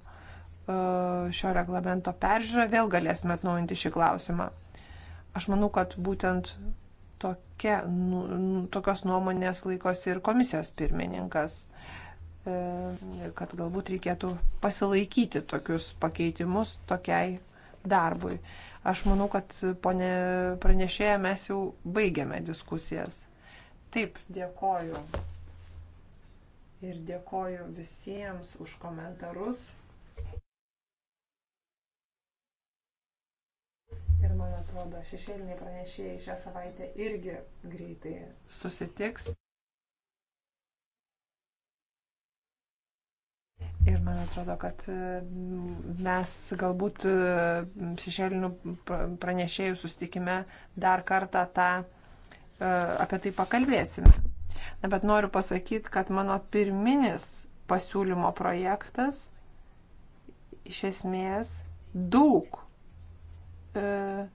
šio reglamento peržiūrą, vėl galėsime atnaujinti šį klausimą. Aš manau, kad būtent Tokia, nu, nu, tokios nuomonės laikosi ir komisijos pirmininkas. E, ir kad galbūt reikėtų pasilaikyti tokius pakeitimus tokiai darbui. Aš manau, kad ponė pranešėja mes jau baigiame diskusijas. Taip, dėkoju. Ir dėkoju visiems už komentarus. Ir man atrodo, šešėliniai pranešėjai šią savaitę irgi greitai susitiks. Ir man atrodo, kad mm, mes galbūt mm, šešėlinių pranešėjų sustikime dar kartą tą, e, apie tai pakalbėsime. Na, bet noriu pasakyti, kad mano pirminis pasiūlymo projektas iš esmės daug E,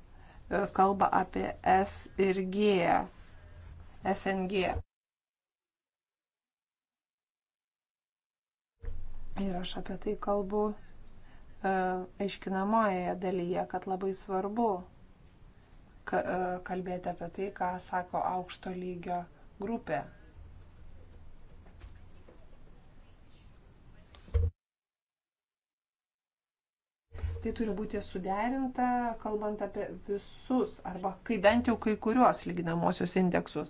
e, kalba apie S ir G, SNG. Ir aš apie tai kalbu e, aiškinamoje dalyje, kad labai svarbu kalbėti apie tai, ką sako aukšto lygio grupė. Tai turi būti suderinta, kalbant apie visus arba kai bent jau kai kuriuos lyginamosius indeksus.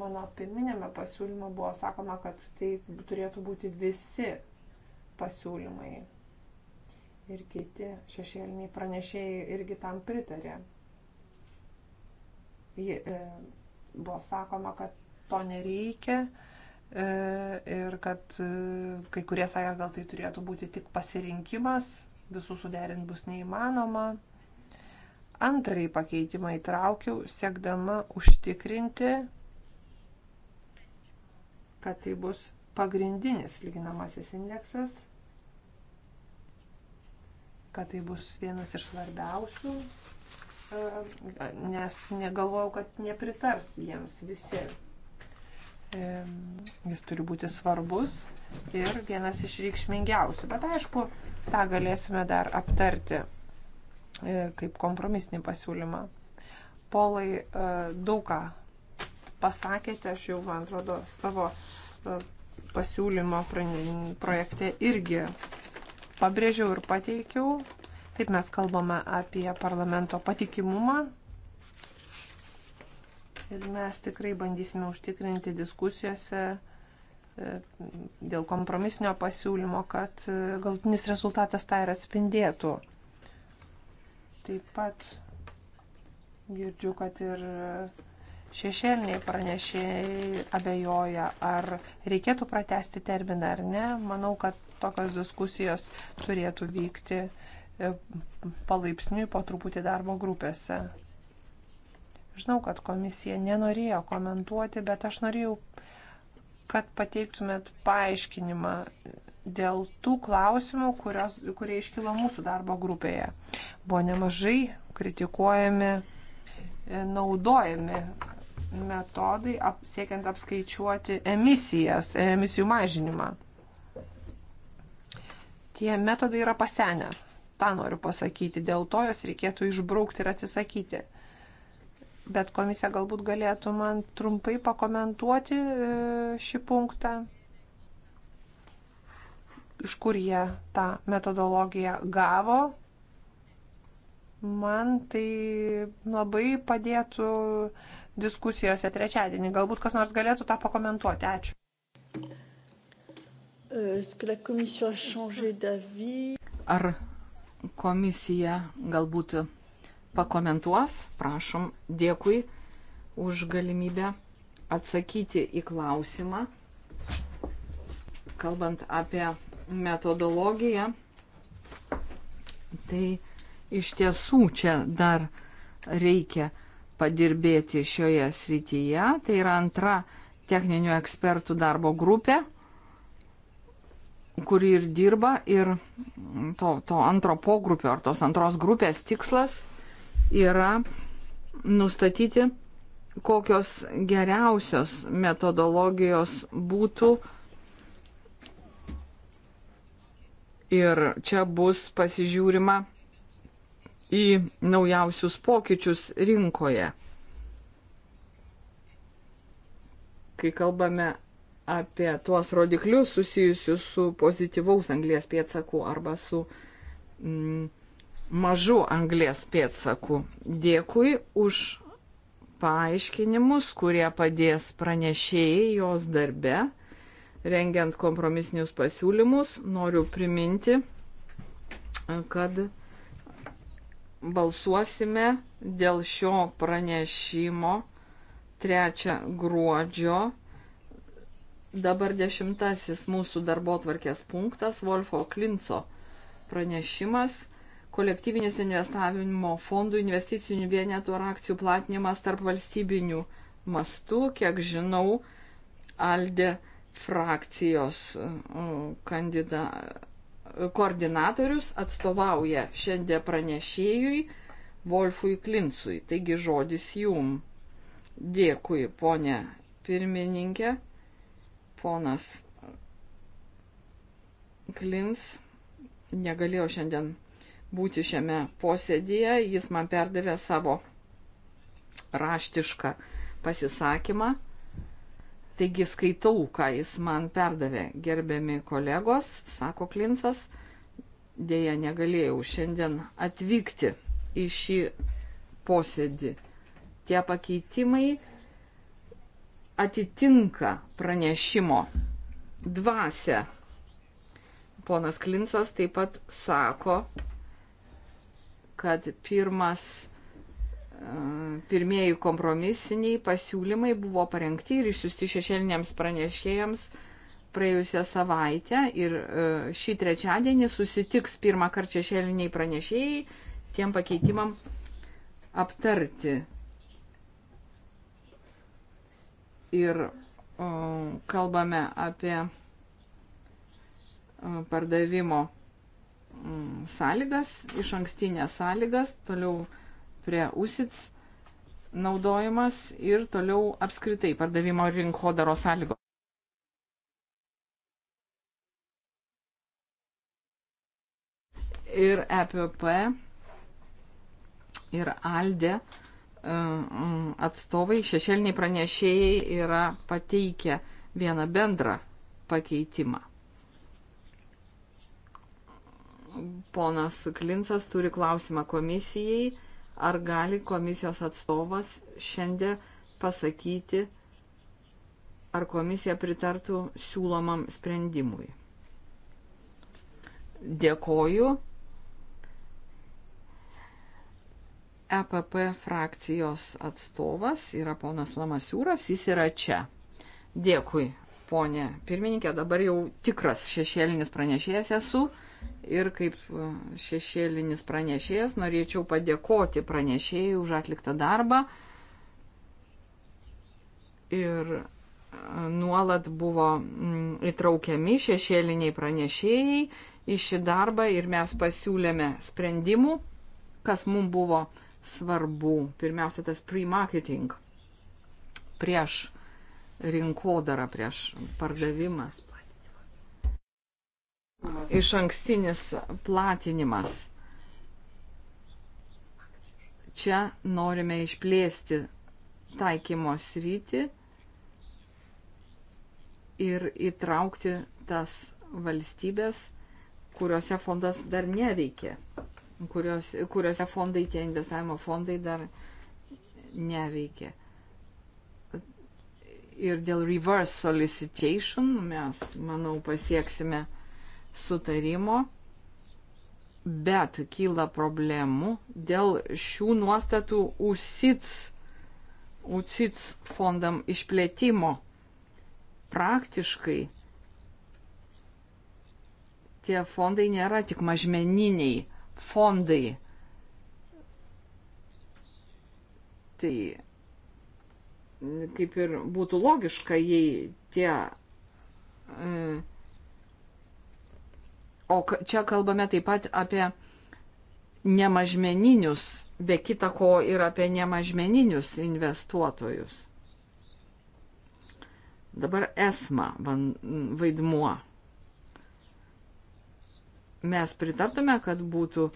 Mano pirminėme pasiūlyme buvo sakoma, kad tai turėtų būti visi pasiūlymai. Ir kiti šešėliniai pranešėjai irgi tam pritarė. Ji, e, buvo sakoma, kad to nereikia e, ir kad e, kai kurie sakė, gal tai turėtų būti tik pasirinkimas visų suderinti bus neįmanoma. Antrąjį pakeitimą įtraukiau, siekdama užtikrinti, kad tai bus pagrindinis lyginamasis indeksas, kad tai bus vienas iš svarbiausių, e, nes negalvojau, kad nepritars jiems visi. Jis turi būti svarbus ir vienas iš reikšmingiausių. Bet aišku, tą galėsime dar aptarti e, kaip kompromisinį pasiūlymą. Polai e, daugą pasakėte, aš jau, man atrodo, savo e, pasiūlymo projekte irgi pabrėžiau ir pateikiau. Taip mes kalbame apie parlamento patikimumą. Ir mes tikrai bandysime užtikrinti diskusijose uh, dėl kompromisinio pasiūlymo, kad e, galutinis rezultatas tą ir atspindėtų. Taip pat girdžiu, kad ir šešėliniai pranešėjai abejoja, ar reikėtų pratesti terminą ar ne. Manau, kad tokios diskusijos turėtų vykti e, palaipsniui po truputį darbo grupėse. Žinau, kad komisija nenorėjo komentuoti, bet aš norėjau kad pateiktumėt paaiškinimą dėl tų klausimų, kurios, kurie iškilo mūsų darbo grupėje. Buvo nemažai kritikuojami, e, naudojami metodai ap, siekiant apskaičiuoti emisijas, e, emisijų mažinimą. Tie metodai yra pasenę. Ta noriu pasakyti, dėl to jos reikėtų išbraukti ir atsisakyti. Bet komisija galbūt galėtų man trumpai pakomentuoti e, šį punktą, iš kur jie tą metodologiją gavo. Man tai labai padėtų diskusijose trečiadienį. Galbūt kas nors galėtų tą pakomentuoti. Ačiū. Euh, Ar komisija galbūt pakomentuos. Prašom, dėkui už galimybę atsakyti į klausimą, kalbant apie metodologiją. Tai iš tiesų čia dar reikia padirbėti šioje srityje. Tai yra antra techninių ekspertų darbo grupė, kuri ir dirba. Ir to, to antro pogrupio ar tos antros grupės tikslas yra nustatyti, kokios geriausios metodologijos būtų. Ir čia bus pasižiūrima į naujausius pokyčius rinkoje. Kai kalbame apie tuos rodiklius susijusius su pozityvaus anglės pėtsaku arba su mm, mažų anglės pėdsakų. Dėkui už paaiškinimus, kurie padės pranešėjai jos darbe, rengiant kompromisinius pasiūlymus. Noriu priminti, kad balsuosime dėl šio pranešimo 3 gruodžio dabar dešimtasis mūsų darbo tvarkės punktas Volfo Klinco pranešimas kolektyvinis investavimo fondų investicinių vienetų ar akcijų platinimas tarp valstybinių mastų, kiek žinau, Alde frakcijos e, kandida, koordinatorius atstovauja šiandien pranešėjui Wolfui Klinsui. Taigi žodis jum. Dėkui, ponė pirmininkė, ponas Klins negalėjo šiandien būti šiame posėdėje. Jis man perdavė savo raštišką pasisakymą. Taigi skaitau, ką jis man perdavė. Gerbiami kolegos, sako Klinsas, dėja negalėjau šiandien atvykti į šį posėdį. Tie pakeitimai atitinka pranešimo dvasę. Ponas Klinsas taip pat sako, kad pirmas, e, pirmieji kompromisiniai pasiūlymai buvo parengti ir išsiusti šešėliniams pranešėjams praėjusią savaitę ir e, šį trečiadienį susitiks pirmą kartą šešėliniai pranešėjai tiem pakeitimam aptarti. Ir o, kalbame apie o, e, pardavimo Mm, sąlygas, iš ankstinės sąlygas, toliau prie USITS naudojimas ir toliau apskritai pardavimo rinkodaro sąlygos. ir EPP, ir ALDE mm, atstovai, šešėliniai pranešėjai yra pateikę vieną bendrą pakeitimą. Ponas Klinsas turi klausimą komisijai. Ar gali komisijos atstovas šiandien pasakyti, ar komisija pritartų siūlomam sprendimui? Dėkoju. EPP frakcijos atstovas yra ponas Lamasiūras, jis yra čia. Dėkui, ponė pirmininkė, dabar jau tikras šešėlinis pranešėjas esu ir kaip e, šešėlinis pranešėjas norėčiau padėkoti pranešėjai už atliktą darbą. Ir e, nuolat buvo įtraukiami šešėliniai pranešėjai į šį darbą ir mes pasiūlėme sprendimų, kas mums buvo svarbu. Pirmiausia, tas pre-marketing prieš uh, rinkodara prieš pardavimas. Iš ankstinis platinimas. Čia norime išplėsti taikymo sritį ir įtraukti tas valstybės, kuriuose fondas dar neveikia, kuriuose, kuriuose fondai, tie investavimo fondai dar neveikia ir dėl reverse solicitation mes, manau, pasieksime sutarimo, bet kyla problemų dėl šių nuostatų UCITS, UCITS fondam išplėtimo. Praktiškai tie fondai nėra tik mažmeniniai fondai. Tai kaip ir būtų logiška, jei tie. E, o čia kalbame taip pat apie nemažmeninius, be kita ko ir apie nemažmeninius investuotojus. Dabar esma vaidmuo. Mes pritartume, kad būtų e,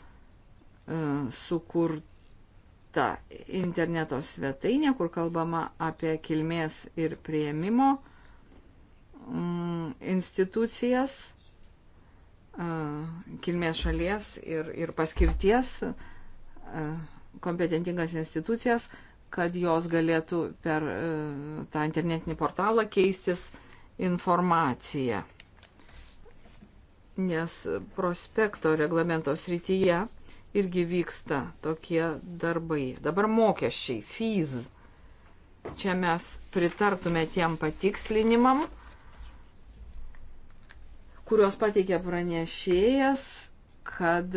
sukurta kita interneto svetainė, kur kalbama apie kilmės ir prieimimo mm, institucijas, kilmės šalies ir, ir paskirties kompetentingas institucijas, kad jos galėtų per tą internetinį portalą keistis informaciją. Nes prospekto reglamento srityje irgi vyksta tokie darbai. Dabar mokesčiai, fees. Čia mes pritartume tiem patikslinimam, kuriuos pateikė pranešėjas, kad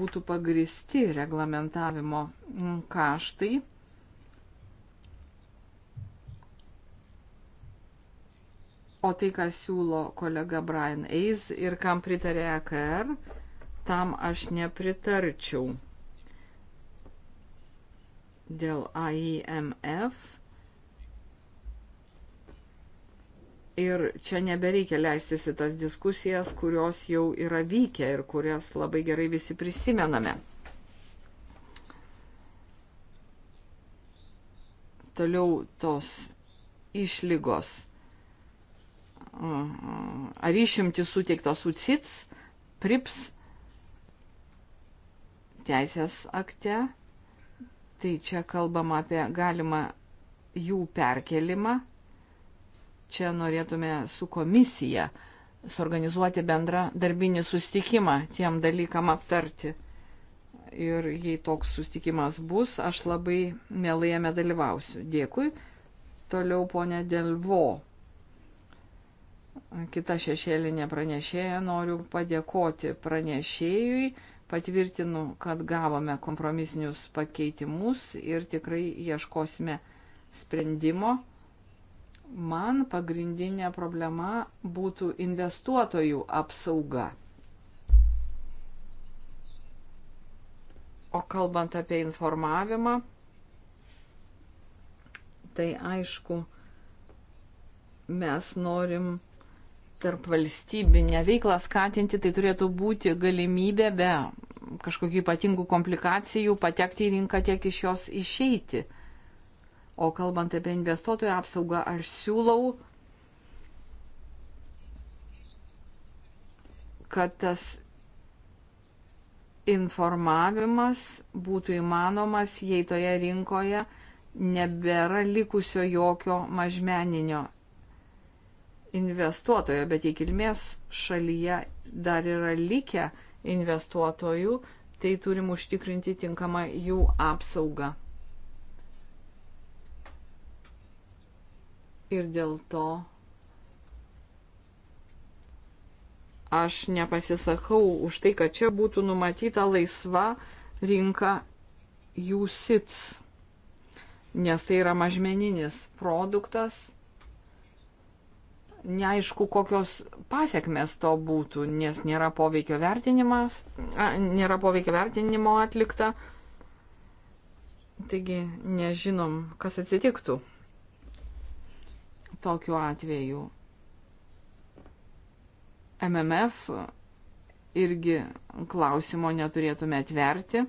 būtų pagristi reglamentavimo kaštai. O tai, ką siūlo kolega Brian Eis ir kam pritarė EKR, tam aš nepritarčiau. Dėl AIMF ir čia nebereikia leistis į tas diskusijas, kurios jau yra vykę ir kurias labai gerai visi prisimename. Toliau tos išlygos. Ar išimti suteiktos UCITS, PRIPS teisės akte. Tai čia kalbama apie galimą jų perkelimą. Čia norėtume su komisija suorganizuoti bendrą darbinį sustikimą tiem dalykam aptarti. Ir jei toks sustikimas bus, aš labai mielai jame dalyvausiu. Dėkui. Toliau ponė Delvo. Kita šešėlinė pranešėja noriu padėkoti pranešėjui patvirtinu, kad gavome kompromisinius pakeitimus ir tikrai ieškosime sprendimo. Man pagrindinė problema būtų investuotojų apsauga. O kalbant apie informavimą, tai aišku, mes norim tarp valstybinę veiklą skatinti, tai turėtų būti galimybė be kažkokių ypatingų komplikacijų patekti į rinką tiek iš jos išeiti. O kalbant apie investuotojų apsaugą, aš siūlau, kad tas informavimas būtų įmanomas, jei toje rinkoje nebėra likusio jokio mažmeninio investuotojo, bet jei kilmės šalyje dar yra likę investuotojų, tai turim užtikrinti tinkamą jų apsaugą. Ir dėl to aš nepasisakau už tai, kad čia būtų numatyta laisva rinka jų sits, nes tai yra mažmeninis produktas – neaišku, kokios pasiekmes to būtų, nes nėra poveikio, a, nėra poveikio vertinimo atlikta. Taigi nežinom, kas atsitiktų tokiu atveju. MMF irgi klausimo neturėtume atverti.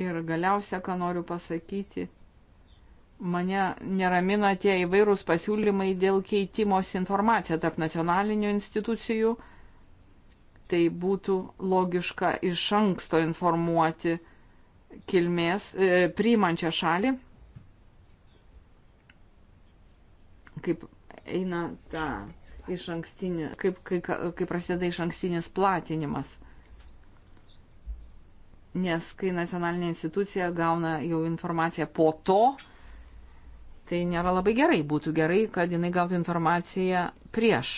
Ir galiausia, ką noriu pasakyti – Mane neramina tie įvairūs pasiūlymai dėl keitimos informacija tarp nacionalinių institucijų. Tai būtų logiška iš anksto informuoti kilmės, e, priimančią šalį, kaip eina ta iš ankstinė, kaip, kaip, kaip prasideda iš ankstinis platinimas. Nes kai nacionalinė institucija gauna jau informaciją po to, tai nėra labai gerai. Būtų gerai, kad jinai gautų informaciją prieš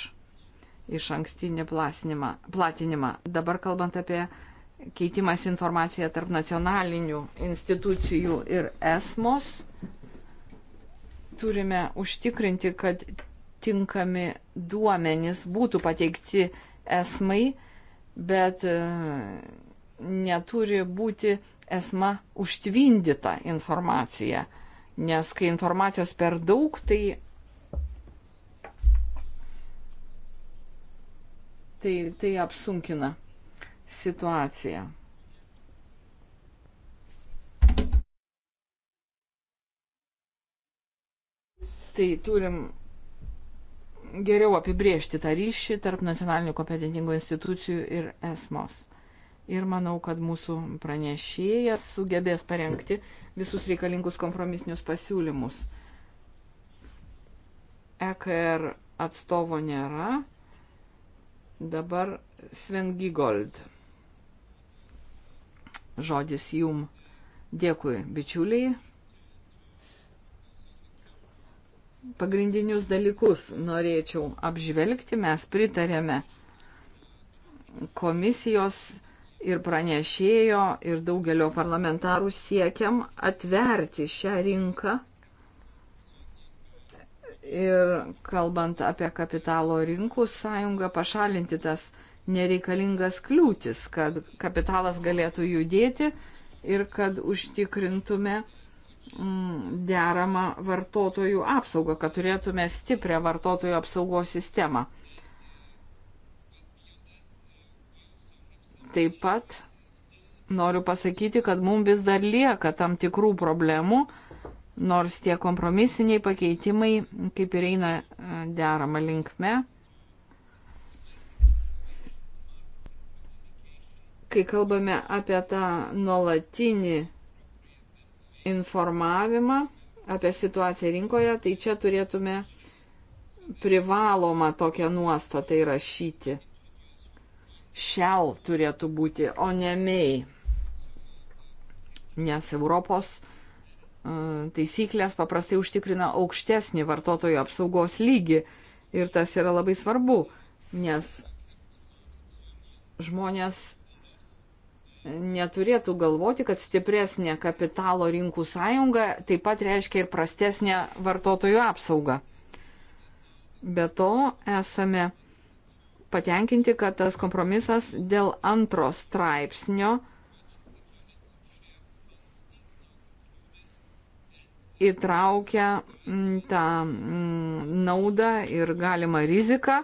iš ankstinį platinimą. Dabar kalbant apie keitimas informacija tarp nacionalinių institucijų ir esmos, turime užtikrinti, kad tinkami duomenys būtų pateikti esmai, bet e, neturi būti esma užtvindyta informacija. Nes kai informacijos per daug, tai, tai, tai apsunkina situaciją. Tai turim geriau apibriežti tą ryšį tarp nacionalinių kompetentingų institucijų ir esmos ir manau, kad mūsų pranešėjas sugebės parengti visus reikalingus kompromisinius pasiūlymus. EKR atstovo nėra. Dabar Sven Gigold. Žodis jum. Dėkui, bičiuliai. Pagrindinius dalykus norėčiau apžvelgti. Mes pritarėme komisijos ir pranešėjo, ir daugelio parlamentarų siekiam atverti šią rinką. Ir kalbant apie kapitalo rinkų sąjungą, pašalinti tas nereikalingas kliūtis, kad kapitalas galėtų judėti ir kad užtikrintume mm, deramą vartotojų apsaugą, kad turėtume stiprią vartotojų apsaugos sistemą. Taip pat noriu pasakyti, kad mums vis dar lieka tam tikrų problemų, nors tie kompromisiniai pakeitimai kaip ir eina e, deramą linkme. Kai kalbame apie tą nuolatinį informavimą apie situaciją rinkoje, tai čia turėtume privalomą tokią nuostatą įrašyti. Tai šiau turėtų būti, o ne mei. Nes Europos e, taisyklės paprastai užtikrina aukštesnį vartotojų apsaugos lygį ir tas yra labai svarbu, nes žmonės neturėtų galvoti, kad stipresnė kapitalo rinkų sąjunga taip pat reiškia ir prastesnę vartotojų apsaugą. Be to esame patenkinti, kad tas kompromisas dėl antro straipsnio įtraukia mm, tą mm, naudą ir galimą riziką.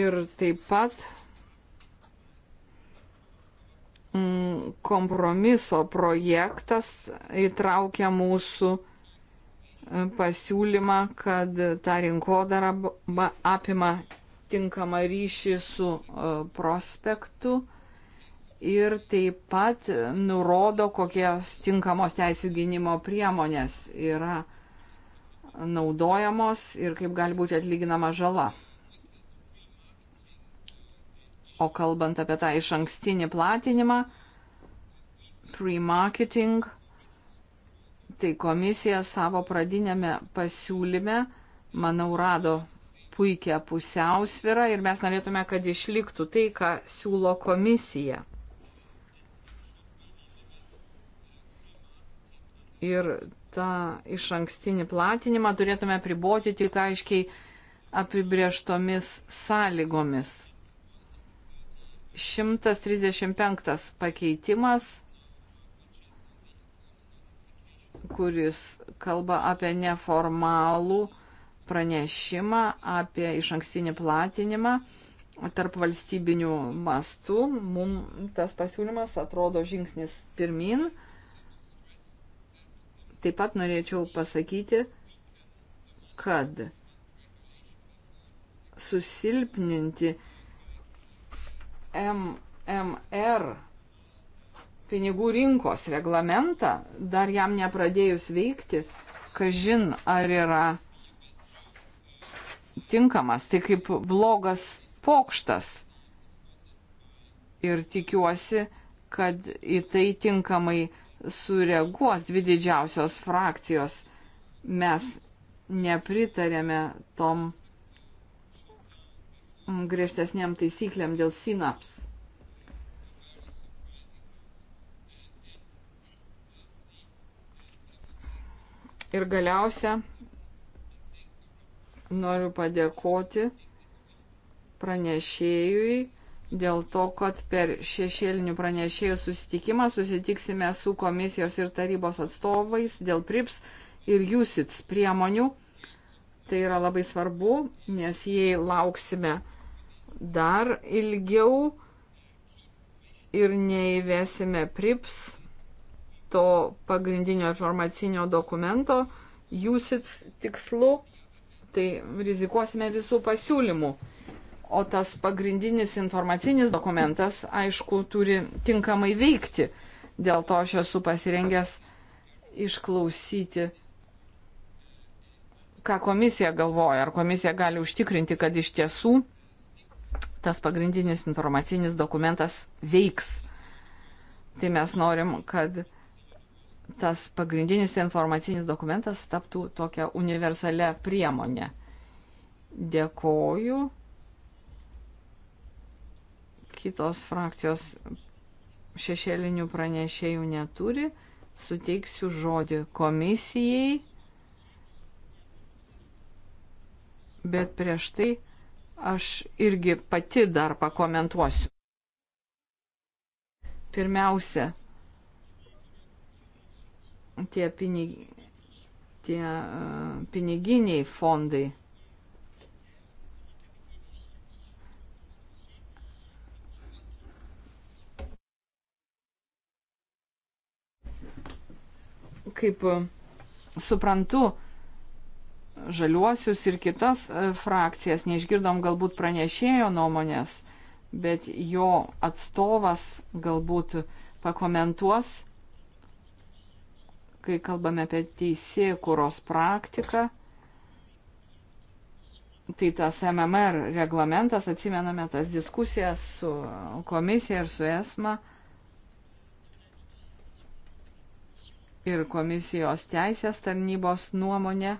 Ir taip pat Mm, kompromiso projektas įtraukia mūsų e, pasiūlymą, kad ta rinkodara apima tinkamą ryšį su e, prospektu ir taip pat nurodo, kokios tinkamos teisų gynimo priemonės yra naudojamos ir kaip gali būti atlyginama žala. O kalbant apie tą iš ankstinį platinimą, pre-marketing, tai komisija savo pradinėme pasiūlyme, manau, rado puikią pusiausvyrą ir mes norėtume, kad išliktų tai, ką siūlo komisija. Ir tą iš ankstinį platinimą turėtume priboti tik aiškiai apibrieštomis sąlygomis 135 pakeitimas, kuris kalba apie neformalų pranešimą, apie iš ankstinį platinimą tarp valstybinių mastų. Mums tas pasiūlymas atrodo žingsnis pirmin. Taip pat norėčiau pasakyti, kad susilpninti MMR pinigų rinkos reglamentą, dar jam nepradėjus veikti, kažin ar yra tinkamas, tai kaip blogas pokštas. Ir tikiuosi, kad į tai tinkamai sureaguos dvi didžiausios frakcijos. Mes nepritarėme tom Mm, griežtesniam taisyklėm dėl sinaps. Ir galiausia, noriu padėkoti pranešėjui dėl to, kad per šešėlinių pranešėjų susitikimą susitiksime su komisijos ir tarybos atstovais dėl PRIPS ir JUSITS priemonių. Tai yra labai svarbu, nes jei lauksime dar ilgiau ir neįvesime PRIPS to pagrindinio informacinio dokumento jūsit tikslu, tai rizikuosime visų pasiūlymų. O tas pagrindinis informacinis dokumentas, aišku, turi tinkamai veikti. Dėl to aš esu pasirengęs išklausyti, ką komisija galvoja, ar komisija gali užtikrinti, kad iš tiesų tas pagrindinis informacinis dokumentas veiks. Tai mes norim, kad tas pagrindinis informacinis dokumentas taptų tokią universalią priemonę. Dėkoju. Kitos frakcijos šešėlinių pranešėjų neturi. Suteiksiu žodį komisijai. Bet prieš tai aš irgi pati dar pakomentuosiu. Pirmiausia, tie, pinig, tie uh, piniginiai fondai. Kaip e, suprantu, uh, žaliuosius ir kitas e, frakcijas. Neišgirdom galbūt pranešėjo nuomonės, bet jo atstovas galbūt pakomentuos, kai kalbame apie teisėkuros praktiką. Tai tas MMR reglamentas, atsimename tas diskusijas su komisija ir su ESMA. ir komisijos teisės tarnybos nuomonė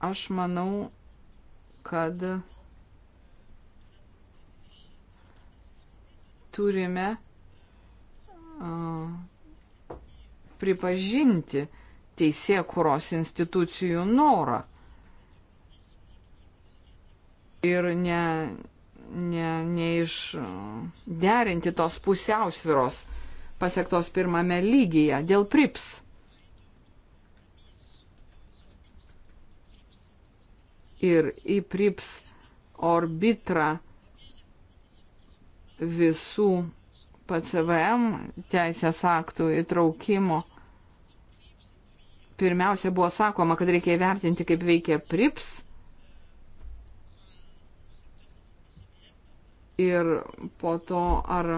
Aš manau, kad turime uh, pripažinti teisėkuros institucijų norą ir ne, ne, neišderinti tos pusiausviros pasiektos pirmame lygyje dėl prips. ir įprips orbitrą visų PCVM teisės aktų įtraukimo. Pirmiausia buvo sakoma, kad reikia įvertinti, kaip veikia PRIPS ir po to ar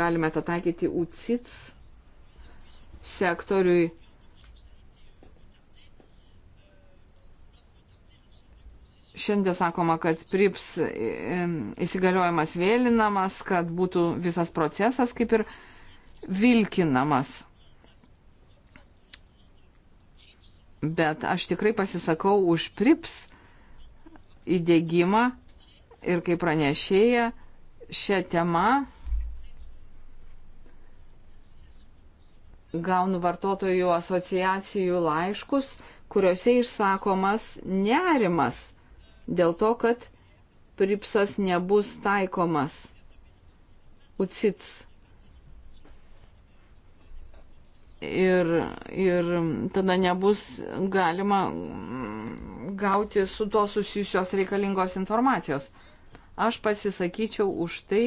galime tą taikyti UCITS sektoriui Šiandien sakoma, kad prips įsigaliojimas vėlinamas, kad būtų visas procesas kaip ir vilkinamas. Bet aš tikrai pasisakau už prips įdėgymą ir kaip pranešėja šią temą gaunu vartotojų asociacijų laiškus, kuriuose išsakomas nerimas dėl to, kad pripsas nebus taikomas ucits. Ir, ir tada nebus galima gauti su to susijusios reikalingos informacijos. Aš pasisakyčiau už tai,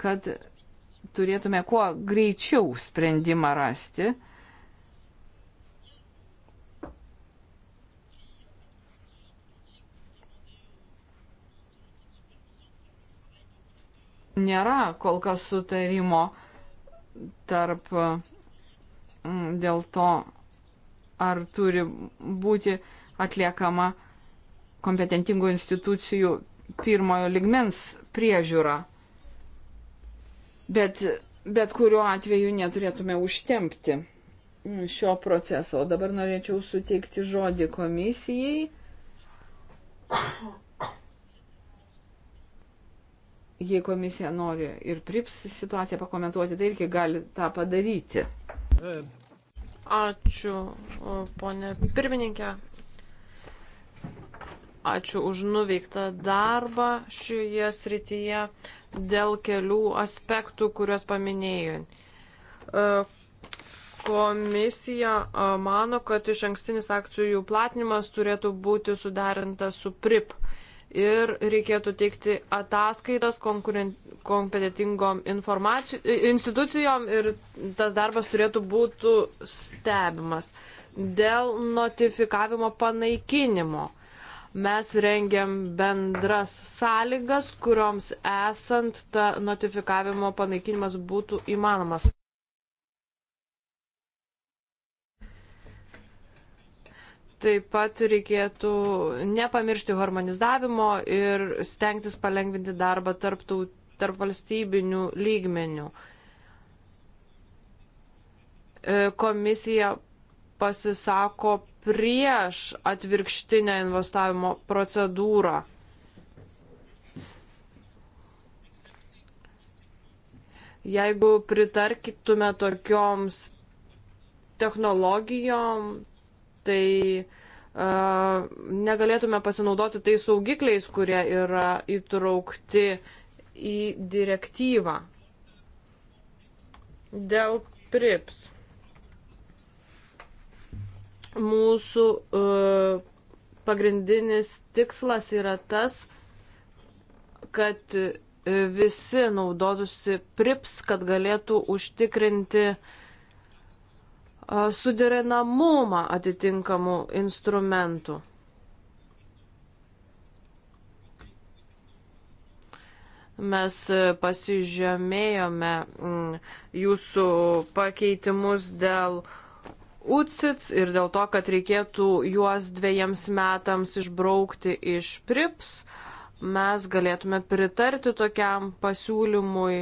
kad turėtume kuo greičiau sprendimą rasti nėra kol kas sutarimo tarp mm, dėl to, ar turi būti atliekama kompetentingų institucijų pirmojo ligmens priežiūra. Bet, bet kuriuo atveju neturėtume užtempti mm, šio proceso. O dabar norėčiau suteikti žodį komisijai jei komisija nori ir prips situaciją pakomentuoti, tai irgi gali tą padaryti. Ačiū, ponė pirmininkė. Ačiū už nuveiktą darbą šioje srityje dėl kelių aspektų, kuriuos paminėjau. E, komisija e, mano, kad iš ankstinis akcijų platinimas turėtų būti sudarintas su PRIP ir reikėtų teikti ataskaitas kompetitingom institucijom ir tas darbas turėtų būti stebimas. Dėl notifikavimo panaikinimo mes rengiam bendras sąlygas, kurioms esant ta notifikavimo panaikinimas būtų įmanomas. Taip pat reikėtų nepamiršti harmonizavimo ir stengtis palengvinti darbą tarptų, tarp valstybinių lygmenių. E, komisija pasisako prieš atvirkštinę investavimo procedūrą. Jeigu pritarkitume tokioms technologijom, tai uh, negalėtume pasinaudoti tais saugikliais, kurie yra įtraukti į direktyvą dėl prips. Mūsų uh, pagrindinis tikslas yra tas, kad e, visi naudotųsi prips, kad galėtų užtikrinti uh, suderinamumą atitinkamų instrumentų. Mes pasižymėjome mm, jūsų pakeitimus dėl UCITS ir dėl to, kad reikėtų juos dviejams metams išbraukti iš PRIPS. Mes galėtume pritarti tokiam pasiūlymui,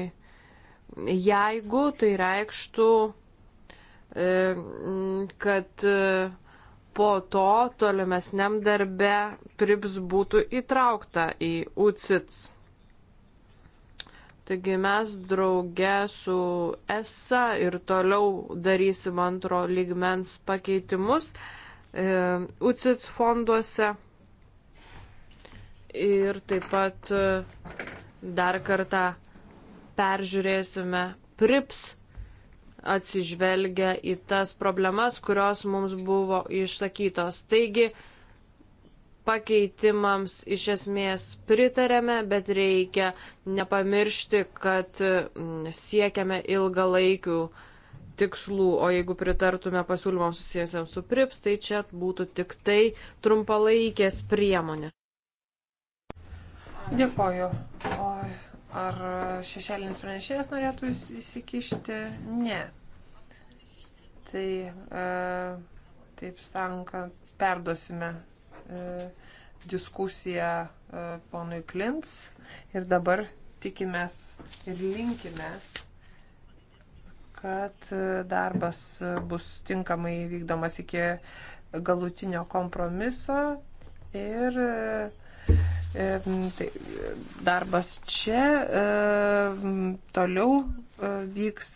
jeigu tai reikštų E, kad e, po to tolimesniam darbe PRIPS būtų įtraukta į UCITS. Taigi mes drauge su ESA ir toliau darysim antro lygmens pakeitimus e, UCITS fonduose. Ir taip pat dar kartą peržiūrėsime PRIPS atsižvelgia į tas problemas, kurios mums buvo išsakytos. Taigi, pakeitimams iš esmės pritarėme, bet reikia nepamiršti, kad mm, siekiame ilgalaikių tikslų, o jeigu pritartume pasiūlymams susijusiams su PRIPS, tai čia būtų tik tai trumpalaikės priemonė. Dėkoju. Oi. Ar šešėlinis pranešėjas norėtų įsikišti? Ne. Tai e, taip sakant, perduosime e, diskusiją e, ponui Klins ir dabar tikimės ir linkime, kad e, darbas bus tinkamai vykdomas iki galutinio kompromiso ir e, Tai darbas čia toliau e, vyks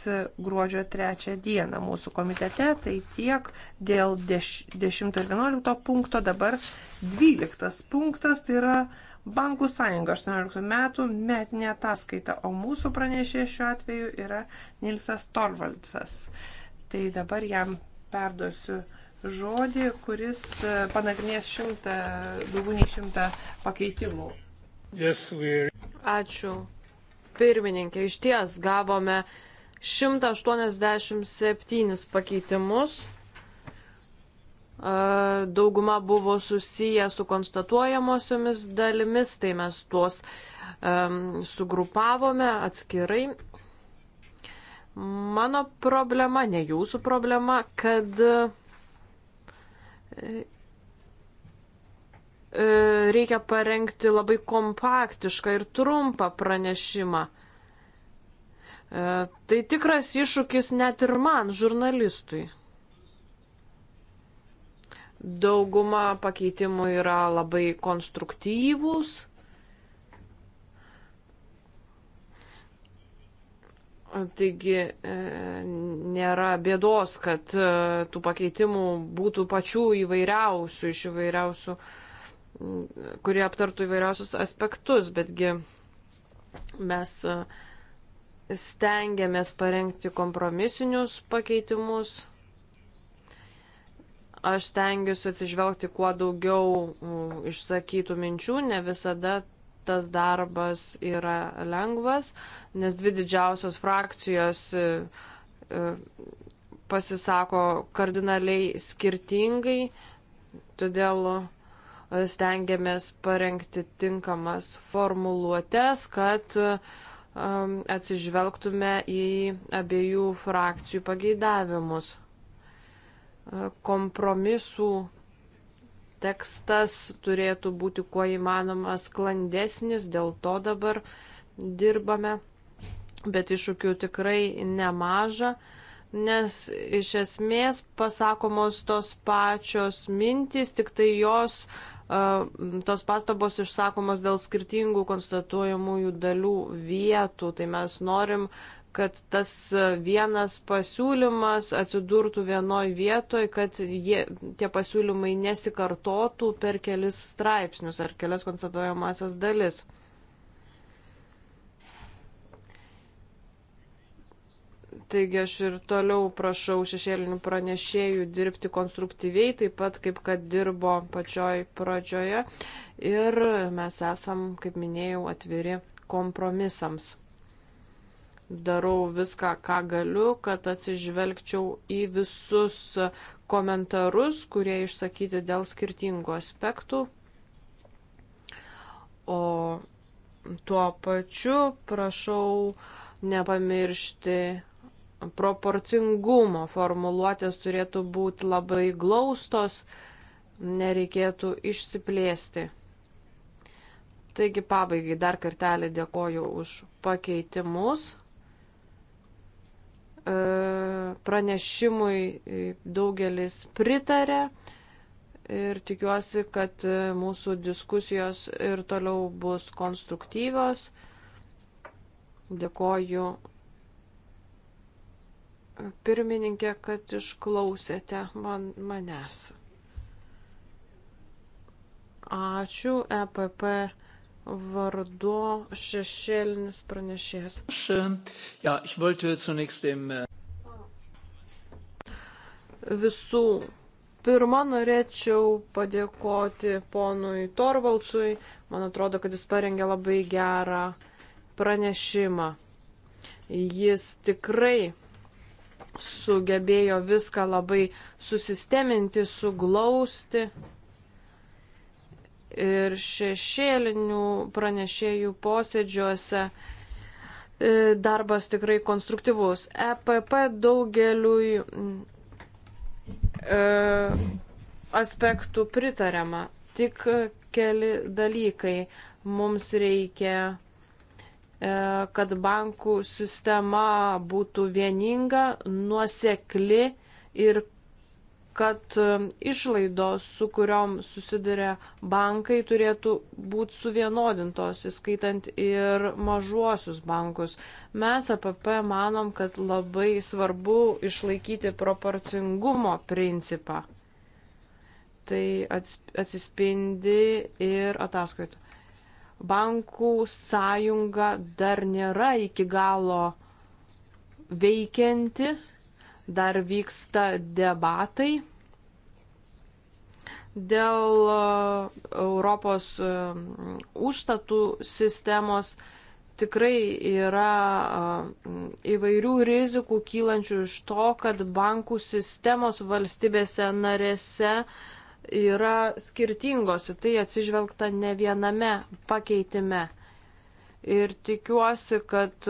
gruodžio trečią dieną mūsų komitete. Tai tiek dėl 10 ir 11 punkto, dabar 12 punktas tai yra Bankų sąjunga 18 metų metinė ataskaita, o mūsų pranešė šiuo atveju yra Nilsas Torvaldsas. Tai dabar jam perduosiu uh, žodį, kuris e, panagrinės šimtą, daugiau nei šimtą pakeitimų. Yes, we're... Ačiū. Pirmininkė, iš ties gavome 187 pakeitimus. E, dauguma buvo susiję su konstatuojamosiomis dalimis, tai mes tuos um, sugrupavome atskirai mano problema, ne jūsų problema, kad E, reikia parengti labai kompaktišką ir trumpą pranešimą. E, tai tikras iššūkis net ir man, žurnalistui. Dauguma pakeitimų yra labai konstruktyvūs. Taigi e, nėra bėdos, kad e, tų pakeitimų būtų pačių įvairiausių, iš įvairiausių, kurie aptartų įvairiausius aspektus, betgi mes e, stengiamės parengti kompromisinius pakeitimus. Aš stengiuosi atsižvelgti kuo daugiau išsakytų minčių, ne visada tas darbas yra lengvas, nes dvi didžiausios frakcijos e, e, pasisako kardinaliai skirtingai, todėl e, stengiamės parengti tinkamas formuluotės, kad atsižvelgtume į abiejų frakcijų pageidavimus. Kompromisų tekstas turėtų būti kuo įmanoma sklandesnis, dėl to dabar dirbame, bet iššūkių tikrai nemaža, nes iš esmės pasakomos tos pačios mintys, tik tai jos, tos pastabos išsakomos dėl skirtingų konstatuojamųjų dalių vietų, tai mes norim kad tas e, vienas pasiūlymas atsidurtų vienoj vietoj, kad jie, tie pasiūlymai nesikartotų per kelis straipsnius ar kelias konstatuojamasias dalis. Taigi aš ir toliau prašau šešėlinių pranešėjų dirbti konstruktyviai, taip pat kaip kad dirbo pačioj pradžioje. Ir mes esam, kaip minėjau, atviri kompromisams darau viską, ką galiu, kad atsižvelgčiau į visus komentarus, kurie išsakyti dėl skirtingų aspektų. O tuo pačiu prašau nepamiršti proporcingumo. Formuluotės turėtų būti labai glaustos, nereikėtų išsiplėsti. Taigi pabaigai dar kartelį dėkoju už pakeitimus. E, pranešimui e, daugelis pritarė ir tikiuosi, kad e, mūsų diskusijos ir toliau bus konstruktyvios. Dėkoju pirmininkė, kad išklausėte man, manęs. Ačiū EPP vardu šešėlinis pranešėjas. E, ja, e, Visų pirma, norėčiau padėkoti ponui Torvaldsui. Man atrodo, kad jis parengė labai gerą pranešimą. Jis tikrai sugebėjo viską labai susisteminti, suglausti ir šešėlinių pranešėjų posėdžiuose e, darbas tikrai konstruktyvus. EPP daugeliui e, aspektų pritariama, tik keli dalykai mums reikia e, kad bankų sistema būtų vieninga, nuosekli ir kad e, išlaidos, su kuriom susiduria bankai, turėtų būti suvienodintos, įskaitant ir mažuosius bankus. Mes APP manom, kad labai svarbu išlaikyti proporcingumo principą. Tai atsispindi ir ataskaitų. Bankų sąjunga dar nėra iki galo veikianti dar vyksta debatai dėl e, Europos e, užstatų sistemos. Tikrai yra e, įvairių rizikų kylančių iš to, kad bankų sistemos valstybėse narėse yra skirtingos. Į tai atsižvelgta ne viename pakeitime. Ir tikiuosi, kad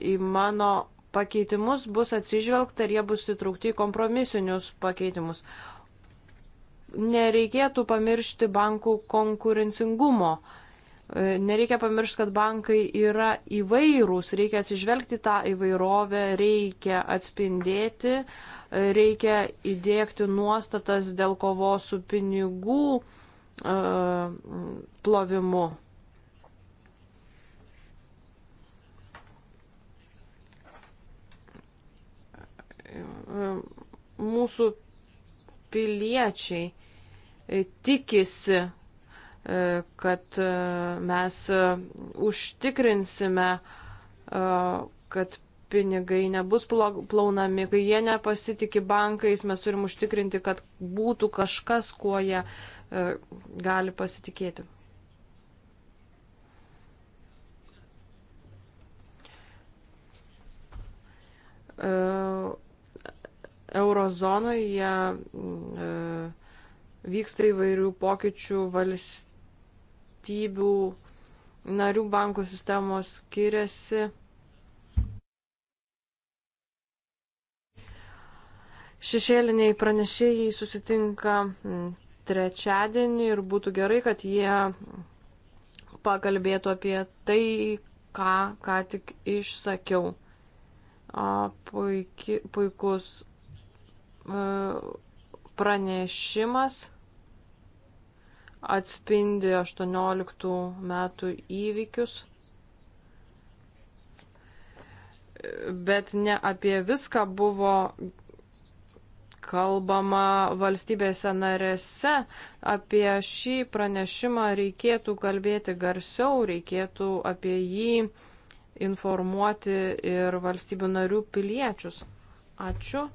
į mano pakeitimus bus atsižvelgta ir jie bus įtraukti į kompromisinius pakeitimus. Nereikėtų pamiršti bankų konkurencingumo. E, nereikia pamiršti, kad bankai yra įvairūs, reikia atsižvelgti tą įvairovę, reikia atspindėti, e, reikia įdėkti nuostatas dėl kovos su pinigų e, plovimu. mūsų piliečiai e, tikisi, e, kad e, mes užtikrinsime, kad pinigai nebus plaunami, kai jie nepasitikė bankais, mes turim užtikrinti, kad būtų kažkas, kuo jie gali pasitikėti. Uh eurozonoje mm, e, vyksta įvairių pokyčių valstybių narių bankų sistemos skiriasi. Šešėliniai pranešėjai susitinka mm, trečiadienį ir būtų gerai, kad jie pakalbėtų apie tai, ką ką tik išsakiau. O, puiki, puikus pranešimas atspindi 18 metų įvykius, bet ne apie viską buvo kalbama valstybėse narėse. Apie šį pranešimą reikėtų kalbėti garsiau, reikėtų apie jį informuoti ir valstybių narių piliečius. Ačiū.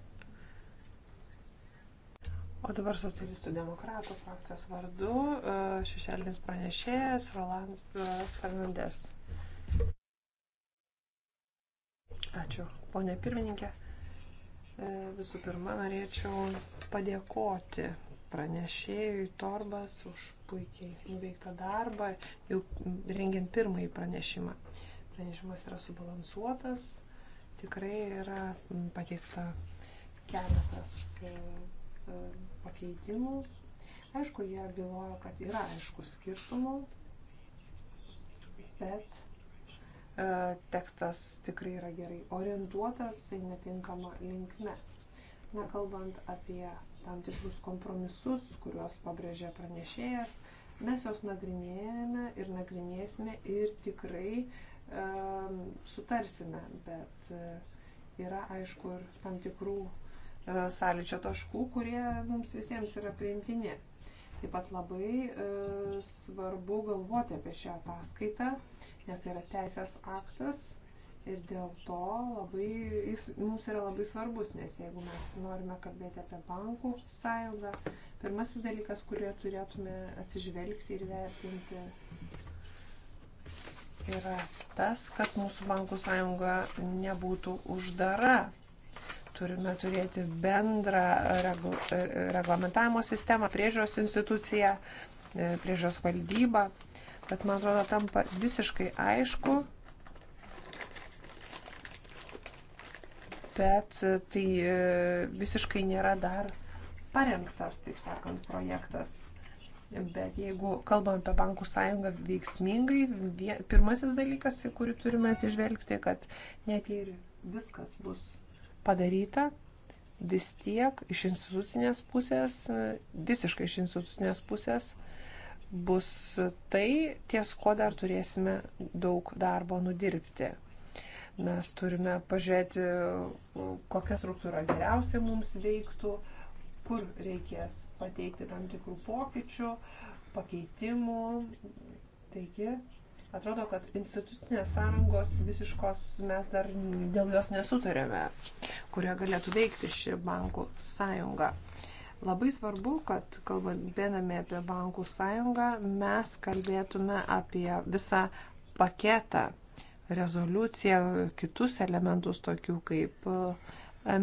O dabar socialistų demokratų frakcijos vardu e, šešėlinis pranešėjas Rolandas e, Fernandes. Ačiū, ponė pirmininkė. E, visų pirma, norėčiau padėkoti pranešėjui Torbas už puikiai nuveiktą darbą, jau rengiant pirmąjį pranešimą. Pranešimas yra subalansuotas, tikrai yra pateikta keletas pakeitimų. Aišku, jie bylojo, kad yra aišku skirtumų, bet e, tekstas tikrai yra gerai orientuotas į netinkamą linkmę. Na, kalbant apie tam tikrus kompromisus, kuriuos pabrėžė pranešėjas, mes juos nagrinėjame ir nagrinėsime ir tikrai e, sutarsime, bet e, yra aišku ir tam tikrų E, sąlyčio taškų, kurie mums visiems yra priimtini. Taip pat labai e, svarbu galvoti apie šią ataskaitą, nes tai yra teisės aktas ir dėl to labai, jis mums yra labai svarbus, nes jeigu mes norime kalbėti apie bankų sąjungą, pirmasis dalykas, kurį turėtume atsižvelgti ir vertinti, yra tas, kad mūsų bankų sąjunga nebūtų uždara turime turėti bendrą regl reglamentavimo sistemą, priežiūros instituciją, e, priežiūros valdybą. Bet man atrodo, tampa visiškai aišku, bet e, tai e, visiškai nėra dar parengtas, taip sakant, projektas. Bet jeigu kalbam apie bankų sąjungą veiksmingai, vie, pirmasis dalykas, į kurį turime atsižvelgti, kad net ir viskas bus padaryta, vis tiek iš institucinės pusės, visiškai iš institucinės pusės bus tai, ties ko dar turėsime daug darbo nudirbti. Mes turime pažiūrėti, kokia struktūra geriausiai mums veiktų, kur reikės pateikti tam tikrų pokyčių, pakeitimų. Taigi, Atrodo, kad institucinės sąrangos visiškos mes dar dėl jos nesutarėme, kurie galėtų veikti ši bankų sąjunga. Labai svarbu, kad kalbėdami apie bankų sąjungą, mes kalbėtume apie visą paketą, rezoliuciją, kitus elementus tokių kaip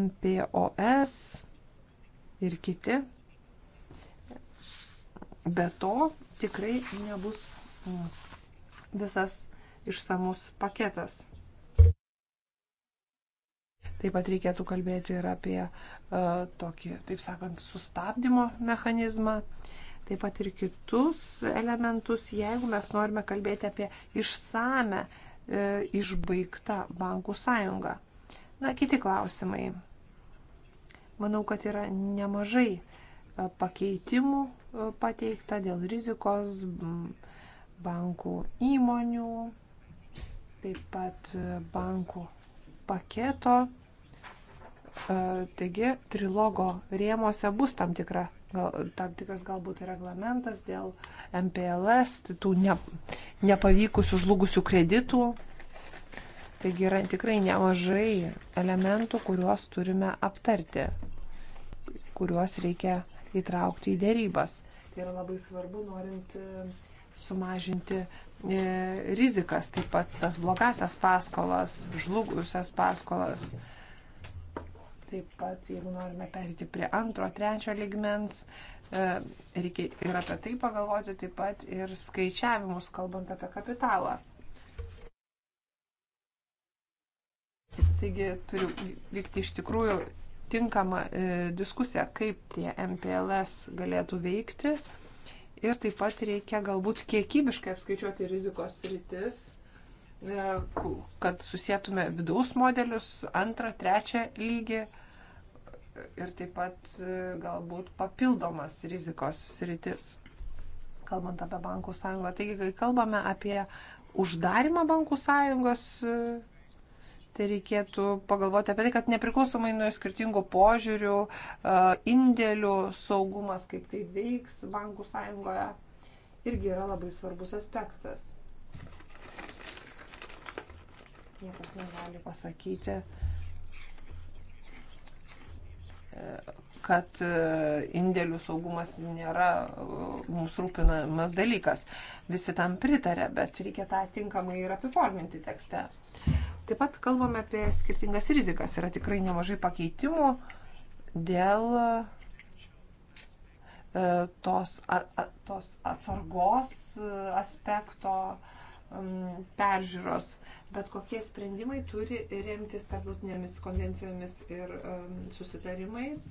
MPOS ir kiti. Be to tikrai nebus visas išsamus paketas. Taip pat reikėtų kalbėti ir apie uh, tokį, taip sakant, sustabdymo mechanizmą, taip pat ir kitus elementus, jeigu mes norime kalbėti apie išsame, uh, išbaigtą bankų sąjungą. Na, kiti klausimai. Manau, kad yra nemažai e, pakeitimų pateikta dėl rizikos. Mm, bankų įmonių, taip pat e, bankų paketo. E, taigi, trilogo rėmose bus tam, tikra, gal, tam tikras galbūt reglamentas dėl MPLS, tų ne, nepavykusių žlugusių kreditų. Taigi yra tikrai nemažai elementų, kuriuos turime aptarti, kuriuos reikia įtraukti į dėrybas. Tai yra labai svarbu, norint sumažinti e, rizikas, taip pat tas blogasias paskolas, žlugusias paskolas. Taip pat, jeigu norime perėti prie antro, trečio ligmens, e, reikia ir apie tai pagalvoti, taip pat ir skaičiavimus, kalbant apie kapitalą. Taigi turiu vykti iš tikrųjų tinkama e, diskusija, kaip tie MPLS galėtų veikti. E, Ir taip pat reikia galbūt kiekybiškai apskaičiuoti rizikos rytis, e, kad susėtume vidaus modelius, antrą, trečią lygį ir taip pat e, galbūt papildomas rizikos rytis, kalbant apie bankų sąjungą. Taigi, kai kalbame apie uždarimą bankų sąjungos e, Tai reikėtų pagalvoti apie tai, kad nepriklausomai nuo skirtingų požiūrių, e, indėlių saugumas, kaip tai veiks bankų sąjungoje, irgi yra labai svarbus aspektas. Niekas negali pasakyti, e, kad e, indėlių saugumas nėra mums rūpinamas dalykas. Visi tam pritarė, bet reikia tą tinkamai ir apiforminti tekste. Taip pat kalbame apie skirtingas rizikas. Yra tikrai nemažai pakeitimų dėl e, tos, a, a, tos atsargos e, aspekto peržiūros, bet kokie sprendimai turi remtis tarptautinėmis konvencijomis ir um, susitarimais,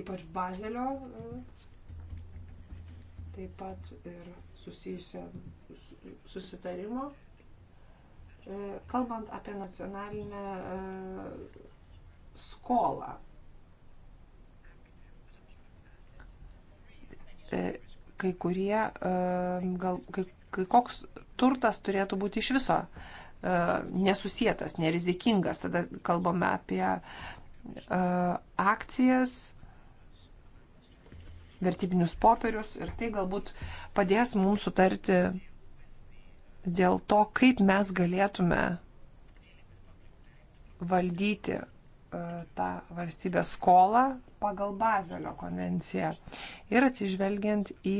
ypač Bazelio, taip pat ir susijusio susitarimo. Su, E, kalbant apie nacionalinę e, skolą. E, kai kurie, gal, kai, kai koks turtas turėtų būti iš viso nesusietas, nerizikingas, tada kalbame apie akcijas, vertybinius popierius ir tai galbūt padės mums sutarti dėl to, kaip mes galėtume valdyti e, tą valstybės skolą pagal Bazelio konvenciją ir atsižvelgiant į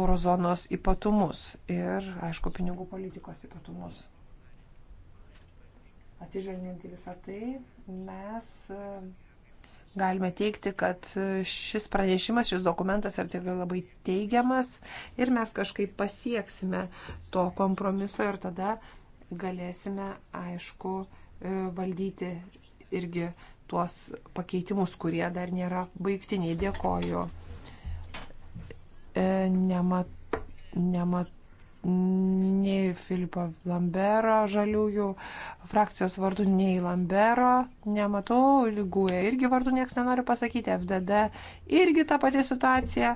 eurozonos ypatumus ir, aišku, pinigų politikos ypatumus. Atsižvelgiant į visą tai, mes e, galime teikti, kad šis pranešimas, šis dokumentas yra tikrai labai teigiamas ir mes kažkaip pasieksime to kompromiso ir tada galėsime, aišku, e, valdyti irgi tuos pakeitimus, kurie dar nėra baigtiniai. Dėkoju. E, nemat, nemat, nei Filipo Lambero žaliųjų frakcijos vardu, nei Lambero, nematau, lyguoja irgi vardu nieks nenori pasakyti, FDD irgi ta pati situacija.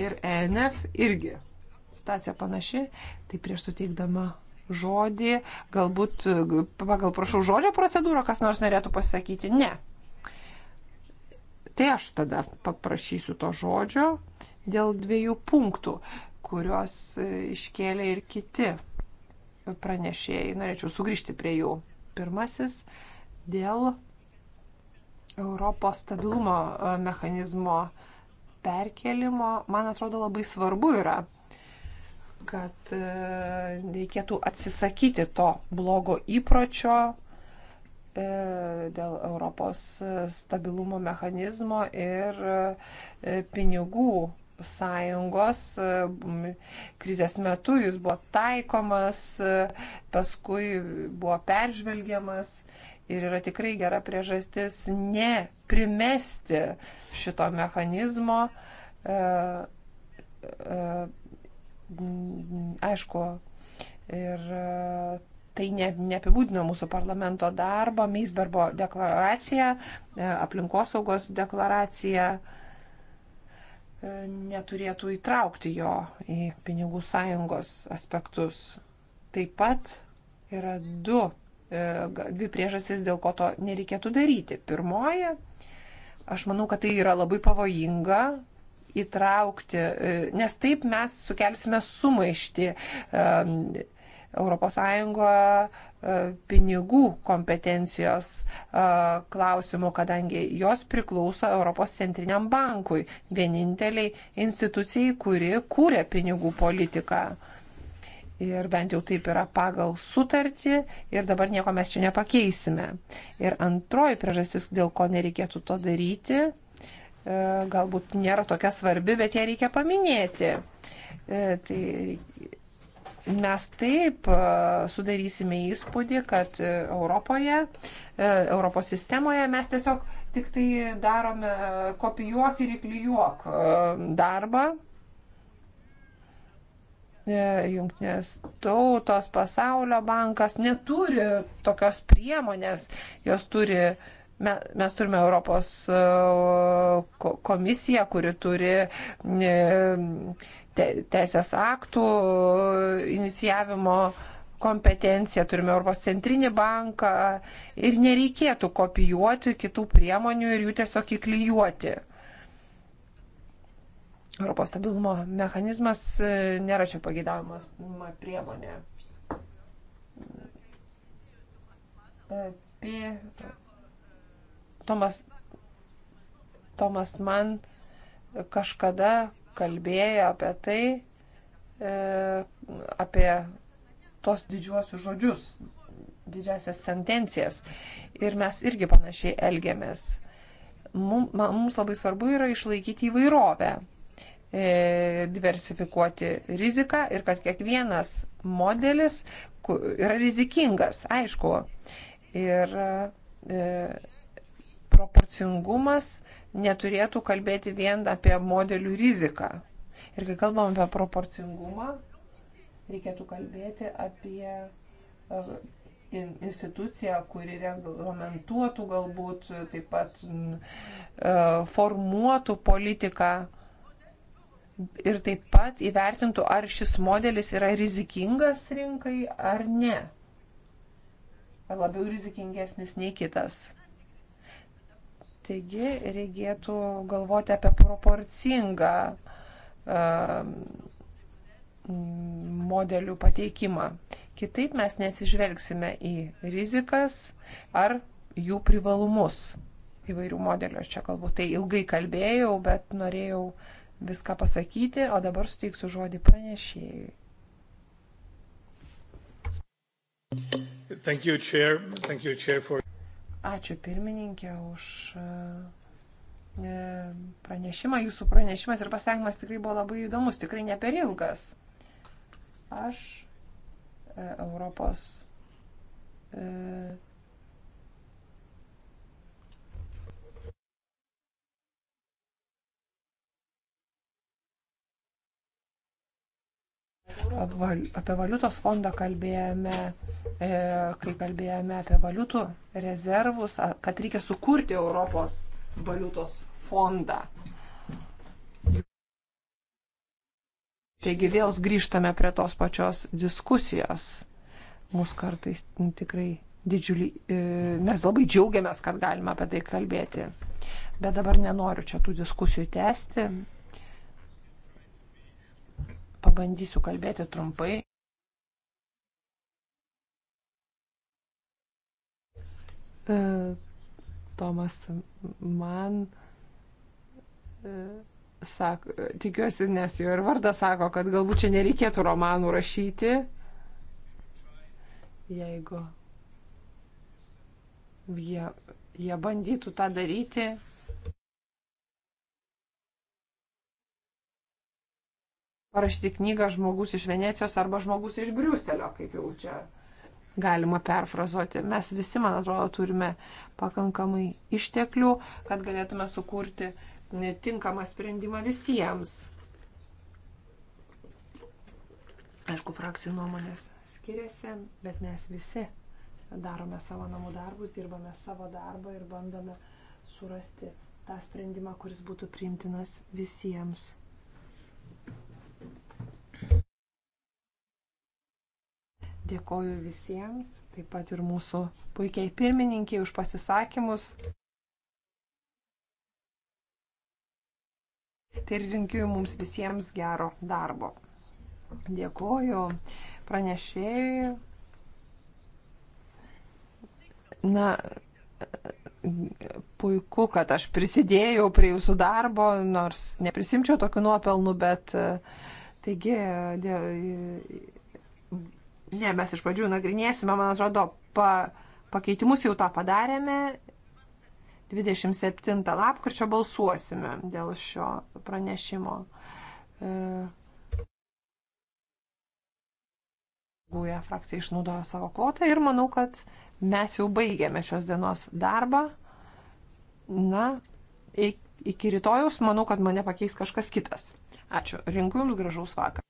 Ir ENF irgi. Stacija panaši, tai prieš suteikdama žodį, galbūt pagal prašau žodžio procedūrą kas nors norėtų pasakyti. Ne. Tai aš tada paprašysiu to žodžio dėl dviejų punktų kuriuos e, iškėlė ir kiti pranešėjai. Norėčiau sugrįžti prie jų. Pirmasis dėl Europos stabilumo e, mechanizmo perkelimo, man atrodo, labai svarbu yra, kad e, reikėtų atsisakyti to blogo įpročio dėl Europos stabilumo mechanizmo ir pinigų sąjungos e, krizės metu jis buvo taikomas, e, paskui buvo peržvelgiamas ir yra tikrai gera priežastis neprimesti šito mechanizmo. E, aišku, ir tai ne, neapibūdino mūsų parlamento darbo, Meisbergo deklaracija, aplinkosaugos deklaracija. deklaracija neturėtų įtraukti jo į pinigų sąjungos aspektus. Taip pat yra du, e, dvi priežastys, dėl ko to nereikėtų daryti. Pirmoji, aš manau, kad tai yra labai pavojinga, įtraukti, e, nes taip mes sukelsime sumaišti e, ES e, pinigų kompetencijos e, klausimų, kadangi jos priklauso Europos centriniam bankui, vieninteliai institucijai, kuri kūrė pinigų politiką. Ir bent jau taip yra pagal sutartį ir dabar nieko mes čia nepakeisime. Ir antroji priežastis, dėl ko nereikėtų to daryti, e, galbūt nėra tokia svarbi, bet ją reikia paminėti. Tai mes taip e, sudarysime įspūdį, kad e, Europoje, e, Europos sistemoje mes tiesiog tik tai darome kopijuok ir įklijuok darbą. Junktinės tautos, pasaulio bankas neturi tokios priemonės, jos turi mes turime Europos komisiją, kuri turi te, teisės aktų inicijavimo kompetenciją, turime Europos centrinį banką ir nereikėtų kopijuoti kitų priemonių ir jų tiesiog įklijuoti. Europos stabilumo mechanizmas e, nėra čia pageidavimas priemonė. E, P. Tomas, Tomas man kažkada kalbėjo apie tai, e, apie tos didžiuosius žodžius, didžiasias sentencijas. Ir mes irgi panašiai elgiamės. Mums labai svarbu yra išlaikyti įvairovę, e, diversifikuoti riziką ir kad kiekvienas modelis yra rizikingas, aišku. Ir e, proporcingumas neturėtų kalbėti vien apie modelių riziką. Ir kai kalbam apie proporcingumą, reikėtų kalbėti apie e, instituciją, kuri reglamentuotų galbūt, taip pat e, formuotų politiką ir taip pat įvertintų, ar šis modelis yra rizikingas rinkai ar ne. Ar labiau rizikingesnis nei kitas. Taigi reikėtų galvoti apie proporcingą e, modelių pateikimą. Kitaip mes nesižvelgsime į rizikas ar jų privalumus įvairių modelių. Aš čia kalbu, tai ilgai kalbėjau, bet norėjau viską pasakyti, o dabar suteiksiu žodį pranešėjui. Thank you, Chair. Thank you, Chair, for... Ačiū pirmininkė už e, pranešimą. Jūsų pranešimas ir pasakymas tikrai buvo labai įdomus, tikrai ne per ilgas. Aš e, Europos e, apie valiutos fondą kalbėjome, e, kai kalbėjome apie valiutų rezervus, kad reikia sukurti Europos valiutos fondą. Taigi vėl grįžtame prie tos pačios diskusijos. Mūsų kartais tikrai didžiulį, e, mes labai džiaugiamės, kad galime apie tai kalbėti. Bet dabar nenoriu čia tų diskusijų tęsti pabandysiu kalbėti trumpai. E, Tomas man e, sako, tikiuosi, nes jo ir vardas sako, kad galbūt čia nereikėtų romanų rašyti, jeigu jie, jie bandytų tą daryti. parašyti knygą žmogus iš Venecijos arba žmogus iš Briuselio, kaip jau čia galima perfrazuoti. Mes visi, man atrodo, turime pakankamai išteklių, kad galėtume sukurti tinkamą sprendimą visiems. Aišku, frakcijų nuomonės skiriasi, bet mes visi darome savo namų darbus, dirbame savo darbą ir bandome surasti tą sprendimą, kuris būtų priimtinas visiems. Dėkoju visiems, taip pat ir mūsų puikiai pirmininkiai už pasisakymus. Tai ir linkiu mums visiems gero darbo. Dėkoju pranešėjui. Na, puiku, kad aš prisidėjau prie jūsų darbo, nors neprisimčiau tokių nuopelnų, bet taigi dė, Ne, mes iš pradžių nagrinėsime, man atrodo, pa, pakeitimus jau tą padarėme. 27 lapkričio balsuosime dėl šio pranešimo. E, Gūja frakcija išnaudojo savo kvotą ir manau, kad mes jau baigėme šios dienos darbą. Na, iki rytojaus manau, kad mane pakeis kažkas kitas. Ačiū. Rinku Jums gražaus vakarą.